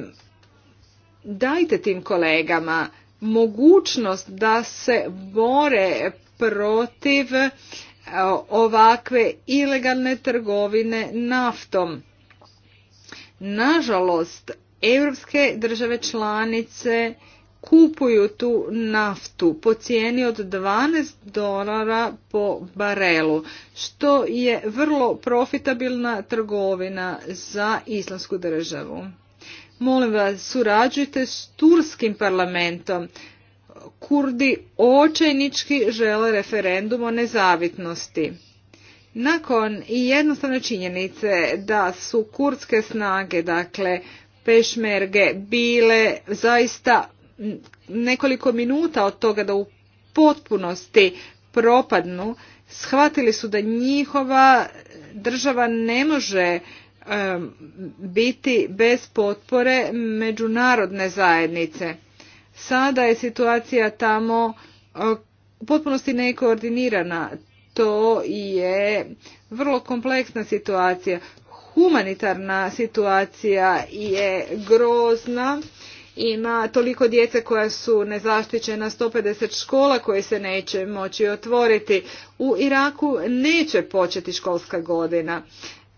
dajte tim kolegama mogućnost da se bore protiv ovakve ilegalne trgovine naftom. Nažalost, europske države članice kupuju tu naftu po cijeni od 12 dolara po barelu, što je vrlo profitabilna trgovina za islamsku državu. Molim vas, surađujte s turskim parlamentom Kurdi očajnički žele referendum o nezavitnosti. Nakon i jednostavne činjenice da su kurdske snage, dakle pešmerge, bile zaista nekoliko minuta od toga da u potpunosti propadnu, shvatili su da njihova država ne može biti bez potpore međunarodne zajednice. Sada je situacija tamo e, u potpunosti nekoordinirana. To je vrlo kompleksna situacija. Humanitarna situacija je grozna. Ima toliko djece koja su nezaštićena, 150 škola koje se neće moći otvoriti. U Iraku neće početi školska godina.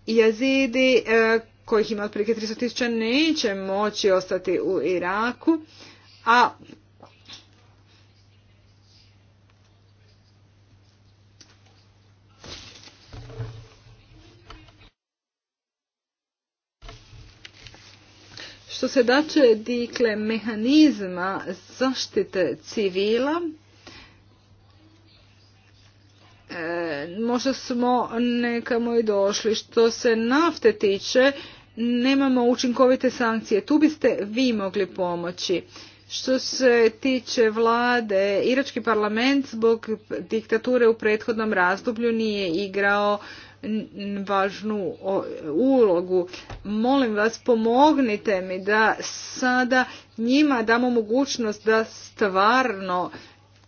Jazidi e, kojih ima otprilike 300.000, neće moći ostati u Iraku a Što se dače dikle mehanizma zaštite civila, e, možda smo nekamo i došli. Što se nafte tiče, nemamo učinkovite sankcije. Tu biste vi mogli pomoći. Što se tiče vlade, Irački parlament zbog diktature u prethodnom razdoblju nije igrao važnu ulogu. Molim vas, pomognite mi da sada njima damo mogućnost da stvarno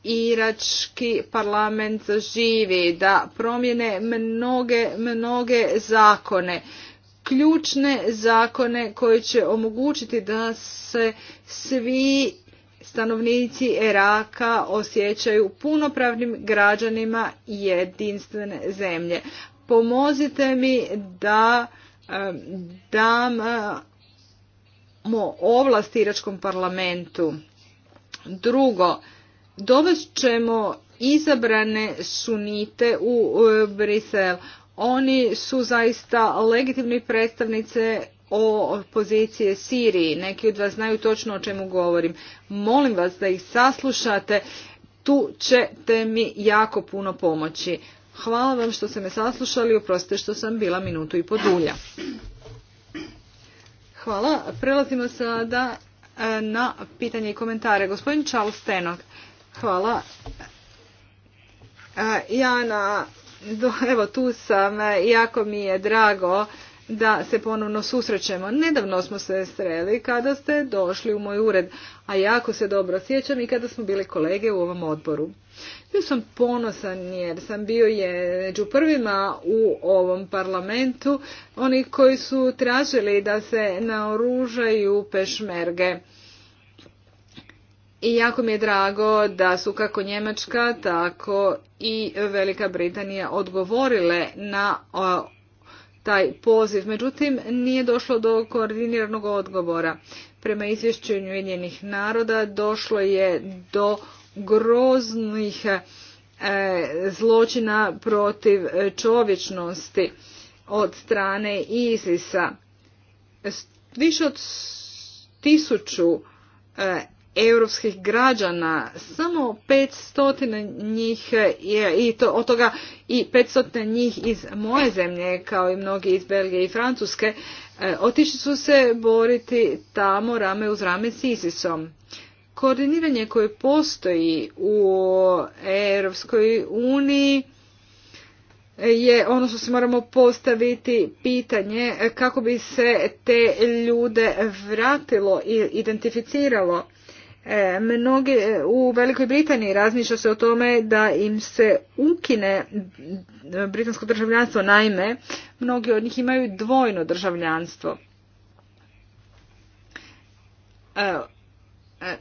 irački parlament zaživi, da promjene mnoge, mnoge zakone ključne zakone koji će omogućiti da se svi stanovnici Iraka osjećaju punopravnim građanima jedinstvene zemlje. Pomozite mi da damo eh, ovlasti Iračkom parlamentu. Drugo, dovest ćemo izabrane sunite u eh, Brisel. Oni su zaista legitimni predstavnice opozicije pozicije Siriji. Neki od vas znaju točno o čemu govorim. Molim vas da ih saslušate. Tu ćete mi jako puno pomoći. Hvala vam što ste me saslušali. Oprostite što sam bila minutu i po dulja. Hvala. Prelazimo sada e, na pitanje i komentare. Gospodin Charles Stenog. Hvala. E, ja Evo tu sam, jako mi je drago da se ponovno susrećemo. Nedavno smo se sreli kada ste došli u moj ured, a jako se dobro sjećam i kada smo bili kolege u ovom odboru. Bio sam ponosan jer sam bio je među prvima u ovom parlamentu, oni koji su tražili da se naoružaju pešmerge. I jako mi je drago da su kako Njemačka, tako i Velika Britanija odgovorile na taj poziv. Međutim, nije došlo do koordiniranog odgovora. Prema izvješćenju Ujedinjenih naroda došlo je do groznih e, zločina protiv čovječnosti od strane ISIS-a. Više od tisuću e, europskih građana, samo 500 njih i to, od toga i 500 njih iz moje zemlje kao i mnogi iz Belgije i Francuske e, otišli su se boriti tamo rame uz rame s ISISom. Koordiniranje koje postoji u Europskoj uniji je ono što se moramo postaviti pitanje kako bi se te ljude vratilo i identificiralo E, mnogi e, u Velikoj Britaniji razmišlja se o tome da im se ukine britansko državljanstvo, naime, mnogi od njih imaju dvojno državljanstvo. E,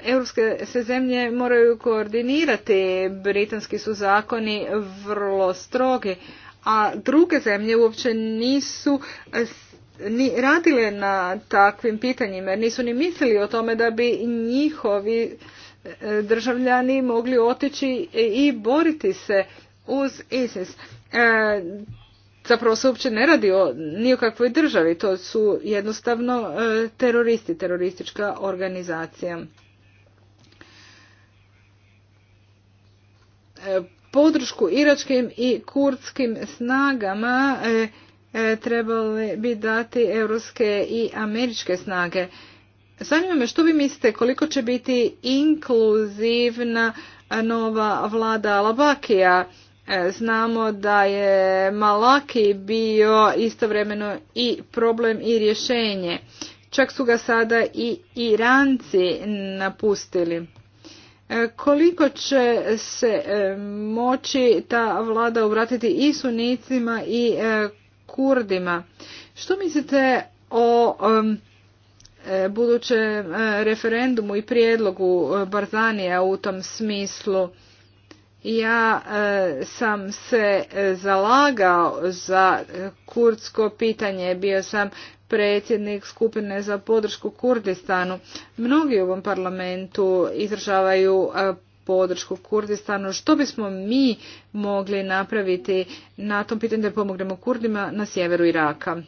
europske se zemlje moraju koordinirati, britanski su zakoni vrlo strogi, a druge zemlje uopće nisu ni radile na takvim pitanjima jer nisu ni mislili o tome da bi njihovi e, državljani mogli otići i boriti se uz ISIS. E, zapravo se uopće ne radi o nijekakvoj državi, to su jednostavno e, teroristi, teroristička organizacija. E, podršku iračkim i kurdskim snagama E, trebali bi dati europske i američke snage. Zanima me što vi mislite koliko će biti inkluzivna nova vlada Alabakija. E, znamo da je Malaki bio istovremeno i problem i rješenje. Čak su ga sada i Iranci napustili. E, koliko će se moći ta vlada obratiti i sunicima i Kurdima. Što mislite o e, budućem e, referendumu i prijedlogu e, Barzanija u tom smislu? Ja sam se zalagao za kurdsko pitanje, bio sam predsjednik skupine za podršku Kurdistanu. Mnogi u ovom parlamentu izražavaju podršku Kurdistanu. Što bismo mi mogli napraviti na tom pitanju da pomognemo Kurdima na sjeveru Iraka?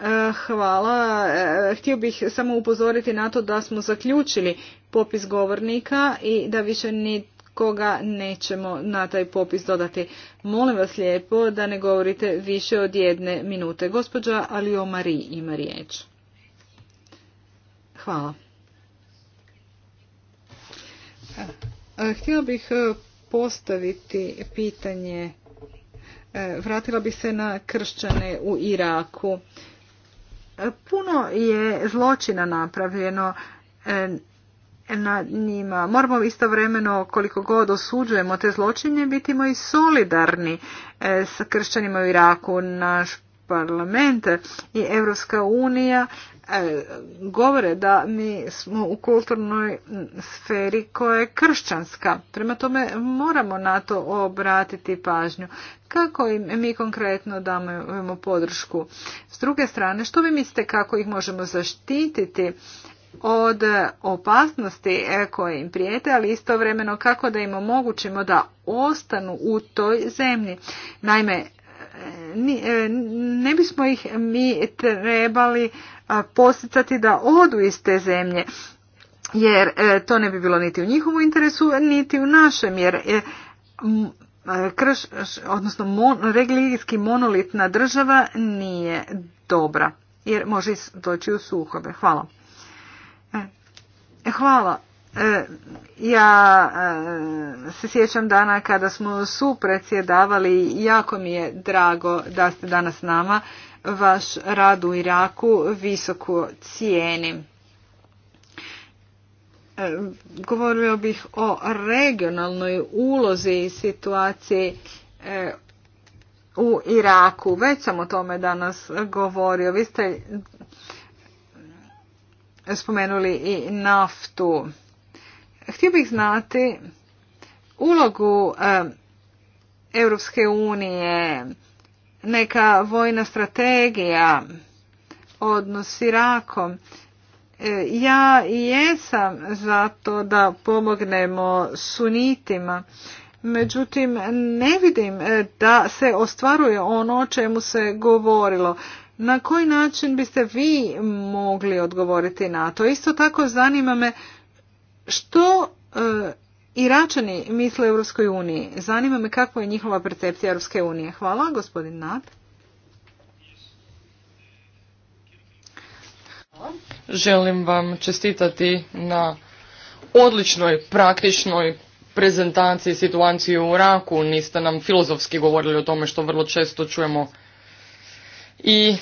E, hvala. E, htio bih samo upozoriti na to da smo zaključili popis govornika i da više nikoga nećemo na taj popis dodati. Molim vas lijepo da ne govorite više od jedne minute. Gospođa Alio Mari ima riječ. Hvala. Htjela bih e, postaviti pitanje. E, vratila bih se na kršćane u Iraku. E, puno je zločina napravljeno na njima. Moramo istovremeno koliko god osuđujemo te zločine bitimo i solidarni sa kršćanima u Iraku. Naš parlament i Europska unija E, govore da mi smo u kulturnoj sferi koja je kršćanska. Prema tome moramo na to obratiti pažnju. Kako im mi konkretno damo podršku? S druge strane, što vi mislite kako ih možemo zaštititi od opasnosti e, koje im prijete, ali istovremeno kako da im omogućimo da ostanu u toj zemlji. Naime, E, ne bismo ih mi trebali posticati da odu iz te zemlje jer e, to ne bi bilo niti u njihovom interesu niti u našem jer e, krš, odnosno mon, religijski monolitna država nije dobra jer može doći u suhove. Hvala. Hvala. E, ja e, se sjećam dana kada smo supredsjedavali, jako mi je drago da ste danas s nama. Vaš rad u Iraku visoko cijenim. E, govorio bih o regionalnoj ulozi i situaciji u Iraku. Već sam o tome danas govorio. Vi ste spomenuli i naftu. Htio bih znati ulogu e, Europske unije, neka vojna strategija, odnos s Irakom. E, ja jesam za to da pomognemo sunitima, međutim ne vidim e, da se ostvaruje ono o čemu se govorilo. Na koji način biste vi mogli odgovoriti na to? Isto tako zanima me što e, Iračani misle o Europskoj uniji? Zanima me kakva je njihova percepcija Europske unije. Hvala, gospodin Nat. Želim vam čestitati na odličnoj, praktičnoj prezentaciji situacije u Iraku. Niste nam filozofski govorili o tome što vrlo često čujemo. I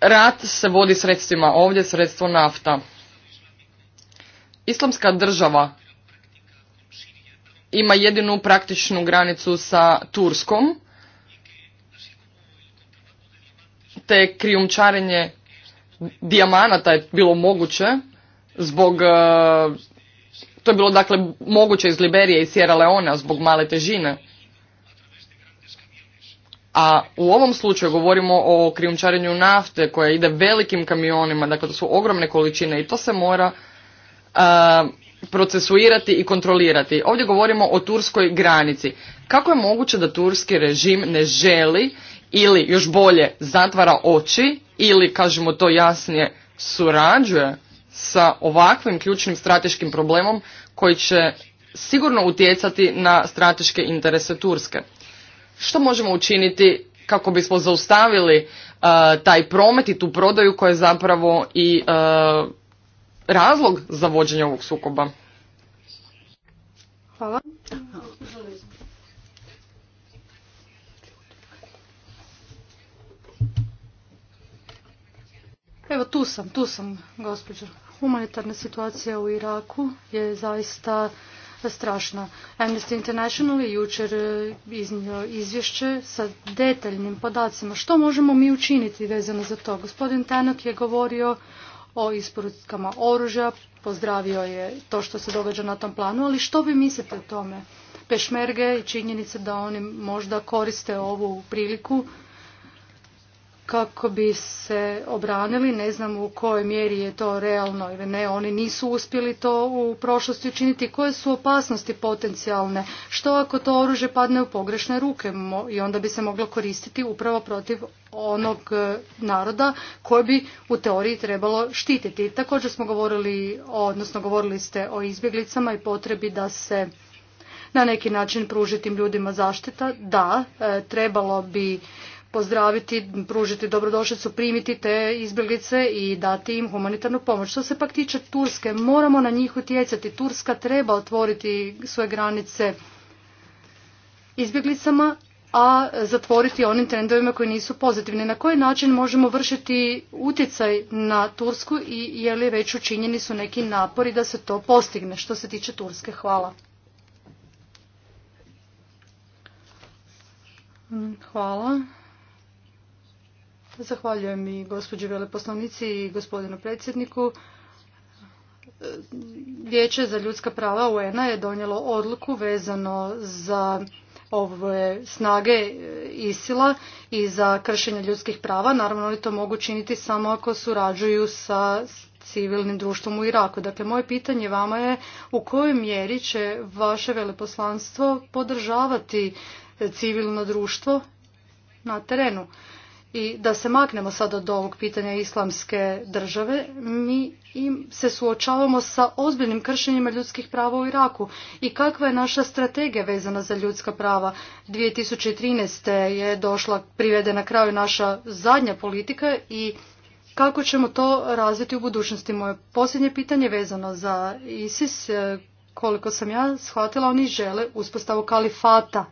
rat se vodi sredstvima ovdje, sredstvo nafta. Islamska država ima jedinu praktičnu granicu sa Turskom, te krijumčarenje dijamanata je bilo moguće zbog, e, to je bilo dakle moguće iz Liberije i Sierra Leona zbog male težine. A u ovom slučaju govorimo o krijumčarenju nafte koja ide velikim kamionima, dakle to su ogromne količine i to se mora E, procesuirati i kontrolirati. Ovdje govorimo o turskoj granici. Kako je moguće da turski režim ne želi ili još bolje zatvara oči ili kažemo to jasnije surađuje sa ovakvim ključnim strateškim problemom koji će sigurno utjecati na strateške interese Turske. Što možemo učiniti kako bismo zaustavili e, taj promet i tu prodaju koja je zapravo i e, razlog za vođenje ovog sukoba. Hvala. Evo tu sam, tu sam, gospođo. Humanitarna situacija u Iraku je zaista strašna. Amnesty International je jučer e, iznio izvješće sa detaljnim podacima. Što možemo mi učiniti vezano za to? Gospodin Tenok je govorio o isporukama oružja, pozdravio je to što se događa na tom planu, ali što vi mislite o tome? Pešmerge i činjenice da oni možda koriste ovu priliku kako bi se obranili. Ne znam u kojoj mjeri je to realno ili ne. Oni nisu uspjeli to u prošlosti učiniti. Koje su opasnosti potencijalne? Što ako to oružje padne u pogrešne ruke i onda bi se moglo koristiti upravo protiv onog e, naroda koje bi u teoriji trebalo štititi. Također smo govorili, odnosno govorili ste o izbjeglicama i potrebi da se na neki način pružiti tim ljudima zaštita. Da, e, trebalo bi pozdraviti, pružiti dobrodošlicu, primiti te izbjeglice i dati im humanitarnu pomoć. Što se pak tiče Turske, moramo na njih utjecati. Turska treba otvoriti svoje granice izbjeglicama, a zatvoriti onim trendovima koji nisu pozitivni. Na koji način možemo vršiti utjecaj na Tursku i je li već učinjeni su neki napori da se to postigne što se tiče Turske? Hvala. Hvala. Zahvaljujem i gospođi veleposlanici i gospodinu predsjedniku. Vijeće za ljudska prava un je donijelo odluku vezano za ove snage Isila i za kršenje ljudskih prava. Naravno, oni to mogu činiti samo ako surađuju sa civilnim društvom u Iraku. Dakle, moje pitanje vama je u kojoj mjeri će vaše veleposlanstvo podržavati civilno društvo na terenu i da se maknemo sad od ovog pitanja islamske države, mi se suočavamo sa ozbiljnim kršenjima ljudskih prava u Iraku. I kakva je naša strategija vezana za ljudska prava? 2013. je došla privedena kraju naša zadnja politika i kako ćemo to razviti u budućnosti? Moje posljednje pitanje vezano za ISIS, e, koliko sam ja shvatila, oni žele uspostavu kalifata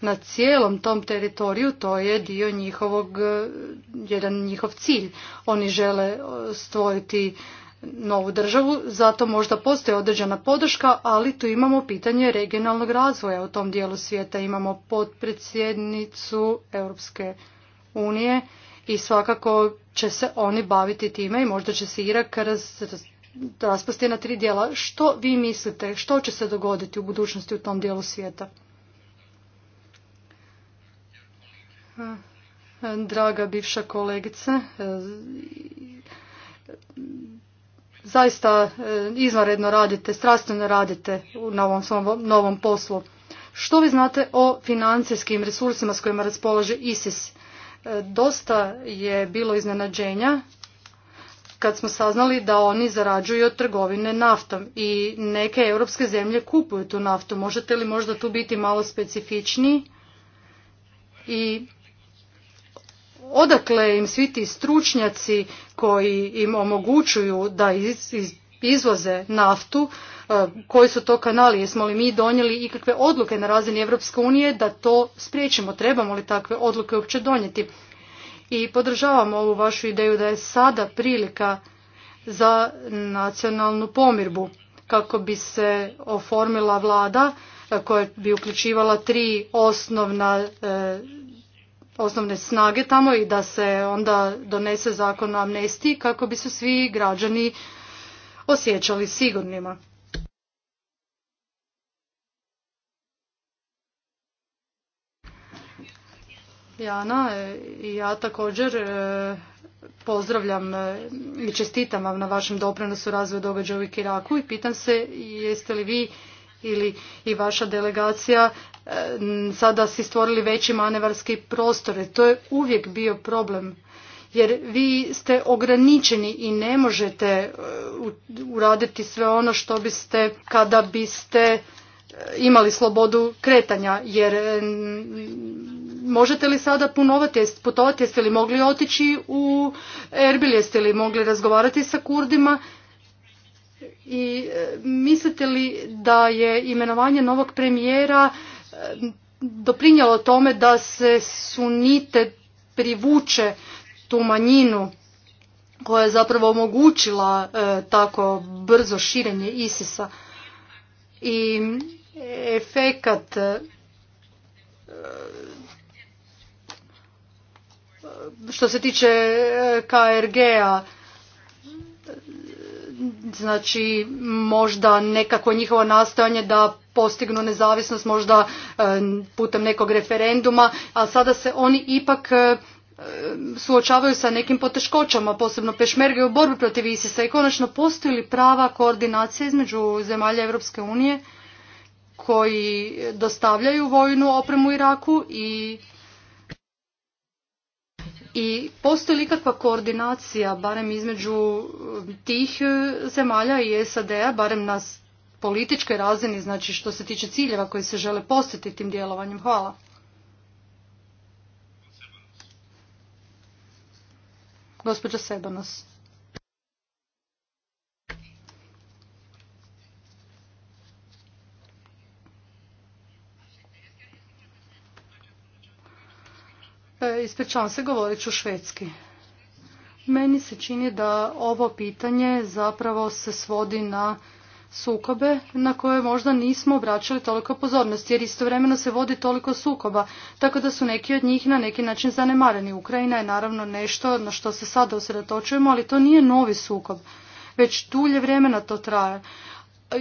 na cijelom tom teritoriju, to je dio njihovog, e, jedan njihov cilj. Oni žele e, stvoriti novu državu, zato možda postoji određena podrška, ali tu imamo pitanje regionalnog razvoja u tom dijelu svijeta. Imamo potpredsjednicu Europske unije i svakako će se oni baviti time i možda će se Irak raz, raspasti na tri dijela. Što vi mislite, što će se dogoditi u budućnosti u tom dijelu svijeta? draga bivša kolegice. E, zaista e, izvanredno radite, strastveno radite na ovom svom novom poslu. Što vi znate o financijskim resursima s kojima raspolaže ISIS? E, dosta je bilo iznenađenja kad smo saznali da oni zarađuju od trgovine naftom i neke europske zemlje kupuju tu naftu. Možete li možda tu biti malo specifičniji i odakle im svi ti stručnjaci koji im omogućuju da izvoze naftu, e, koji su to kanali, jesmo li mi donijeli ikakve odluke na razini Europske unije da to spriječimo, trebamo li takve odluke uopće donijeti. I podržavam ovu vašu ideju da je sada prilika za nacionalnu pomirbu kako bi se oformila vlada e, koja bi uključivala tri osnovna e, osnovne snage tamo i da se onda donese zakon o amnestiji kako bi se svi građani osjećali sigurnima. Jana e, i ja također e, pozdravljam e, i čestitam vam na vašem doprinosu razvoju događaja u Iraku i pitam se jeste li vi ili i vaša delegacija e, sada si stvorili veći manevarski prostore. To je uvijek bio problem jer vi ste ograničeni i ne možete e, uraditi sve ono što biste kada biste e, imali slobodu kretanja jer možete li sada punovati, putovati jeste li mogli otići u Erbil, jeste li mogli razgovarati sa Kurdima i e, mislite li da je imenovanje novog premijera e, doprinjalo tome da se sunite privuče tu manjinu koja je zapravo omogućila e, tako brzo širenje Isisa i efekat što se tiče KRG-a znači možda nekako njihovo nastojanje da postignu nezavisnost možda e, putem nekog referenduma, a sada se oni ipak e, suočavaju sa nekim poteškoćama, posebno pešmerge u borbi protiv ISIS-a i konačno postoji li prava koordinacija između zemalja Europske unije koji dostavljaju vojnu opremu Iraku i i postoji li kakva koordinacija, barem između e, tih e, zemalja i SAD-a, barem na političkoj razini, znači što se tiče ciljeva koji se žele postiti tim djelovanjem? Hvala. Gospođa Sebanos. E, ispričavam se, govorit ću švedski. Meni se čini da ovo pitanje zapravo se svodi na sukobe na koje možda nismo obraćali toliko pozornosti jer istovremeno se vodi toliko sukoba tako da su neki od njih na neki način zanemareni. Ukrajina je naravno nešto na što se sada usredotočujemo ali to nije novi sukob već dulje vremena to traje.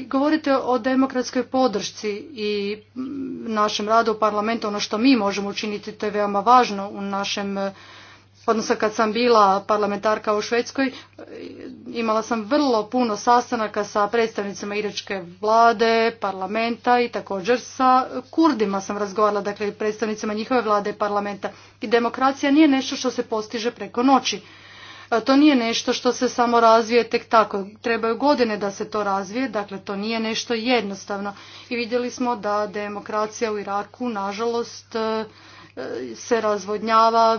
Govorite o demokratskoj podršci i našem radu u parlamentu, ono što mi možemo učiniti, to je veoma važno u našem odnosno kad sam bila parlamentarka u Švedskoj, imala sam vrlo puno sastanaka sa predstavnicima iračke vlade, parlamenta i također sa kurdima sam razgovarala, dakle i predstavnicima njihove vlade i parlamenta. I demokracija nije nešto što se postiže preko noći. E, to nije nešto što se samo razvije tek tako. Trebaju godine da se to razvije, dakle to nije nešto jednostavno. I vidjeli smo da demokracija u Iraku, nažalost, e, se razvodnjava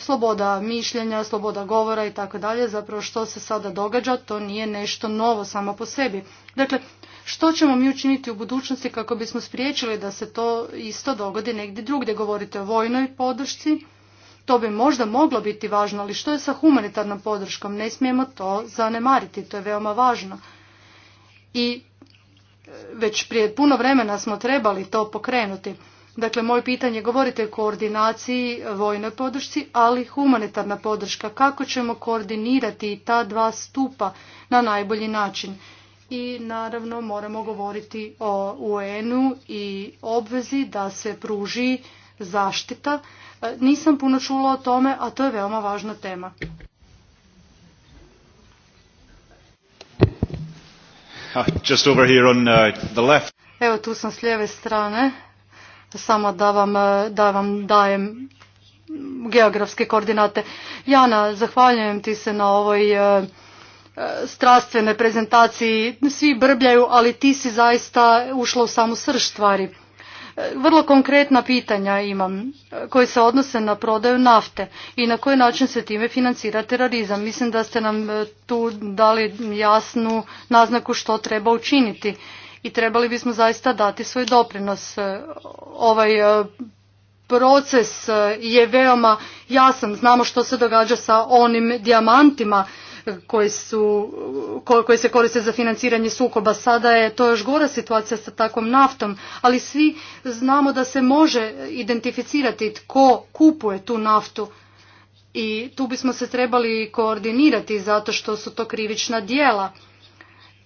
sloboda mišljenja, sloboda govora i tako dalje. Zapravo što se sada događa, to nije nešto novo samo po sebi. Dakle, što ćemo mi učiniti u budućnosti kako bismo spriječili da se to isto dogodi negdje drugdje? Govorite o vojnoj podršci, to bi možda moglo biti važno, ali što je sa humanitarnom podrškom? Ne smijemo to zanemariti, to je veoma važno. I e, već prije puno vremena smo trebali to pokrenuti. Dakle, moje pitanje, govorite o koordinaciji e, vojnoj podršci, ali humanitarna podrška. Kako ćemo koordinirati ta dva stupa na najbolji način? I naravno moramo govoriti o UN-u i obvezi da se pruži zaštita nisam puno čula o tome, a to je veoma važna tema. Ah, uh, Evo tu sam s lijeve strane, samo da vam, uh, da vam dajem geografske koordinate. Jana, zahvaljujem ti se na ovoj uh, strastvenoj prezentaciji. Svi brbljaju, ali ti si zaista ušla u samu srž stvari. Vrlo konkretna pitanja imam koje se odnose na prodaju nafte i na koji način se time financira terorizam. Mislim da ste nam e, tu dali jasnu naznaku što treba učiniti i trebali bismo zaista dati svoj doprinos. E, ovaj e, proces je veoma jasan. Znamo što se događa sa onim dijamantima koji, se koriste za financiranje sukoba. Sada je to još gora situacija sa takvom naftom, ali svi znamo da se može identificirati tko kupuje tu naftu i tu bismo se trebali koordinirati zato što su to krivična dijela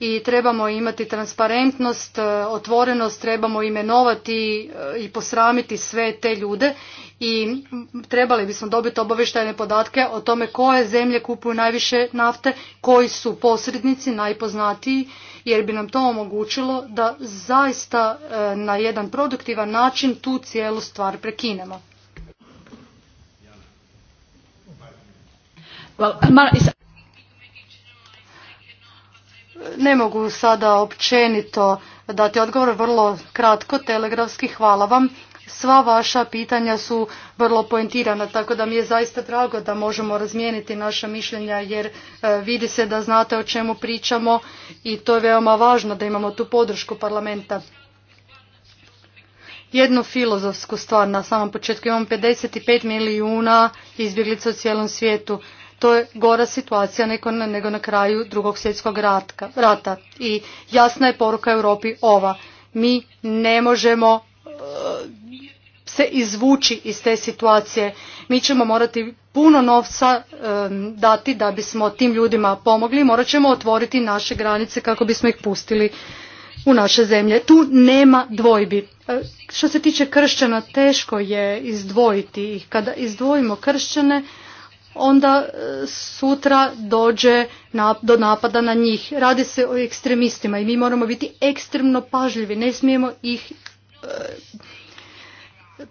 i trebamo imati transparentnost, e, otvorenost, trebamo imenovati e, i posramiti sve te ljude i trebali bismo dobiti obavještajne podatke o tome koje zemlje kupuju najviše nafte, koji su posrednici najpoznatiji jer bi nam to omogućilo da zaista e, na jedan produktivan način tu cijelu stvar prekinemo. Well, ne mogu sada općenito dati odgovor, vrlo kratko, telegrafski, hvala vam. Sva vaša pitanja su vrlo poentirana, tako da mi je zaista drago da možemo razmijeniti naša mišljenja jer e, vidi se da znate o čemu pričamo i to je veoma važno da imamo tu podršku parlamenta. Jednu filozofsku stvar na samom početku imamo 55 milijuna izbjeglica u cijelom svijetu to je gora situacija nego na kraju drugog svjetskog rata. I jasna je poruka Europi ova. Mi ne možemo e, se izvući iz te situacije. Mi ćemo morati puno novca e, dati da bismo tim ljudima pomogli. Morat ćemo otvoriti naše granice kako bismo ih pustili u naše zemlje. Tu nema dvojbi. E, što se tiče kršćana, teško je izdvojiti ih. Kada izdvojimo kršćane, onda e, sutra dođe do napada na njih. Radi se o ekstremistima i mi moramo biti ekstremno pažljivi, ne smijemo ih e,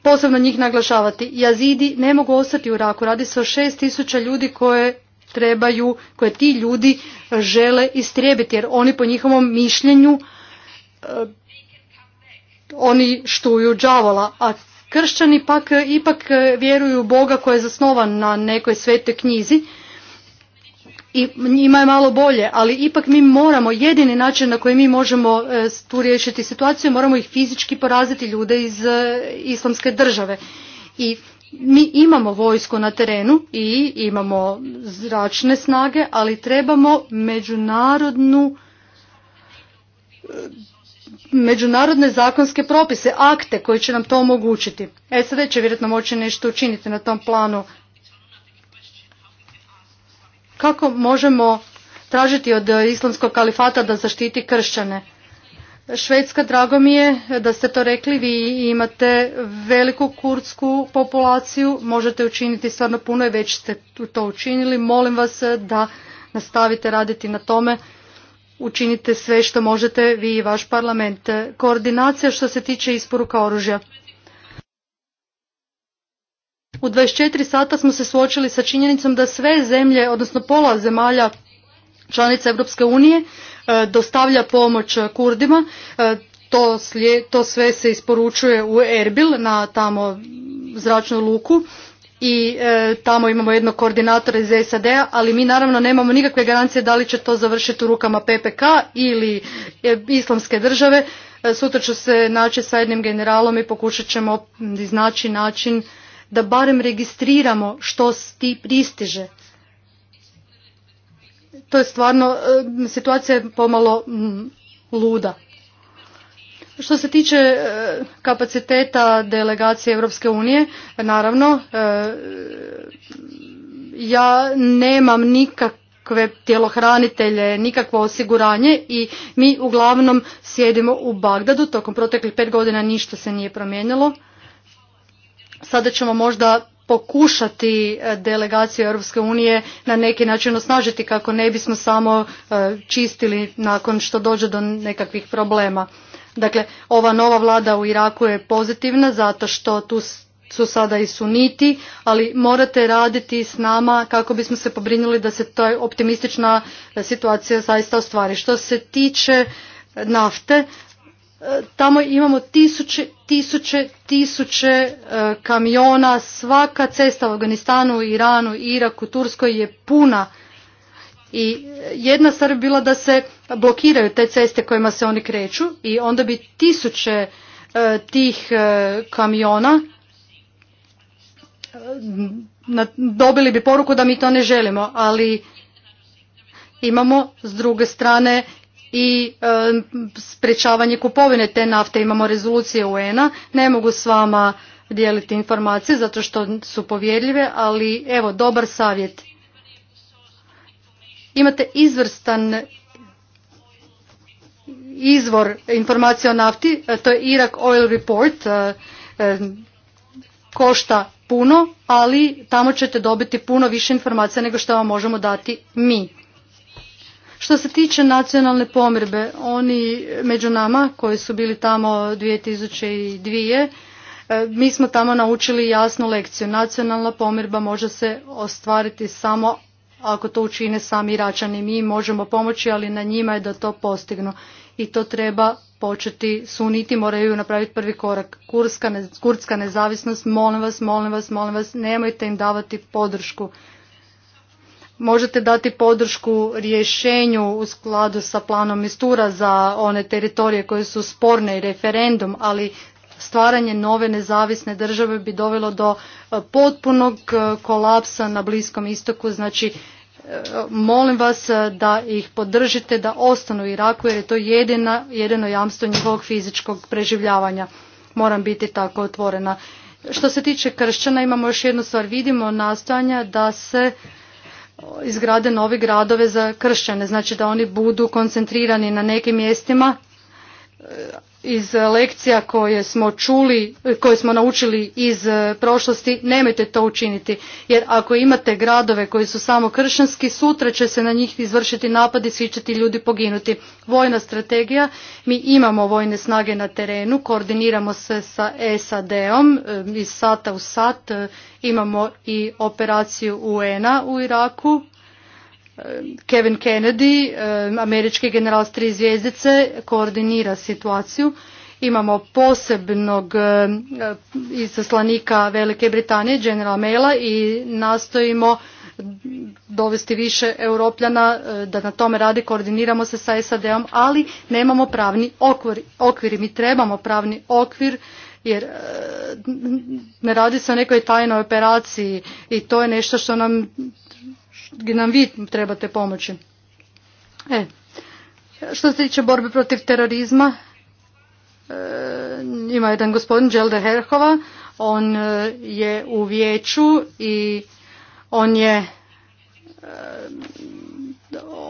posebno njih naglašavati. Jazidi ne mogu ostati u raku. radi se o šest tisuća ljudi koje trebaju, koje ti ljudi žele istrijebiti jer oni po njihovom mišljenju e, oni štuju džavola. a Kršćani pak e, ipak e, vjeruju u Boga koji je zasnovan na nekoj svetoj knjizi i njima je malo bolje, ali ipak mi moramo, jedini način na koji mi možemo e, tu riješiti situaciju, moramo ih fizički poraziti ljude iz islamske države. I mi imamo vojsku na terenu i imamo zračne snage, ali trebamo međunarodnu međunarodne zakonske propise, akte koji će nam to omogućiti. E SAD će vjerojatno moći nešto učiniti na tom planu. Kako možemo tražiti od islamskog kalifata da zaštiti kršćane? Švedska, drago mi je da ste to rekli, vi imate veliku kurdsku populaciju, možete učiniti stvarno puno i već ste to učinili. Molim vas da nastavite raditi na tome učinite sve što možete vi i vaš parlament. Koordinacija što se tiče isporuka oružja. U 24 sata smo se suočili sa činjenicom da sve zemlje, odnosno pola zemalja članica Europske unije e, dostavlja pomoć Kurdima. E, to, to sve se isporučuje u Erbil na tamo zračnu luku i e, tamo imamo jednog koordinatora iz SAD-a, ali mi naravno nemamo nikakve garancije da li će to završiti u rukama PPK ili e, islamske države. E, sutra ću se naći sa jednim generalom i pokušat ćemo iznaći način da barem registriramo što ti pristiže. To je stvarno, situacija je pomalo mm, luda. Što se tiče e, kapaciteta delegacije Europske unije, naravno, e, ja nemam nikakve tjelohranitelje, nikakvo osiguranje i mi uglavnom sjedimo u Bagdadu. Tokom proteklih pet godina ništa se nije promijenilo. Sada ćemo možda pokušati e, delegaciju Europske unije na neki način osnažiti kako ne bismo samo čistili nakon što dođe do nekakvih problema. Dakle, ova nova vlada u Iraku je pozitivna zato što tu su sada i suniti, ali morate raditi s nama kako bismo se pobrinuli da se ta optimistična e, situacija zaista ostvari. Što se tiče e, nafte, e, tamo imamo tisuće, tisuće, tisuće kamiona, svaka cesta u Afganistanu, Iranu, Iraku, Turskoj je puna i jedna stvar bi bila da se blokiraju te ceste kojima se oni kreću i onda bi tisuće e, tih e, kamiona e, na, dobili bi poruku da mi to ne želimo, ali imamo s druge strane i sprečavanje kupovine te nafte, imamo rezolucije UN-a, ne mogu s vama dijeliti informacije zato što su povjerljive, ali evo dobar savjet Imate izvrstan izvor informacije o nafti, e, to je Irak Oil Report, e, e, košta puno, ali tamo ćete dobiti puno više informacija nego što vam možemo dati mi. Što se tiče nacionalne pomirbe, oni među nama koji su bili tamo 2002. Mi smo tamo naučili jasnu lekciju. Nacionalna pomirba može se ostvariti samo ako to učine sami Iračani. Mi možemo pomoći, ali na njima je da to postignu. I to treba početi. Suniti moraju napraviti prvi korak. Kurska, kurdska nezavisnost, molim vas, molim vas, molim vas, nemojte im davati podršku. Možete dati podršku rješenju u skladu sa planom Mistura za one teritorije koje su sporne i referendum, ali stvaranje nove nezavisne države bi dovelo do e, potpunog e, kolapsa na Bliskom istoku. Znači, e, molim vas da ih podržite, da ostanu u Iraku jer je to jedina, jedino jamstvo njihovog fizičkog preživljavanja. Moram biti tako otvorena. Što se tiče kršćana, imamo još jednu stvar. Vidimo nastojanja da se izgrade novi gradove za kršćane, znači da oni budu koncentrirani na nekim mjestima iz lekcija koje smo čuli, koje smo naučili iz e, prošlosti, nemojte to učiniti. Jer ako imate gradove koji su samo kršćanski, sutra će se na njih izvršiti napadi i svi će ti ljudi poginuti. Vojna strategija, mi imamo vojne snage na terenu, koordiniramo se sa SAD-om, e, iz sata u sat e, imamo i operaciju un u Iraku, Kevin Kennedy, eh, američki general s tri zvijezdice, koordinira situaciju. Imamo posebnog eh, izaslanika Velike Britanije, general Mela i nastojimo dovesti više europljana eh, da na tome radi, koordiniramo se sa SAD-om, ali nemamo pravni okvir, okvir i mi trebamo pravni okvir jer ne radi se o nekoj tajnoj operaciji i to je nešto što nam nam vi trebate pomoći. E, što se tiče borbe protiv terorizma, e, ima jedan gospodin Đelde Herhova, on e, je u vijeću i on je e,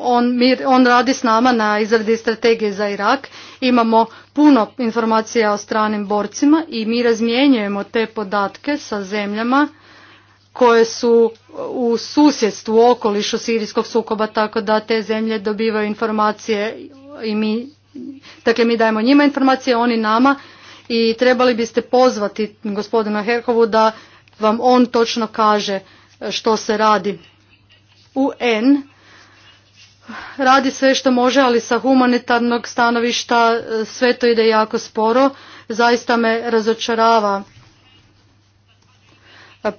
on, on radi s nama na izradi strategije za Irak. Imamo puno informacija o stranim borcima i mi razmjenjujemo te podatke sa zemljama koje su uh, u susjedstvu u okolišu sirijskog sukoba tako da te zemlje dobivaju informacije i mi dakle mi dajemo njima informacije oni nama i trebali biste pozvati gospodina Herkovu da vam on točno kaže što se radi UN radi sve što može ali sa humanitarnog stanovišta uh, sve to ide jako sporo zaista me razočarava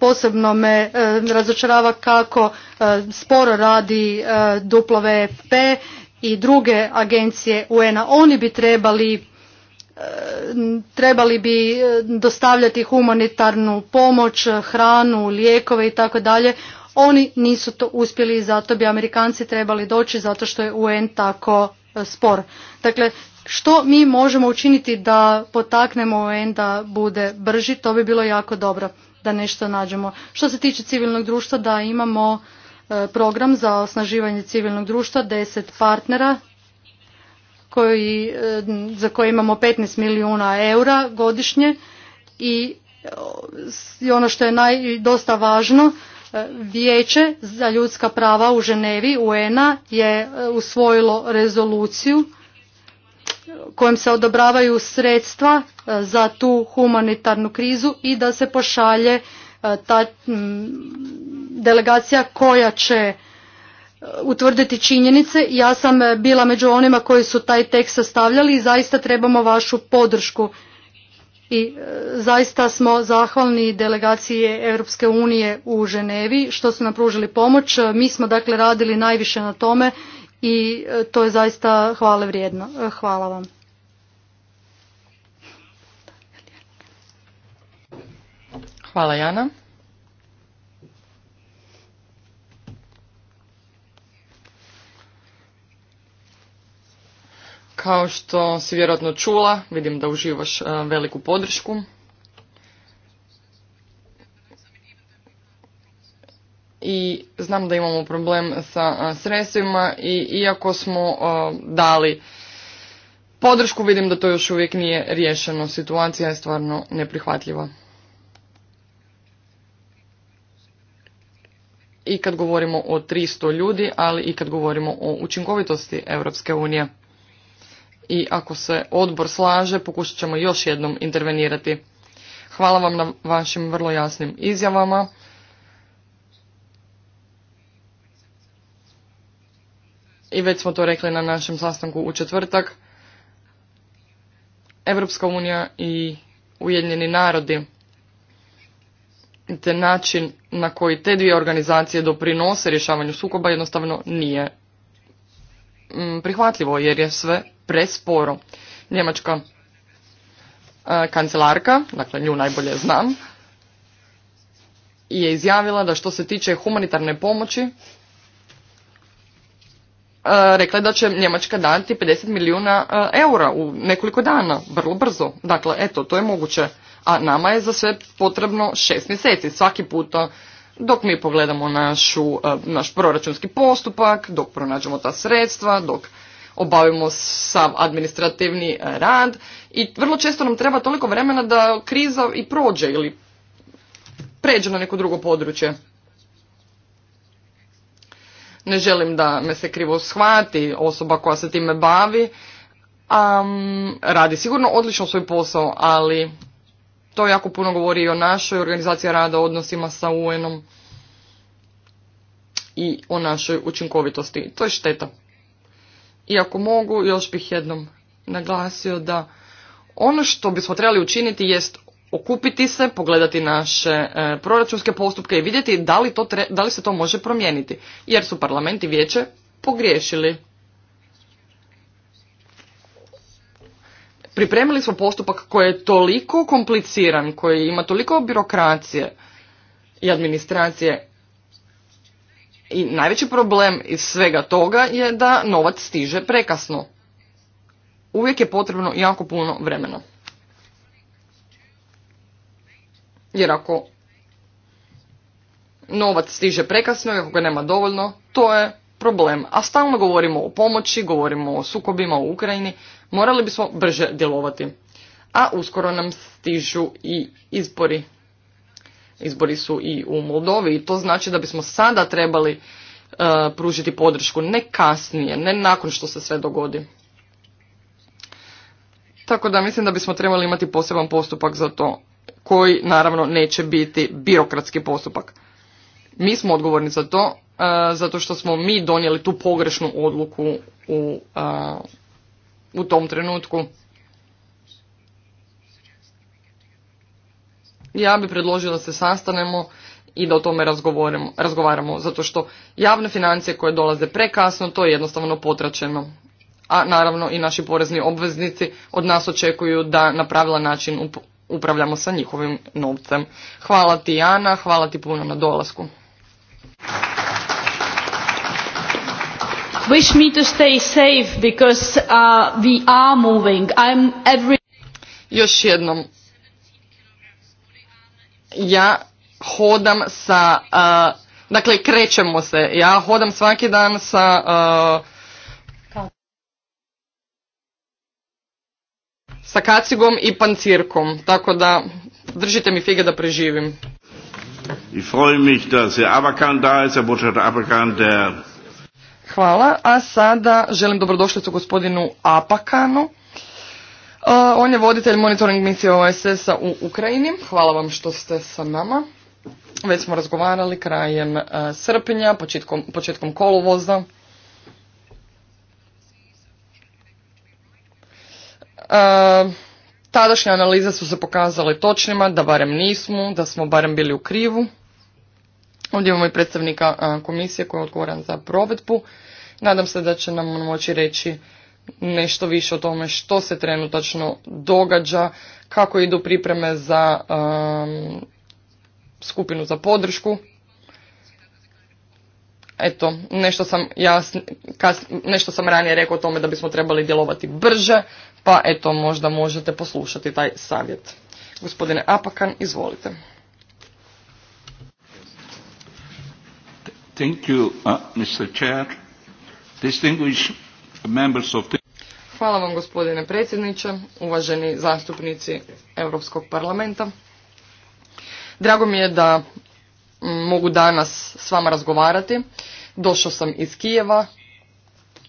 Posebno me e, razočarava kako e, sporo radi e, WFP i druge agencije UN-a. Oni bi trebali trebali bi dostavljati humanitarnu pomoć, hranu, lijekove i tako dalje. Oni nisu to uspjeli i zato bi Amerikanci trebali doći zato što je UN tako spor. Dakle, što mi možemo učiniti da potaknemo UN da bude brži, to bi bilo jako dobro da nešto nađemo. Što se tiče civilnog društva, da imamo e, program za osnaživanje civilnog društva, deset partnera koji, e, za koje imamo 15 milijuna eura godišnje e, i, ono što je naj, dosta važno, Vijeće za ljudska prava u Ženevi, UNA je usvojilo rezoluciju kojom se odobravaju sredstva e, za tu humanitarnu krizu i da se pošalje e, ta delegacija koja će e, utvrditi činjenice. Ja sam bila među onima koji su taj tekst sastavljali i zaista trebamo vašu podršku. I zaista smo zahvalni delegacije Europske unije u Ženevi što su nam pružili pomoć. Mi smo dakle radili najviše na tome i to je zaista hvale vrijedno. Hvala vam. Hvala Jana. Kao što si vjerojatno čula, vidim da uživaš e, veliku podršku. I znam da imamo problem sa e, sredstvima i iako smo e, dali podršku, vidim da to još uvijek nije riješeno. Situacija je stvarno neprihvatljiva. i kad govorimo o 300 ljudi, ali i kad govorimo o učinkovitosti Europske unije. I ako se odbor slaže, pokušat ćemo još jednom intervenirati. Hvala vam na vašim vrlo jasnim izjavama. I već smo to rekli na našem sastanku u četvrtak. Europska unija i Ujedinjeni narodi te način na koji te dvije organizacije doprinose rješavanju sukoba jednostavno nije mm, prihvatljivo jer je sve presporo. Njemačka e, kancelarka, dakle nju najbolje znam, je izjavila da što se tiče humanitarne pomoći, e, rekla je da će Njemačka dati 50 milijuna e, eura u nekoliko dana, vrlo brzo. Dakle, eto, to je moguće a nama je za sve potrebno šest mjeseci. Svaki puta dok mi pogledamo našu, e, naš proračunski postupak, dok pronađemo ta sredstva, dok obavimo sav administrativni e, rad i vrlo često nam treba toliko vremena da kriza i prođe ili pređe na neko drugo područje. Ne želim da me se krivo shvati osoba koja se time bavi. Um, radi sigurno odlično svoj posao, ali to jako puno govori i o našoj organizaciji rada, odnosima sa UN-om i o našoj učinkovitosti. To je šteta. I ako mogu, još bih jednom naglasio da ono što bismo trebali učiniti jest okupiti se, pogledati naše e, proračunske postupke i vidjeti da li, to da li se to može promijeniti. Jer su parlament i vijeće pogriješili. pripremili smo postupak koji je toliko kompliciran, koji ima toliko birokracije i administracije. I najveći problem iz svega toga je da novac stiže prekasno. Uvijek je potrebno jako puno vremena. Jer ako novac stiže prekasno i ako ga nema dovoljno, to je problem, a stalno govorimo o pomoći, govorimo o sukobima u Ukrajini, morali bismo brže djelovati. A uskoro nam stižu i izbori. Izbori su i u Moldovi i to znači da bismo sada trebali e, pružiti podršku, ne kasnije, ne nakon što se sve dogodi. Tako da mislim da bismo trebali imati poseban postupak za to, koji naravno neće biti birokratski postupak. Mi smo odgovorni za to E, zato što smo mi donijeli tu pogrešnu odluku u, e, u tom trenutku. Ja bih predložila da se sastanemo i da o tome razgovaramo, zato što javne financije koje dolaze prekasno, to je jednostavno potračeno. A naravno i naši porezni obveznici od nas očekuju da na pravilan način upravljamo sa njihovim novcem. Hvala ti Jana, hvala ti puno na dolasku wish me to stay safe because uh, we are moving. I'm Još jednom. Ja hodam sa... Uh, dakle, krećemo se. Ja hodam svaki dan sa... Uh, sa kacigom i pancirkom. Tako da držite mi fige da preživim. I freue mich, dass Herr Abakan da ist, Herr Botschafter Abakan, der Hvala. A sada želim dobrodošlicu gospodinu Apakanu. E, on je voditelj monitoring misije OSS-a u Ukrajini. Hvala vam što ste sa nama. Već smo razgovarali krajem e, srpnja, početkom, početkom kolovoza. E, tadašnje analize su se pokazale točnima, da barem nismo, da smo barem bili u krivu. Ovdje imamo i predstavnika komisije koji je odgovoran za provedbu. Nadam se da će nam moći reći nešto više o tome što se trenutačno događa, kako idu pripreme za um, skupinu za podršku. Eto, nešto sam, jasn, nešto sam ranije rekao o tome da bismo trebali djelovati brže, pa eto, možda možete poslušati taj savjet. Gospodine Apakan, izvolite. Thank you, uh, Mr. Chair. Hvala vam gospodine predsjedniče, uvaženi zastupnici Europskog parlamenta. Drago mi je da mogu danas s vama razgovarati. Došao sam iz Kijeva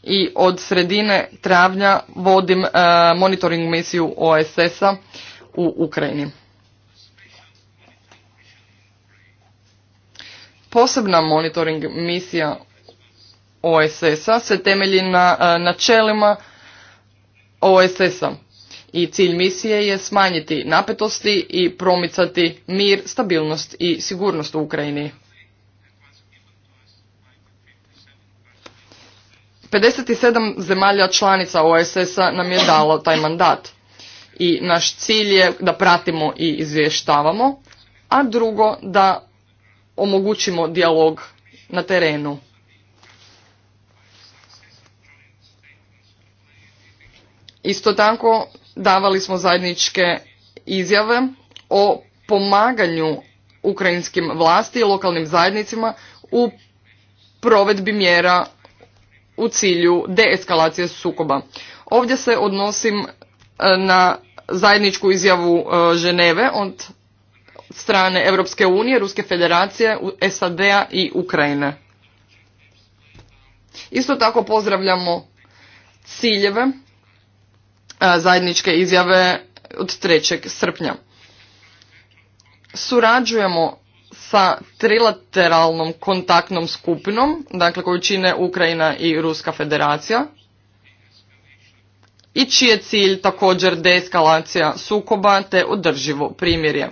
i od sredine travnja vodim e, monitoring misiju OSS-a u Ukrajini. Posebna monitoring misija OSS-a se temelji na e, načelima OSS-a i cilj misije je smanjiti napetosti i promicati mir, stabilnost i sigurnost u Ukrajini. 57 zemalja članica OSS-a nam je dalo taj mandat i naš cilj je da pratimo i izvještavamo, a drugo da omogućimo dijalog na terenu. Isto tako davali smo zajedničke izjave o pomaganju ukrajinskim vlasti i lokalnim zajednicima u provedbi mjera u cilju deeskalacije sukoba. Ovdje se odnosim e, na zajedničku izjavu e, Ženeve od strane Europske unije, Ruske federacije, SAD-a i Ukrajine. Isto tako pozdravljamo ciljeve zajedničke izjave od 3. srpnja. Surađujemo sa trilateralnom kontaktnom skupinom, dakle koju čine Ukrajina i Ruska federacija, i čiji je cilj također deeskalacija sukoba te održivo primirje.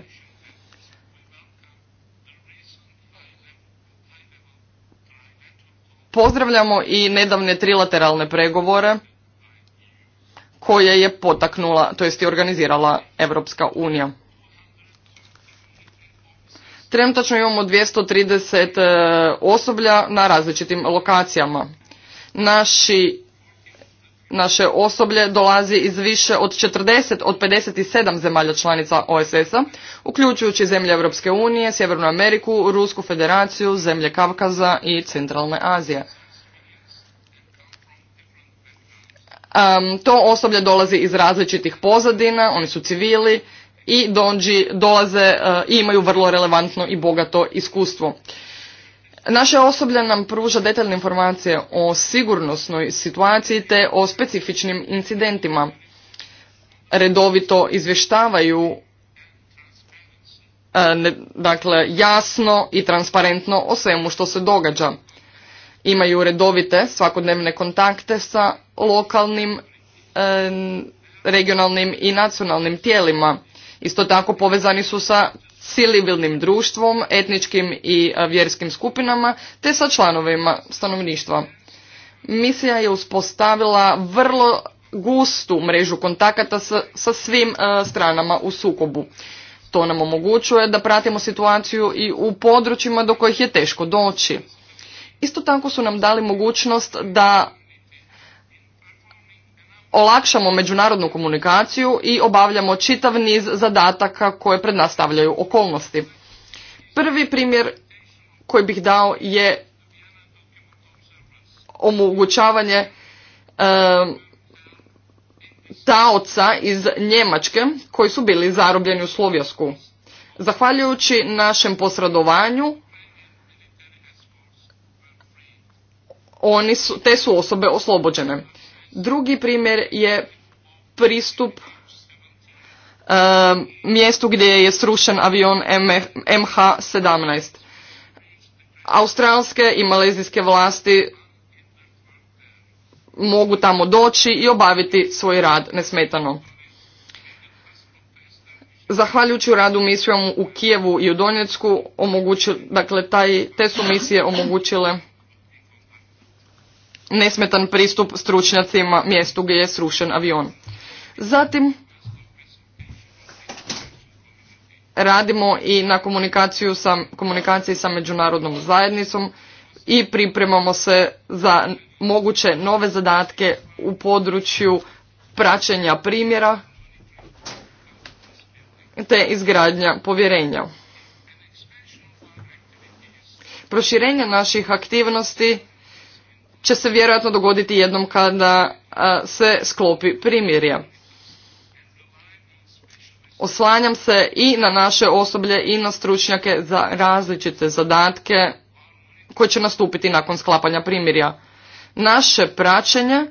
Pozdravljamo i nedavne trilateralne pregovore koje je potaknula, to jest je organizirala Europska unija. Trenutačno imamo 230 e, osoblja na različitim lokacijama. Naši, naše osoblje dolazi iz više od 40 od 57 zemalja članica OSS-a, uključujući zemlje Europske unije, Sjevernu Ameriku, Rusku federaciju, zemlje Kavkaza i Centralne Azije. to osoblje dolazi iz različitih pozadina, oni su civili i donđi dolaze e, i imaju vrlo relevantno i bogato iskustvo. Naše osoblje nam pruža detaljne informacije o sigurnosnoj situaciji te o specifičnim incidentima. Redovito izvještavaju e, dakle jasno i transparentno o svemu što se događa. Imaju redovite svakodnevne kontakte sa lokalnim, regionalnim i nacionalnim tijelima. Isto tako povezani su sa civilnim društvom, etničkim i e, vjerskim skupinama, te sa članovima stanovništva. Misija je uspostavila vrlo gustu mrežu kontakata sa, svim e, stranama u sukobu. To nam omogućuje da pratimo situaciju i u područjima do kojih je teško doći. Isto tako su nam dali mogućnost da olakšamo međunarodnu komunikaciju i obavljamo čitav niz zadataka koje pred okolnosti. Prvi primjer koji bih dao je omogućavanje e, taoca iz Njemačke koji su bili zarobljeni u Slovjasku. Zahvaljujući našem posredovanju oni su, te su osobe oslobođene. Drugi primjer je pristup eh, mjestu gdje je srušen avion MH17. Australske i malezijske vlasti mogu tamo doći i obaviti svoj rad nesmetano. Zahvaljujući radu misijom u Kijevu i u Donjecku, dakle, taj, te su misije omogućile nesmetan pristup stručnjacima mjestu gdje je srušen avion. Zatim radimo i na komunikaciju sa, komunikaciji sa međunarodnom zajednicom i pripremamo se za moguće nove zadatke u području praćenja primjera te izgradnja povjerenja. Proširenje naših aktivnosti će se vjerojatno dogoditi jednom kada se sklopi primirje. Oslanjam se i na naše osoblje i na stručnjake za različite zadatke koji će nastupiti nakon sklapanja primirja. Naše praćenje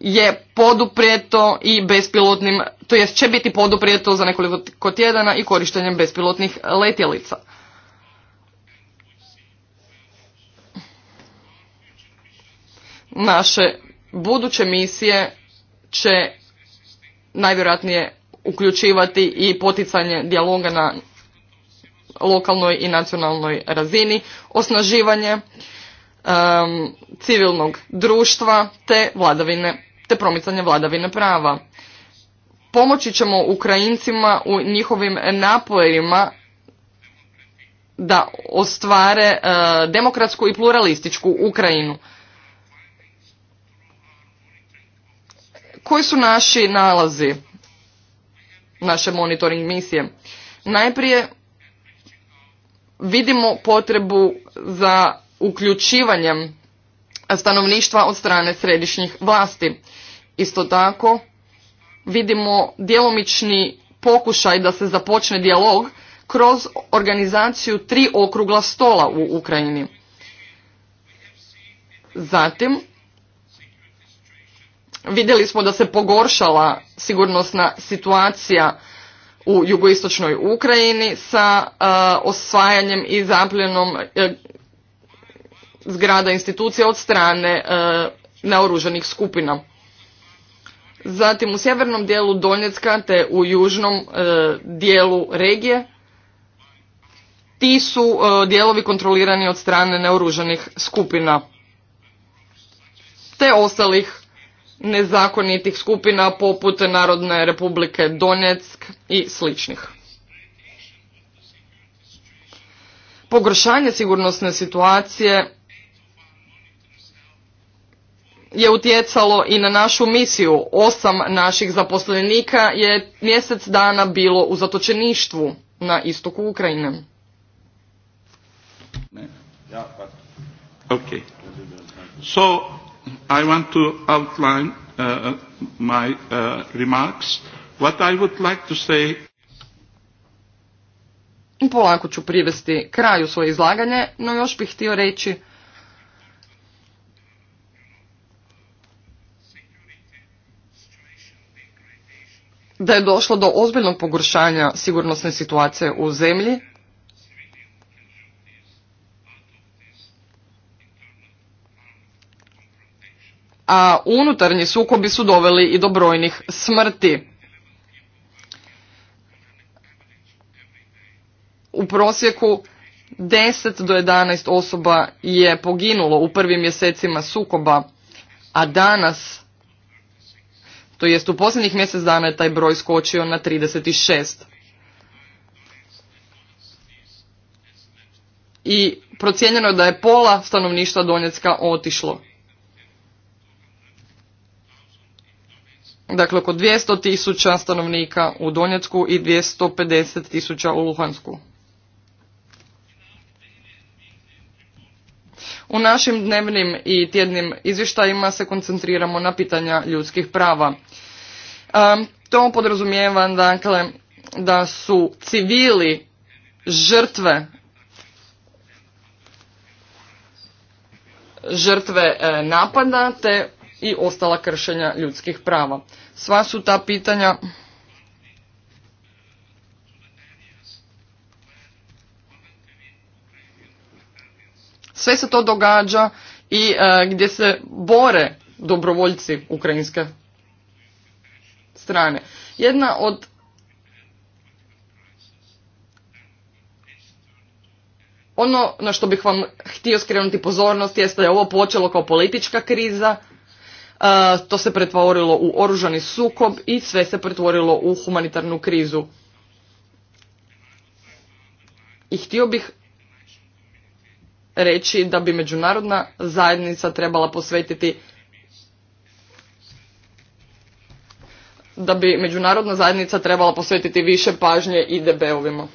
je poduprijeto i bespilotnim, to jest će biti poduprijeto za nekoliko tjedana i korištenjem bespilotnih letjelica. naše buduće misije će najvjerojatnije uključivati i poticanje dijaloga na lokalnoj i nacionalnoj razini, osnaživanje civilnog društva te vladavine, te promicanje vladavine prava. Pomoći ćemo Ukrajincima u njihovim napojima da ostvare eh, demokratsku i pluralističku Ukrajinu. Koji su naši nalazi, naše monitoring misije? Najprije vidimo potrebu za uključivanjem stanovništva od strane središnjih vlasti. Isto tako vidimo djelomični pokušaj da se započne dijalog kroz organizaciju tri okrugla stola u Ukrajini. Zatim Vidjeli smo da se pogoršala sigurnosna situacija u jugoistočnoj Ukrajini sa e, osvajanjem i zapljenom e, zgrada institucija od strane uh, naoružanih skupina. Zatim u sjevernom dijelu Donjecka te u južnom dijelu regije ti su dijelovi kontrolirani od strane naoružanih skupina te ostalih nezakonitih skupina poput Narodne republike Donetsk i sličnih. Pogoršanje sigurnosne situacije je utjecalo i na našu misiju. Osam naših zaposlenika je mjesec dana bilo u zatočeništvu na istoku Ukrajine. Pa- okay. So, i want to outline uh, my uh, remarks. What I would like to say Polako ću privesti kraju svoje izlaganje, no još bih htio reći da je došlo do ozbiljnog pogoršanja sigurnosne situacije u zemlji a unutarnji sukobi su doveli i do brojnih smrti. U prosjeku 10 do 11 osoba je poginulo u prvim mjesecima sukoba, a danas, to jest u posljednjih mjesec dana je taj broj skočio na 36. I procijenjeno je da je pola stanovništva Donjecka otišlo. dakle oko 200 tisuća stanovnika u Donjecku i 250 tisuća u Luhansku. U našim dnevnim i tjednim izvještajima se koncentriramo na pitanja ljudskih prava. To podrazumijeva dakle, da su civili žrtve žrtve e, napada te i ostala kršenja ljudskih prava. Sva su ta pitanja Sve se to događa i e, gdje se bore dobrovoljci ukrajinske strane. Jedna od Ono na što bih vam htio skrenuti pozornost jeste da je ovo počelo kao politička kriza, E, to se pretvorilo u oružani sukob i sve se pretvorilo u humanitarnu krizu. I htio bih reći da bi međunarodna zajednica trebala posvetiti da bi međunarodna zajednica trebala posvetiti više pažnje i DB-ovima.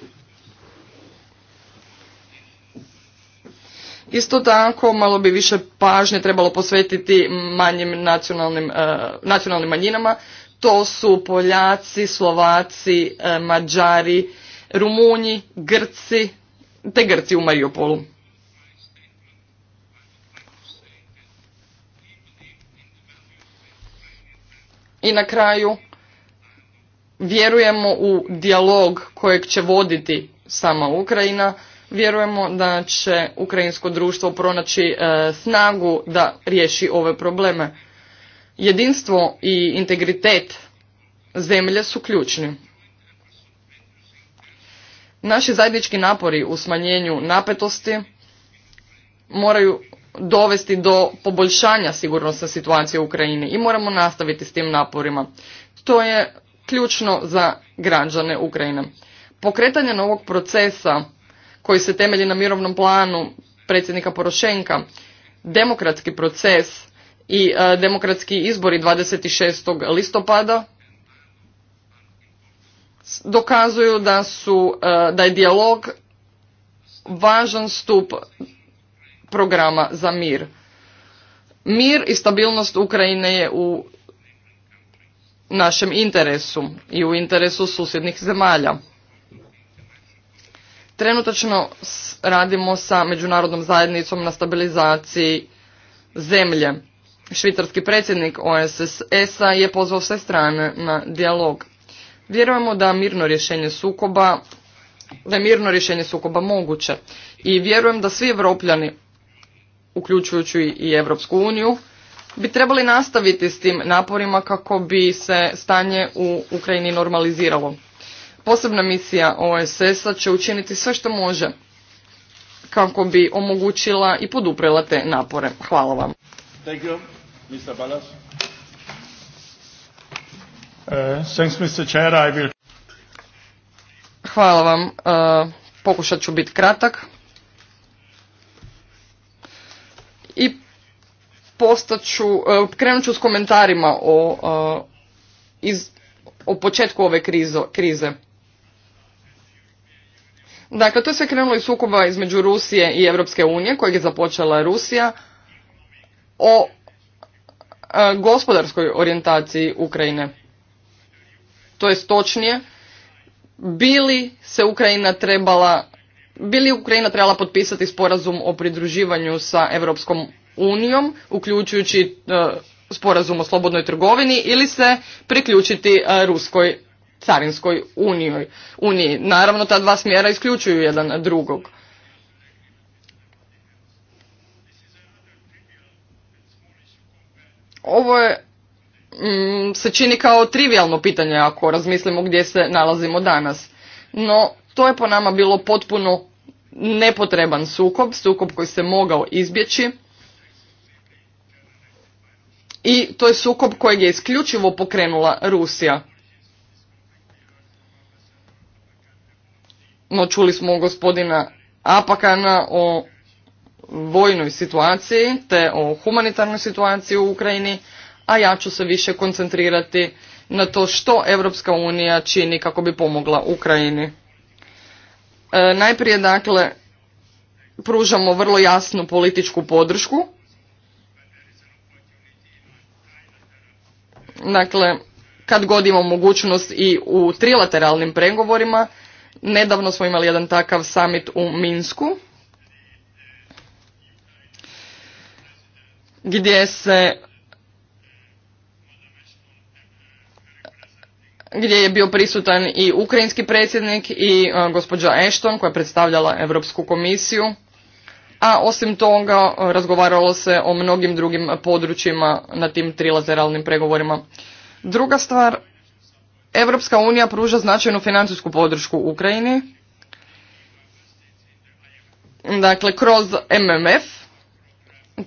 Isto tako, malo bi više pažnje trebalo posvetiti manjim nacionalnim, e, manjinama. To su Poljaci, Slovaci, e, Mađari, Rumunji, Grci, te Grci u Mariupolu. I na kraju vjerujemo u dijalog kojeg će voditi sama Ukrajina Vjerujemo da će ukrajinsko društvo pronaći e, snagu da riješi ove probleme. Jedinstvo i integritet zemlje su ključni. Naši zajednički napori u smanjenju napetosti moraju dovesti do poboljšanja sigurnosne situacije u Ukrajini i moramo nastaviti s tim naporima. To je ključno za građane Ukrajine. Pokretanje novog procesa koji se temelji na mirovnom planu predsjednika Porošenka, demokratski proces i e, demokratski izbori 26. listopada dokazuju da, su, e, da je dijalog važan stup programa za mir. Mir i stabilnost Ukrajine je u našem interesu i u interesu susjednih zemalja. Trenutačno radimo sa međunarodnom zajednicom na stabilizaciji zemlje. Švicarski predsjednik OSS-a je pozvao sve strane na dijalog. Vjerujemo da mirno rješenje sukoba da je mirno rješenje sukoba moguće i vjerujem da svi evropljani, uključujući i Evropsku uniju, bi trebali nastaviti s tim naporima kako bi se stanje u Ukrajini normaliziralo. Posebna misija OSS-a će učiniti sve što može kako bi omogućila i poduprela te napore. Hvala vam. Uh, Hvala vam. Uh, pokušat ću biti kratak. I postaću, uh, krenut ću s komentarima o, početku ove krize. Dakle, to se krenulo iz sukoba između Rusije i Europske unije, kojeg je započela Rusija, o e, gospodarskoj orijentaciji Ukrajine. To je točnije, bili se Ukrajina trebala, bili Ukrajina trebala potpisati sporazum o pridruživanju sa Europskom unijom, uključujući e, sporazum o slobodnoj trgovini ili se priključiti e, ruskoj carinskoj unijoj, uniji. Naravno, ta dva smjera isključuju jedan drugog. Ovo je, mm, se čini kao trivialno pitanje ako razmislimo gdje se nalazimo danas. No, to je po nama bilo potpuno nepotreban sukob, sukob koji se mogao izbjeći. I to je sukob kojeg je isključivo pokrenula Rusija. no čuli smo gospodina Apakana o vojnoj situaciji te o humanitarnoj situaciji u Ukrajini, a ja ću se više koncentrirati na to što Europska unija čini kako bi pomogla Ukrajini. E, najprije dakle pružamo vrlo jasnu političku podršku. Dakle, kad god imamo mogućnost i u trilateralnim pregovorima, Nedavno smo imali jedan takav summit u Minsku, gdje se gdje je bio prisutan i ukrajinski predsjednik i e, gospođa Ashton koja je predstavljala Europsku komisiju. A osim toga e, razgovaralo se o mnogim drugim područjima na tim trilateralnim pregovorima. Druga stvar Europska unija pruža značajnu financijsku podršku Ukrajini, dakle kroz MMF,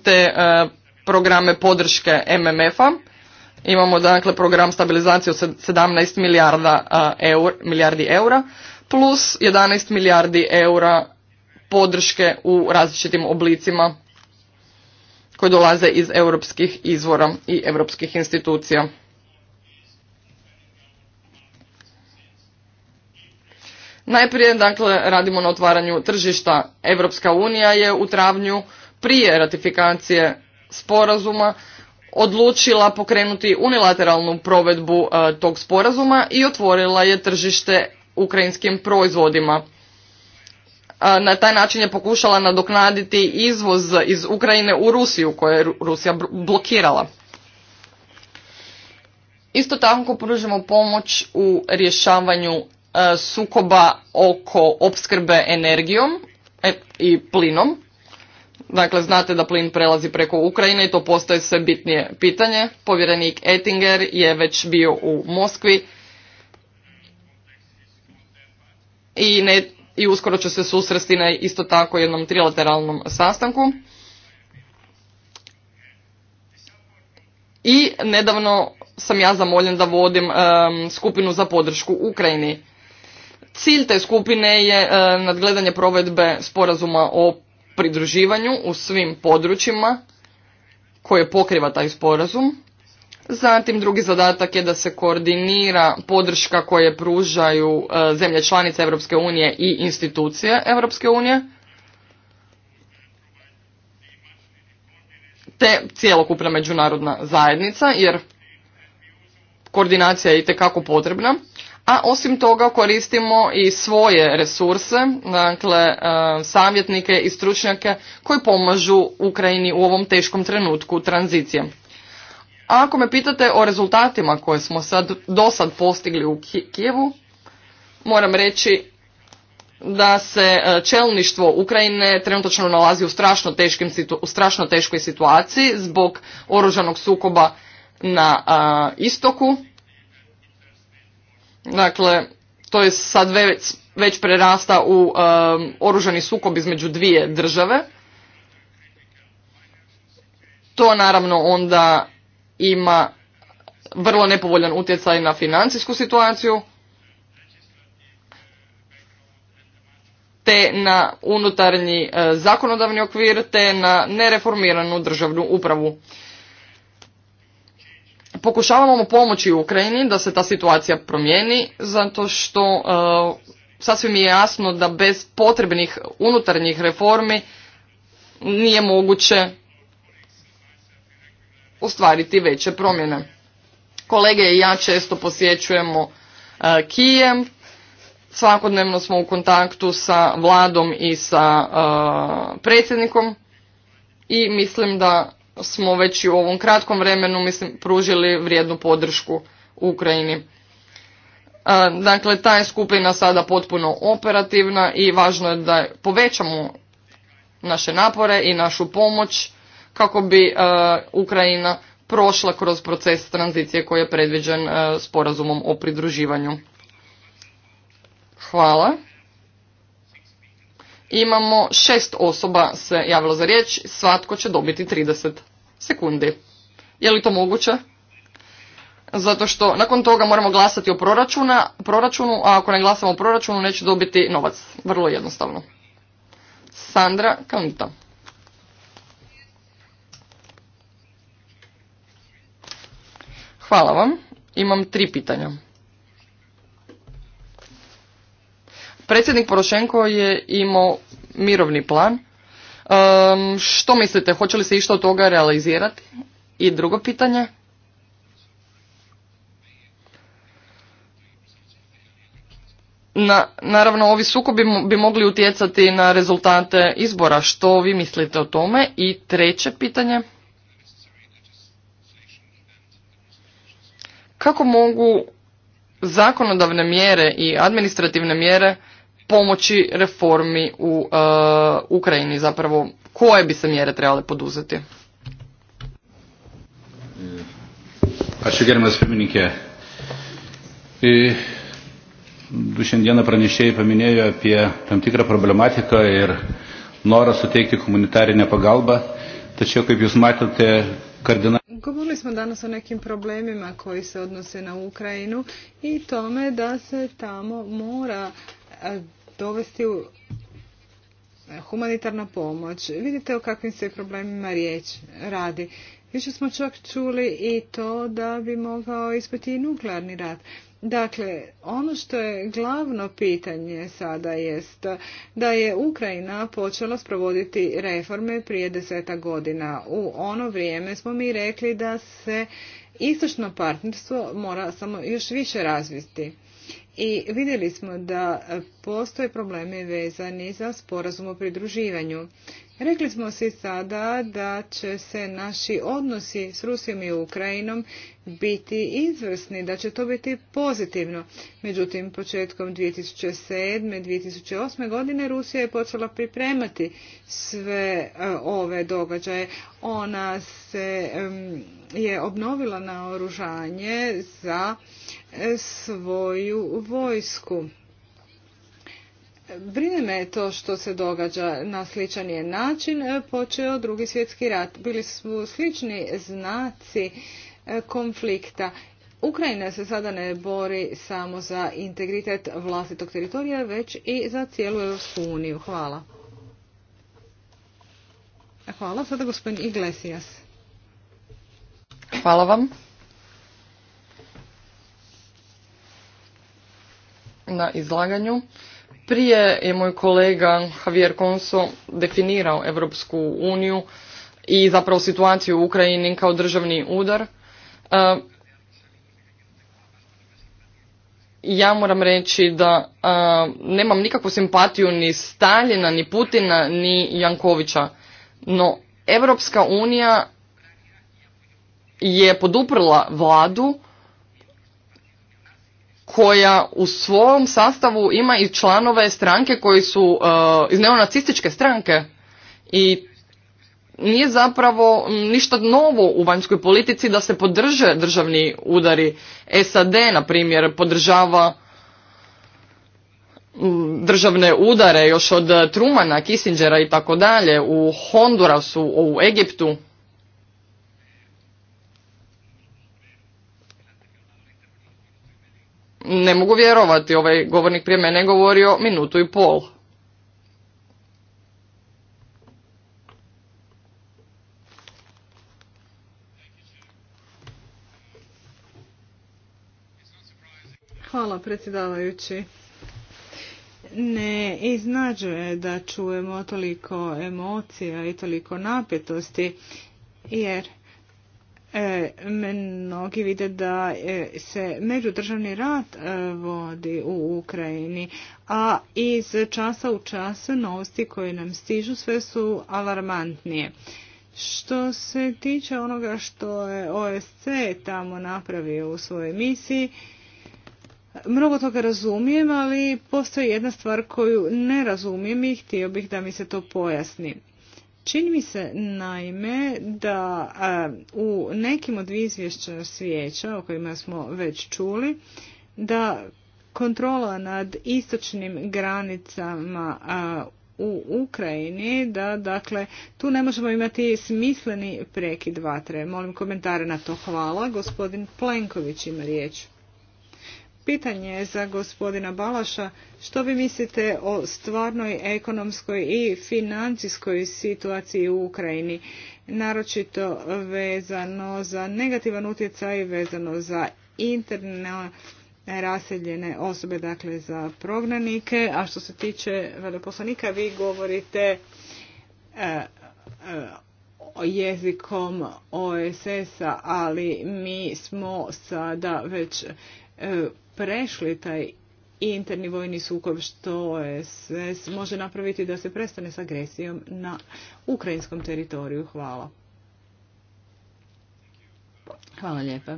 te e, programe podrške MMF-a. Imamo dakle program stabilizacije od 17 milijarda, e, eur, milijardi eura plus 11 milijardi eura podrške u različitim oblicima koje dolaze iz europskih izvora i europskih institucija. Najprije, dakle, radimo na otvaranju tržišta. Europska unija je u travnju prije ratifikacije sporazuma odlučila pokrenuti unilateralnu provedbu e, tog sporazuma i otvorila je tržište ukrajinskim proizvodima. E, na taj način je pokušala nadoknaditi izvoz iz Ukrajine u Rusiju koje je Rusija blokirala. Isto tako pružimo pomoć u rješavanju E, sukoba oko opskrbe energijom e, i plinom. Dakle, znate da plin prelazi preko Ukrajine i to postaje sve bitnije pitanje. Povjerenik Ettinger je već bio u Moskvi i, i uskoro će se susresti na isto tako jednom trilateralnom sastanku. I nedavno sam ja zamoljen da vodim skupinu za podršku Ukrajini. Cilj te skupine je e, nadgledanje provedbe sporazuma o pridruživanju u svim područjima koje pokriva taj sporazum. Zatim drugi zadatak je da se koordinira podrška koje pružaju e, zemlje članice Europske unije i institucije Europske unije. Te cjelokupna međunarodna zajednica jer koordinacija je itekako potrebna a osim toga koristimo i svoje resurse, dakle e, savjetnike i stručnjake koji pomažu Ukrajini u ovom teškom trenutku tranzicije. A ako me pitate o rezultatima koje smo sad, do sad postigli u Kijevu, moram reći da se e, čelništvo Ukrajine trenutačno nalazi u strašno, u strašno teškoj situaciji zbog oružanog sukoba na e, istoku Dakle, to je sad već, već prerasta u um, oružani sukob između dvije države. To naravno onda ima vrlo nepovoljan utjecaj na financijsku situaciju te na unutarnji eh, zakonodavni okvir te na nereformiranu državnu upravu pokušavamo pomoći Ukrajini da se ta situacija promijeni zato što e, sasvim je jasno da bez potrebnih unutarnjih reformi nije moguće ostvariti veće promjene. Kolege i ja često posjećujemo e, Kijem, svakodnevno smo u kontaktu sa vladom i sa e, predsjednikom i mislim da smo već i u ovom kratkom vremenu mislim, pružili vrijednu podršku Ukrajini. E, dakle, ta je skupina sada potpuno operativna i važno je da povećamo naše napore i našu pomoć kako bi e, Ukrajina prošla kroz proces tranzicije koji je predviđen e, sporazumom o pridruživanju. Hvala. Imamo šest osoba se javilo za riječ, svatko će dobiti 30 sekundi. Je li to moguće? Zato što nakon toga moramo glasati o proračuna, proračunu, a ako ne glasamo o proračunu neće dobiti novac. Vrlo jednostavno. Sandra Kanta. Hvala vam. Imam tri pitanja. Predsjednik Porošenko je imao mirovni plan. što mislite, hoće li se išto od toga realizirati? I drugo pitanje. Na, naravno, ovi sukobi bi mogli utjecati na rezultate izbora. Što vi mislite o tome? I treće pitanje. Kako mogu zakonodavne mjere i administrativne mjere pomoći reformi u uh, Ukrajini zapravo koje bi se mjere trebale poduzeti? E, ačiū i pirmininkė. E, du šiandieną pranešėjai paminėjo apie tam tikrą problematiką ir norą suteikti humanitarinę pagalbą, tačiau kaip jūs matote kardinal... Govorili smo danas o nekim problemima koji se odnose na Ukrajinu i tome da se tamo mora dovesti u e, humanitarna pomoć. Vidite o kakvim se problemima riječ radi. Više smo čak čuli i to da bi mogao ispiti i nuklearni rad. Dakle, ono što je glavno pitanje sada jest da je Ukrajina počela sprovoditi reforme prije deseta godina. U ono vrijeme smo mi rekli da se istočno partnerstvo mora samo još više razviti i vidjeli smo da postoje problemi vezani za sporazum o pridruživanju. Rekli smo si sada da će se naši odnosi s Rusijom i Ukrajinom biti izvrsni, da će to biti pozitivno. Međutim, početkom 2007. 2008. godine Rusija je počela pripremati sve e, ove događaje. Ona se je obnovila na oružanje za svoju vojsku. Brine me to što se događa na sličan je način. E, počeo drugi svjetski rat. Bili smo slični znaci e, konflikta. Ukrajina se sada ne bori samo za integritet vlastitog teritorija, već i za cijelu Europsku uniju. Hvala. Hvala. Sada gospodin Iglesias. Hvala vam. na izlaganju. Prije je moj kolega Javier Konso definirao Evropsku uniju i zapravo situaciju u Ukrajini kao državni udar. E, ja moram reći da e, nemam nikakvu simpatiju ni Staljina, ni Putina, ni Jankovića. No, Evropska unija je poduprla vladu koja u svom sastavu ima i članove stranke koji su e, iz neonacističke stranke i nije zapravo ništa novo u vanjskoj politici da se podrže državni udari. SAD, na primjer, podržava državne udare još od Trumana, Kissingera i tako dalje, u Hondurasu, u Egiptu. Ne mogu vjerovati, ovaj govornik prije mene govorio minutu i pol. Hvala predsjedavajući. Ne iznađuje da čujemo toliko emocija i toliko napetosti jer E, mnogi vide da e, se međudržavni rat e, vodi u Ukrajini, a iz časa u čas novosti koje nam stižu sve su alarmantnije. Što se tiče onoga što je OSC tamo napravio u svojoj misiji, mnogo toga razumijem, ali postoji jedna stvar koju ne razumijem i htio bih da mi se to pojasni. Čini mi se naime da e, u nekim od izvješća svijeća o kojima smo već čuli da kontrola nad istočnim granicama e, u Ukrajini da dakle tu ne možemo imati smisleni prekid vatre. Molim komentare na to. Hvala. Gospodin Plenković ima riječ. Pitanje je za gospodina Balaša, što vi mislite o stvarnoj ekonomskoj i financijskoj situaciji u Ukrajini, naročito vezano za negativan utjecaj, vezano za interne raseljene osobe, dakle za prognanike, a što se tiče veleposlanika, vi govorite e, e, jezikom OSS-a, ali mi smo sada već e, prešli taj interni vojni sukob što je, se može napraviti da se prestane s agresijom na ukrajinskom teritoriju. Hvala. Hvala lijepa.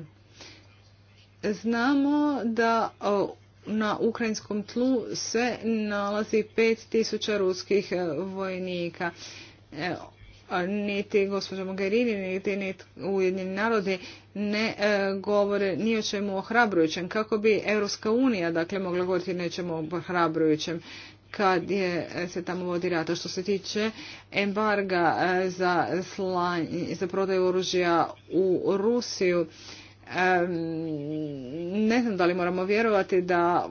Znamo da na ukrajinskom tlu se nalazi 5000 ruskih e, vojnika. E, niti gospođa Mogherini, niti, niti Ujedinjeni narodi ne e, govore ni o čemu ohrabrujućem. Kako bi Europska unija dakle, mogla govoriti o nečemu ohrabrujućem kad e, se tamo vodi rata. Što se tiče embarga e, za, slanj, za prodaju oružja u Rusiju, ne znam da li moramo vjerovati da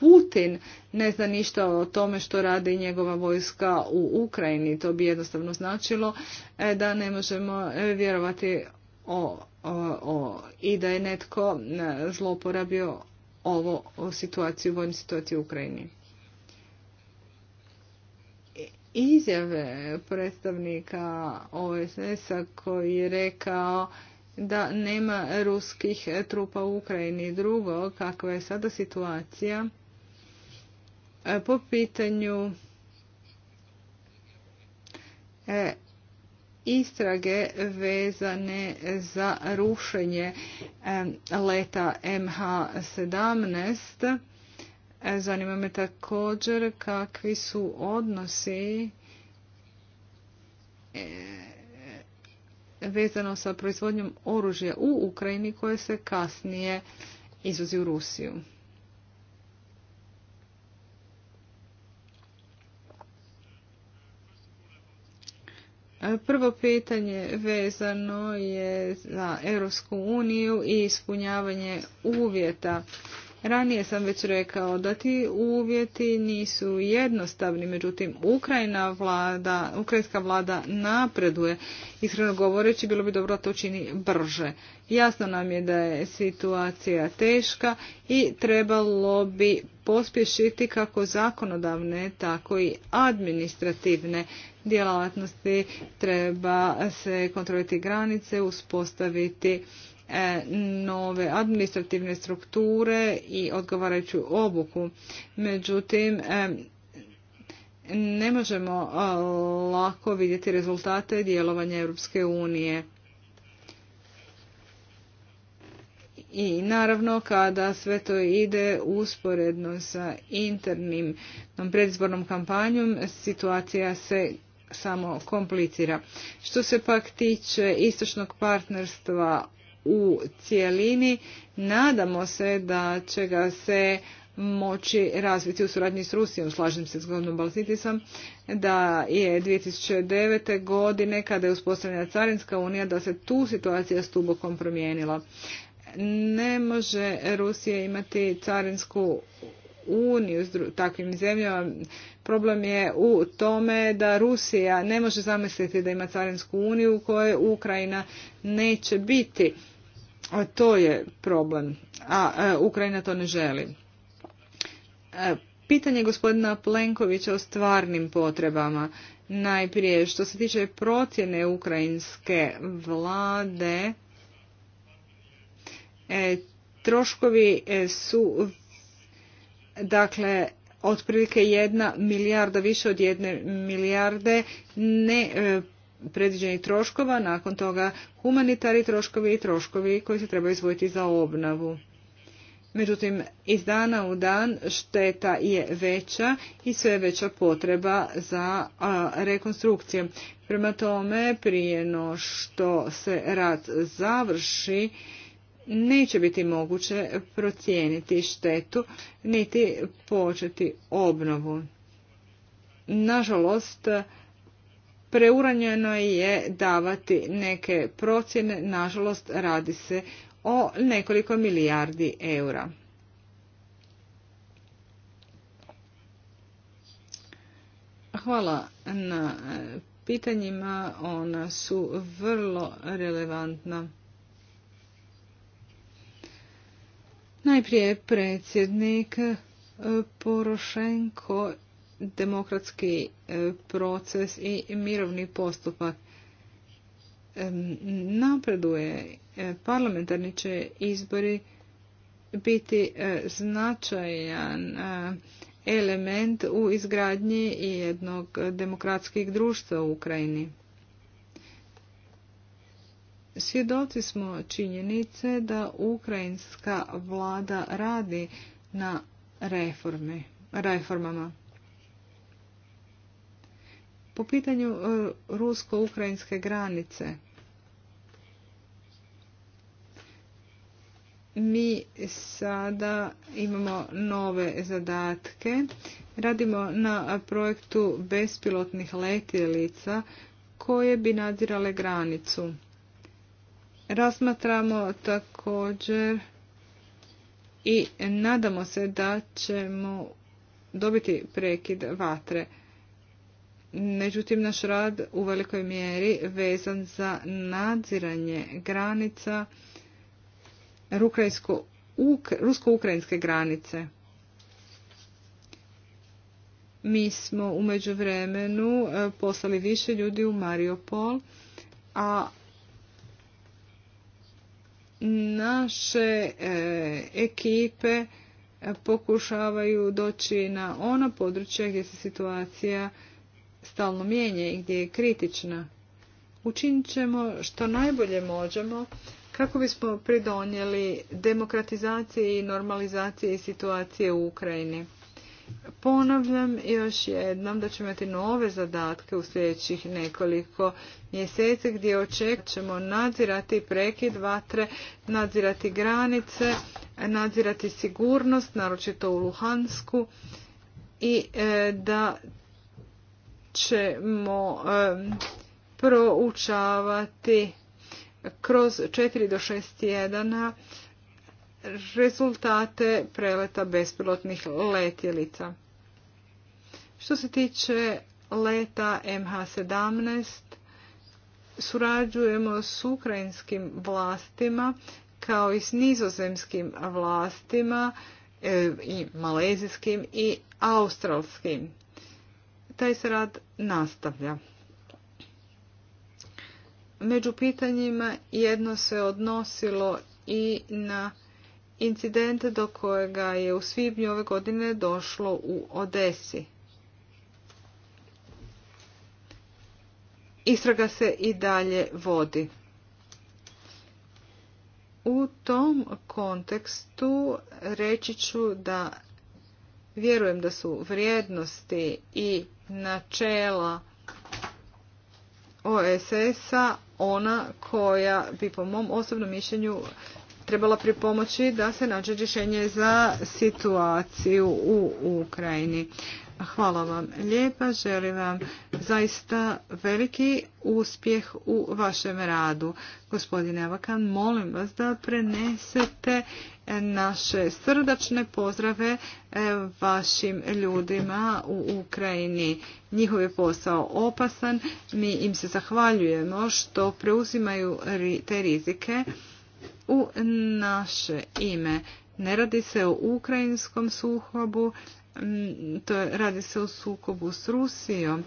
Putin ne zna ništa o tome što radi njegova vojska u Ukrajini. To bi jednostavno značilo e, da ne možemo e, vjerovati o, o, i da je netko e, zloporabio ovo o situaciju, vojnu situaciju u Ukrajini. Izjave predstavnika OSS-a koji je rekao da nema ruskih trupa u Ukrajini. Drugo, kakva je sada situacija E, po pitanju e, istrage vezane za rušenje e, leta MH17. Zanima me također kakvi su odnosi vezano sa proizvodnjom oružja u Ukrajini koje se kasnije izvozi u Rusiju. Prvo pitanje vezano je za Europsku uniju i ispunjavanje uvjeta Ranije sam već rekao da ti uvjeti nisu jednostavni, međutim Ukrajina vlada, ukrajinska vlada napreduje. Iskreno govoreći, bilo bi dobro da to čini brže. Jasno nam je da je situacija teška i trebalo bi pospješiti kako zakonodavne, tako i administrativne djelatnosti. Treba se kontroliti granice, uspostaviti E, nove administrativne strukture i odgovarajuću obuku. Međutim, e, ne možemo e, lako vidjeti rezultate djelovanja Europske unije. I naravno kada sve to ide usporedno sa internim predizbornom kampanjom, situacija se samo komplicira. Što se pak tiče istočnog partnerstva u cijelini. Nadamo se da će ga se moći razviti u suradnji s Rusijom. Slažem se s gospodinom Balsitisom, da je 2009. godine kada je uspostavljena Carinska unija da se tu situacija s tubokom promijenila. Ne može Rusija imati Carinsku uniju s takvim zemljama. Problem je u tome da Rusija ne može zamisliti da ima Carinsku uniju u kojoj Ukrajina neće biti to je problem, a e, Ukrajina to ne želi. E, pitanje gospodina Plenkovića o stvarnim potrebama. Najprije što se tiče procjene ukrajinske vlade, e, troškovi su dakle otprilike jedna milijarda, više od jedne milijarde ne predviđenih troškova, nakon toga humanitari troškovi i troškovi koji se trebaju izvojiti za obnavu. Međutim, iz dana u dan šteta je veća i sve je veća potreba za rekonstrukcijom. Prema tome, prije no što se rad završi, neće biti moguće procijeniti štetu niti početi obnovu. Nažalost, preuranjeno je davati neke procjene, nažalost radi se o nekoliko milijardi eura. Hvala na eh, pitanjima, ona su vrlo relevantna. Najprije predsjednik eh, Porošenko demokratski e, proces i mirovni postupak e, napreduje. E, parlamentarni će izbori biti značajan element u izgradnji jednog demokratskih društva u Ukrajini. Svjedoci smo činjenice da ukrajinska vlada radi na reforme reformama. Po pitanju e, rusko-ukrajinske granice, mi sada imamo nove zadatke. Radimo na projektu bespilotnih letjelica koje bi nadzirale granicu. Razmatramo također i nadamo se da ćemo dobiti prekid vatre. Međutim, naš rad u velikoj mjeri vezan za nadziranje granica rusko-ukrajinske granice. Mi smo u međuvremenu e, poslali više ljudi u Mariupol, a naše e, ekipe pokušavaju doći na ona područja gdje se situacija stalno mijenje i gdje je kritična. Učinit ćemo što najbolje možemo kako bismo pridonijeli demokratizaciji i normalizaciji situacije u Ukrajini. Ponavljam još jednom da ćemo imati nove zadatke u sljedećih nekoliko mjeseci gdje očekujemo nadzirati prekid vatre, nadzirati granice, nadzirati sigurnost, naročito u Luhansku i e, da ćemo proučavati kroz 4 do 6 tjedana rezultate preleta bespilotnih letjelica. Što se tiče leta MH17, surađujemo s ukrajinskim vlastima kao i s nizozemskim vlastima i malezijskim i australskim taj se rad nastavlja. Među pitanjima jedno se odnosilo i na incident do kojega je u svibnju ove godine došlo u Odesi. Istraga se i dalje vodi. U tom kontekstu reći ću da Vjerujem da su vrijednosti i načela OSS-a ona koja bi po mom osobnom mišljenju trebala pripomoći da se nađe rješenje za situaciju u Ukrajini. Hvala vam lijepa, želim vam zaista veliki uspjeh u vašem radu. Gospodine Avakan, molim vas da prenesete naše srdačne pozdrave e, vašim ljudima u Ukrajini. Njihov je posao opasan, mi im se zahvaljujemo što preuzimaju te rizike u naše ime. Ne radi se o ukrajinskom suhobu, Mm, to radi se o sukobu s Rusijom.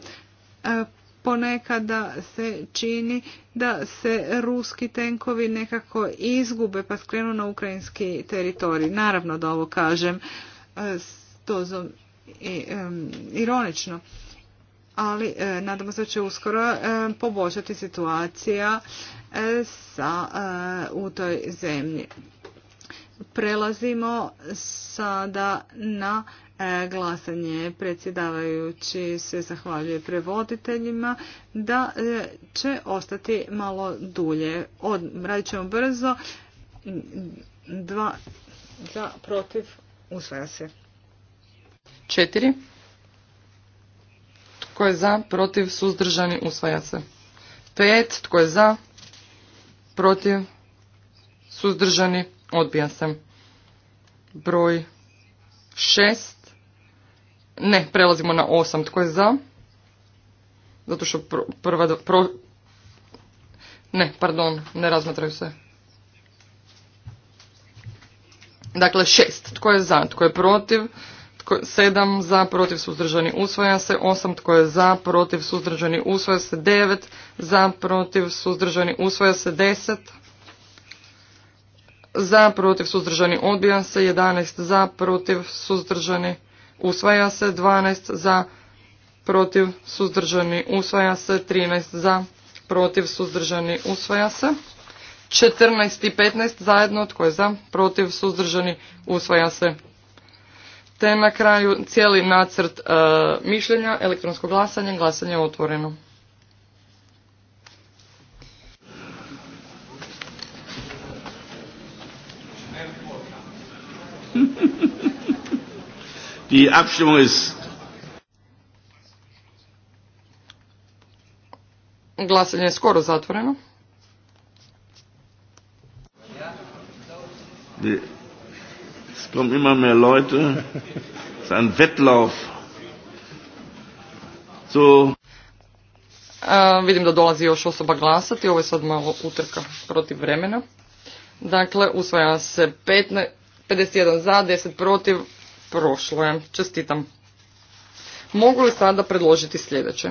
E, ponekada se čini da se ruski tenkovi nekako izgube pa skrenu na ukrajinski teritorij. Naravno da ovo kažem e, s dozom ironično, ali e, nadamo se da će uskoro poboljšati situacija sa, u toj zemlji. Prelazimo sada na glasanje predsjedavajući se zahvaljuje prevoditeljima da e, će ostati malo dulje. Od, radit ćemo brzo. Dva za protiv usvaja se. Četiri. Tko je za, protiv, suzdržani, usvaja se. Pet. Tko je za, protiv, suzdržani, odbija se. Broj šest ne, prelazimo na 8. Tko je za? Zato što prva... Pro... Ne, pardon, ne razmatraju se. Dakle, 6. Tko je za? Tko je protiv? Tko, 7. Za, protiv, suzdržani, usvoja se. 8. Tko je za? Protiv, suzdržani, usvoja se. 9. Za, protiv, suzdržani, usvoja se. 10. Za, protiv, suzdržani, odbija se. 11. Za, protiv, suzdržani, usvaja se 12 za, protiv, suzdržani, usvaja se 13 za, protiv, suzdržani, usvaja se. 14 i 15 zajedno, tko je za, protiv, suzdržani, usvaja se. Te na kraju cijeli nacrt e, mišljenja, elektronsko glasanje, glasanje je otvoreno. Die Abstimmung ist Glasanje je skoro zatvoreno. es kommen immer mehr Leute. Es ist ein Wettlauf. So. vidim da dolazi još osoba glasati. Ovo je sad malo utrka protiv vremena. Dakle, usvaja se 51 za, 10 protiv, Prošlo je. Čestitam. Mogu li sada predložiti sljedeće?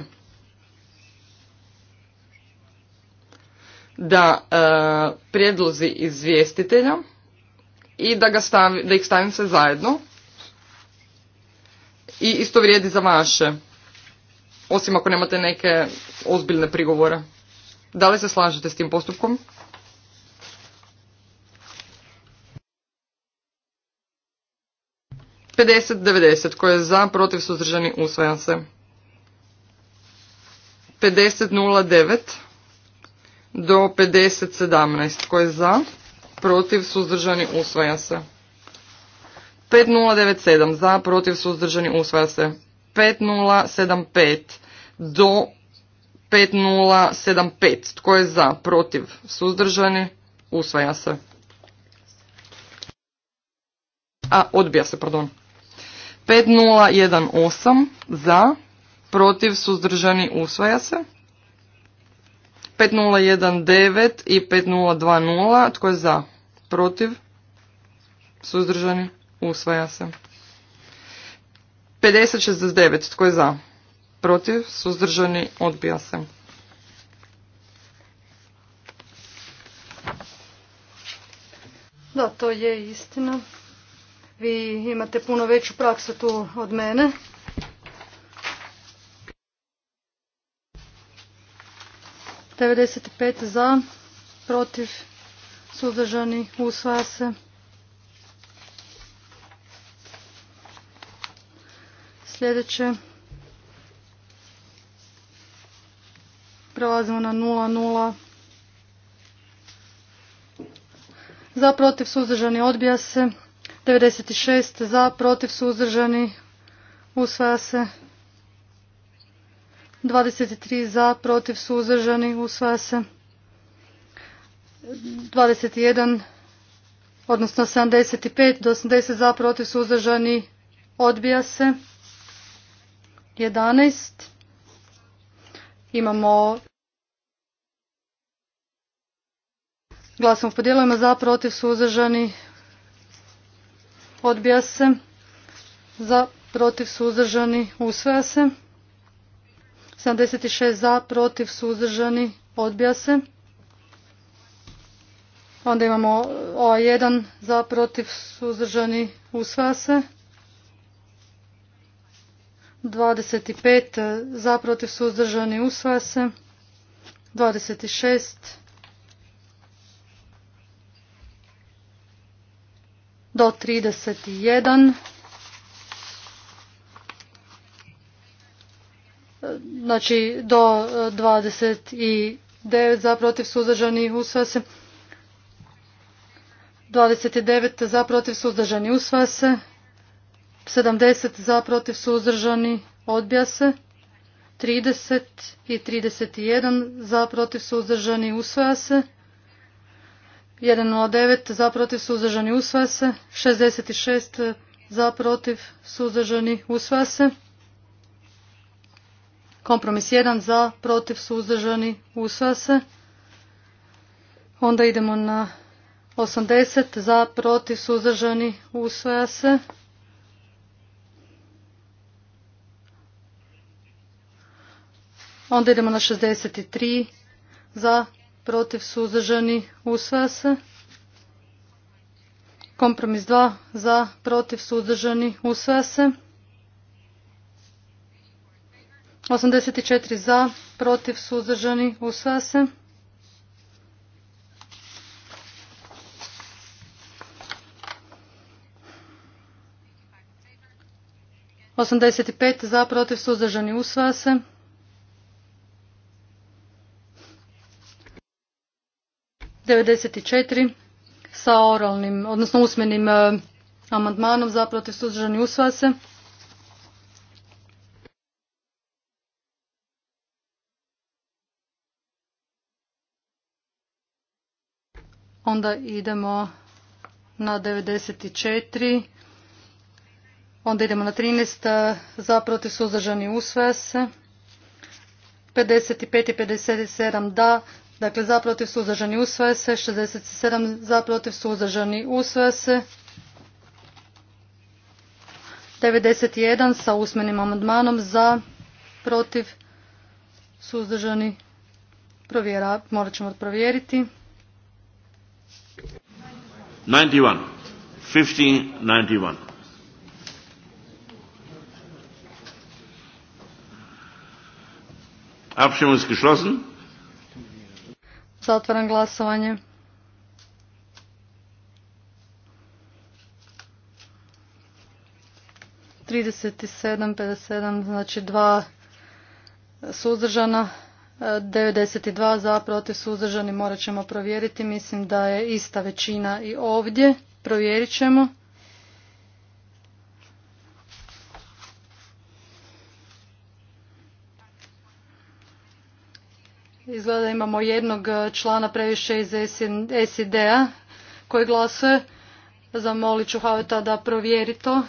Da e, prijedlozi izvjestitelja i da, da ih stavim sve zajedno. I isto vrijedi za vaše. Osim ako nemate neke ozbiljne prigovore. Da li se slažete s tim postupkom? 50-90 koje je za, protiv suzdržani usvaja se. 50-09 do 50-17 koje je za, protiv suzdržani usvaja se. 5097 za, protiv suzdržani usvaja se. 5075 do 5075 tko je za, protiv suzdržani usvaja se. A, odbija se, pardon. 5018 za, protiv, suzdržani, usvaja se. 5019 i 5020, tko je za, protiv, suzdržani, usvaja se. 5069, tko je za, protiv, suzdržani, odbija se. Da, to je istina. Vi imate puno veću praksu tu od mene. Devedeset pet za protiv suzdržani usvaja se. Sljedeće. prelazimo na nula za protiv suzdržani odbija se 96 za, protiv, suzdržani, usvaja se. 23 za, protiv, suzdržani, usvaja se. 21, odnosno 75 do 80 za, protiv, suzdržani, odbija se. 11. Imamo glasom u podijelovima za, protiv, suzdržani, odbija se, za, protiv, suzdržani, usvaja se, 76 za, protiv, suzdržani, odbija se. Onda imamo O1 za, protiv, suzdržani, usvaja se. 25 za, protiv, suzdržani, usvaja se. 26 do 31. Znači do 29 za protiv suzdržani usvaja se. 29 za protiv suzdržani usvaja se. 70 za protiv suzdržani odbija se. 30 i 31 za protiv suzdržani usvaja se. 109 za protiv suzdržani usvaja se. 66 za protiv suzdržani usvaja se. Kompromis 1 za protiv suzdržani usvaja se. Onda idemo na 80 za protiv suzdržani usvaja se. Onda idemo na 63 za protiv, suzdržani, usvaja se. Kompromis 2 za, protiv, suzdržani, usvaja se. 84 za, protiv, suzdržani, usvaja se. pet za, protiv, suzdržani, usvaja se. 94 sa oralnim, odnosno usmenim e, amandmanom za protiv suzdržani usvaja se. Onda idemo na 94. Onda idemo na 13. E, zaproti protiv suzdržani usvaja se. 55 i 57 da. Dakle, za protiv suzdržani usvaja se. 67 za protiv suzdržani usvaja se. 91 sa usmenim amandmanom za protiv suzdržani provjera. Morat ćemo provjeriti. 91. 15, 91. Abstimmung ist geschlossen. Zatvaram glasovanje. Trideset sedam, pedeset sedam, znači dva suzdržana, dva za, protiv suzdržani morat ćemo provjeriti. Mislim da je ista većina i ovdje. Provjerit ćemo. Izgleda imamo jednog e, člana previše iz SID-a koji glasuje. Zamolit ću Haveta da provjeri to.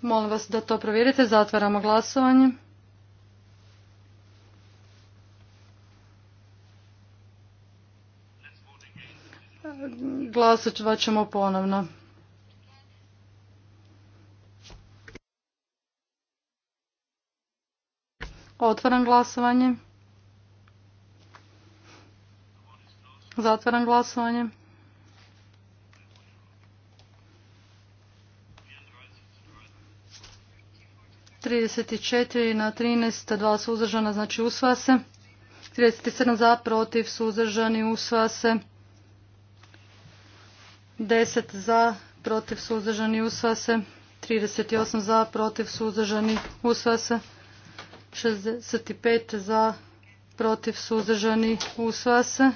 Molim vas da to provjerite. Zatvaramo glasovanje. Glasovat ćemo ponovno. Otvaram glasovanje. Zatvaram glasovanje. 34 na 13, dva suzdržana, znači usvaja se. 37 za, protiv, suzdržani, usvaja se. 10 za, protiv, suzdržani, usvaja se. 38 za, protiv, suzdržani, usvaja se. 65 za, protiv, suzdržani, usvaja se.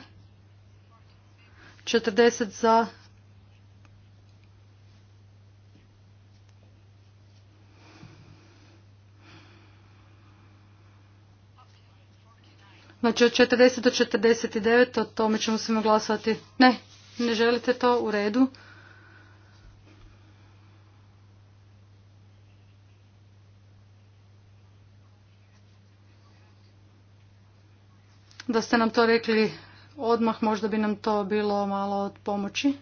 40 za, Znači od 40 do 49, o tome ćemo svima glasovati. Ne, ne želite to u redu. Da ste nam to rekli odmah, možda bi nam to bilo malo od pomoći.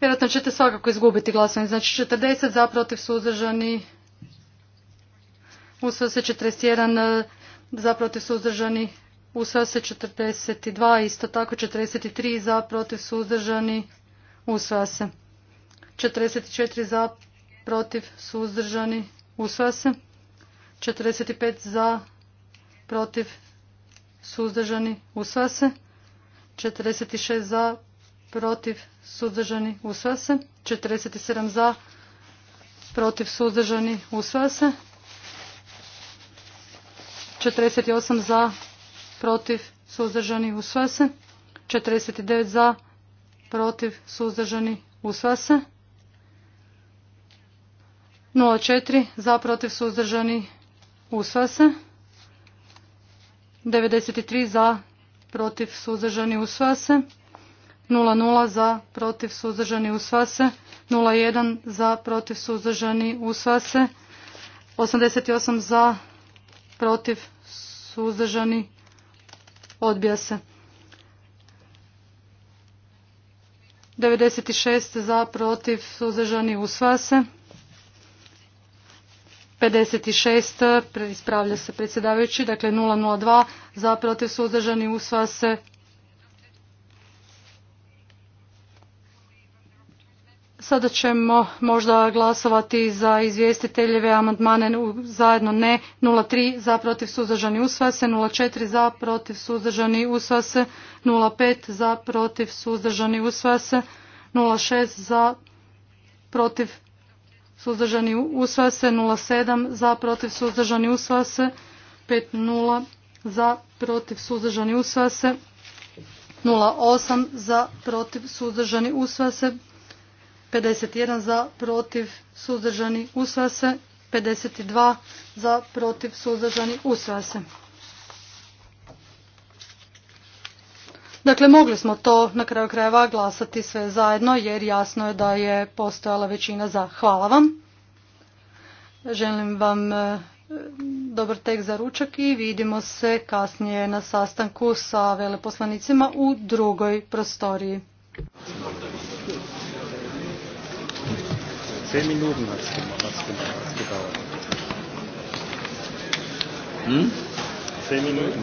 Vjerojatno ćete svakako izgubiti glasovanje. Znači 40 za protiv suzdržani, usvaja se 41 eh, za protiv suzdržani, usvaja se 42, isto tako 43 za protiv suzdržani, usvaja se. 44 za protiv suzdržani, usvaja se. 45 za protiv suzdržani, usva se. 46 za, protiv, suzdržani, usva se. 47 za, protiv, suzdržani, usva se. 48 za, protiv, suzdržani, usva se. 49 za, protiv, suzdržani, usva se. 04 za, protiv, suzdržani, u se. 93 za, protiv, suzdržani, usvaja se. 00 za, protiv, suzdržani, usvaja se. 01 za, protiv, suzdržani, u se. 88 za, protiv, suzdržani, odbija se. 96 za, protiv, suzdržani, u se. 56 ispravlja se predsjedavajući, dakle 002 za protiv suzdržani usvaja se. Sada ćemo možda glasovati za izvjestiteljeve amandmane zajedno ne 03 za protiv suzdržani usvaja se, 04 za protiv suzdržani usvaja se, 05 za protiv suzdržani usvaja se, 06 za protiv suzdržani usvaja se 07 za protiv suzdržani usvaja se 50 za protiv suzdržani usvaja se 08 za protiv suzdržani usvaja se 51 za protiv suzdržani usvaja se 52 za protiv suzdržani usvaja se Dakle, mogli smo to na kraju krajeva glasati sve zajedno jer jasno je da je postojala većina za. Hvala vam. Želim vam e, dobar tek za ručak i vidimo se kasnije na sastanku sa veleposlanicima u drugoj prostoriji. 10 Minuten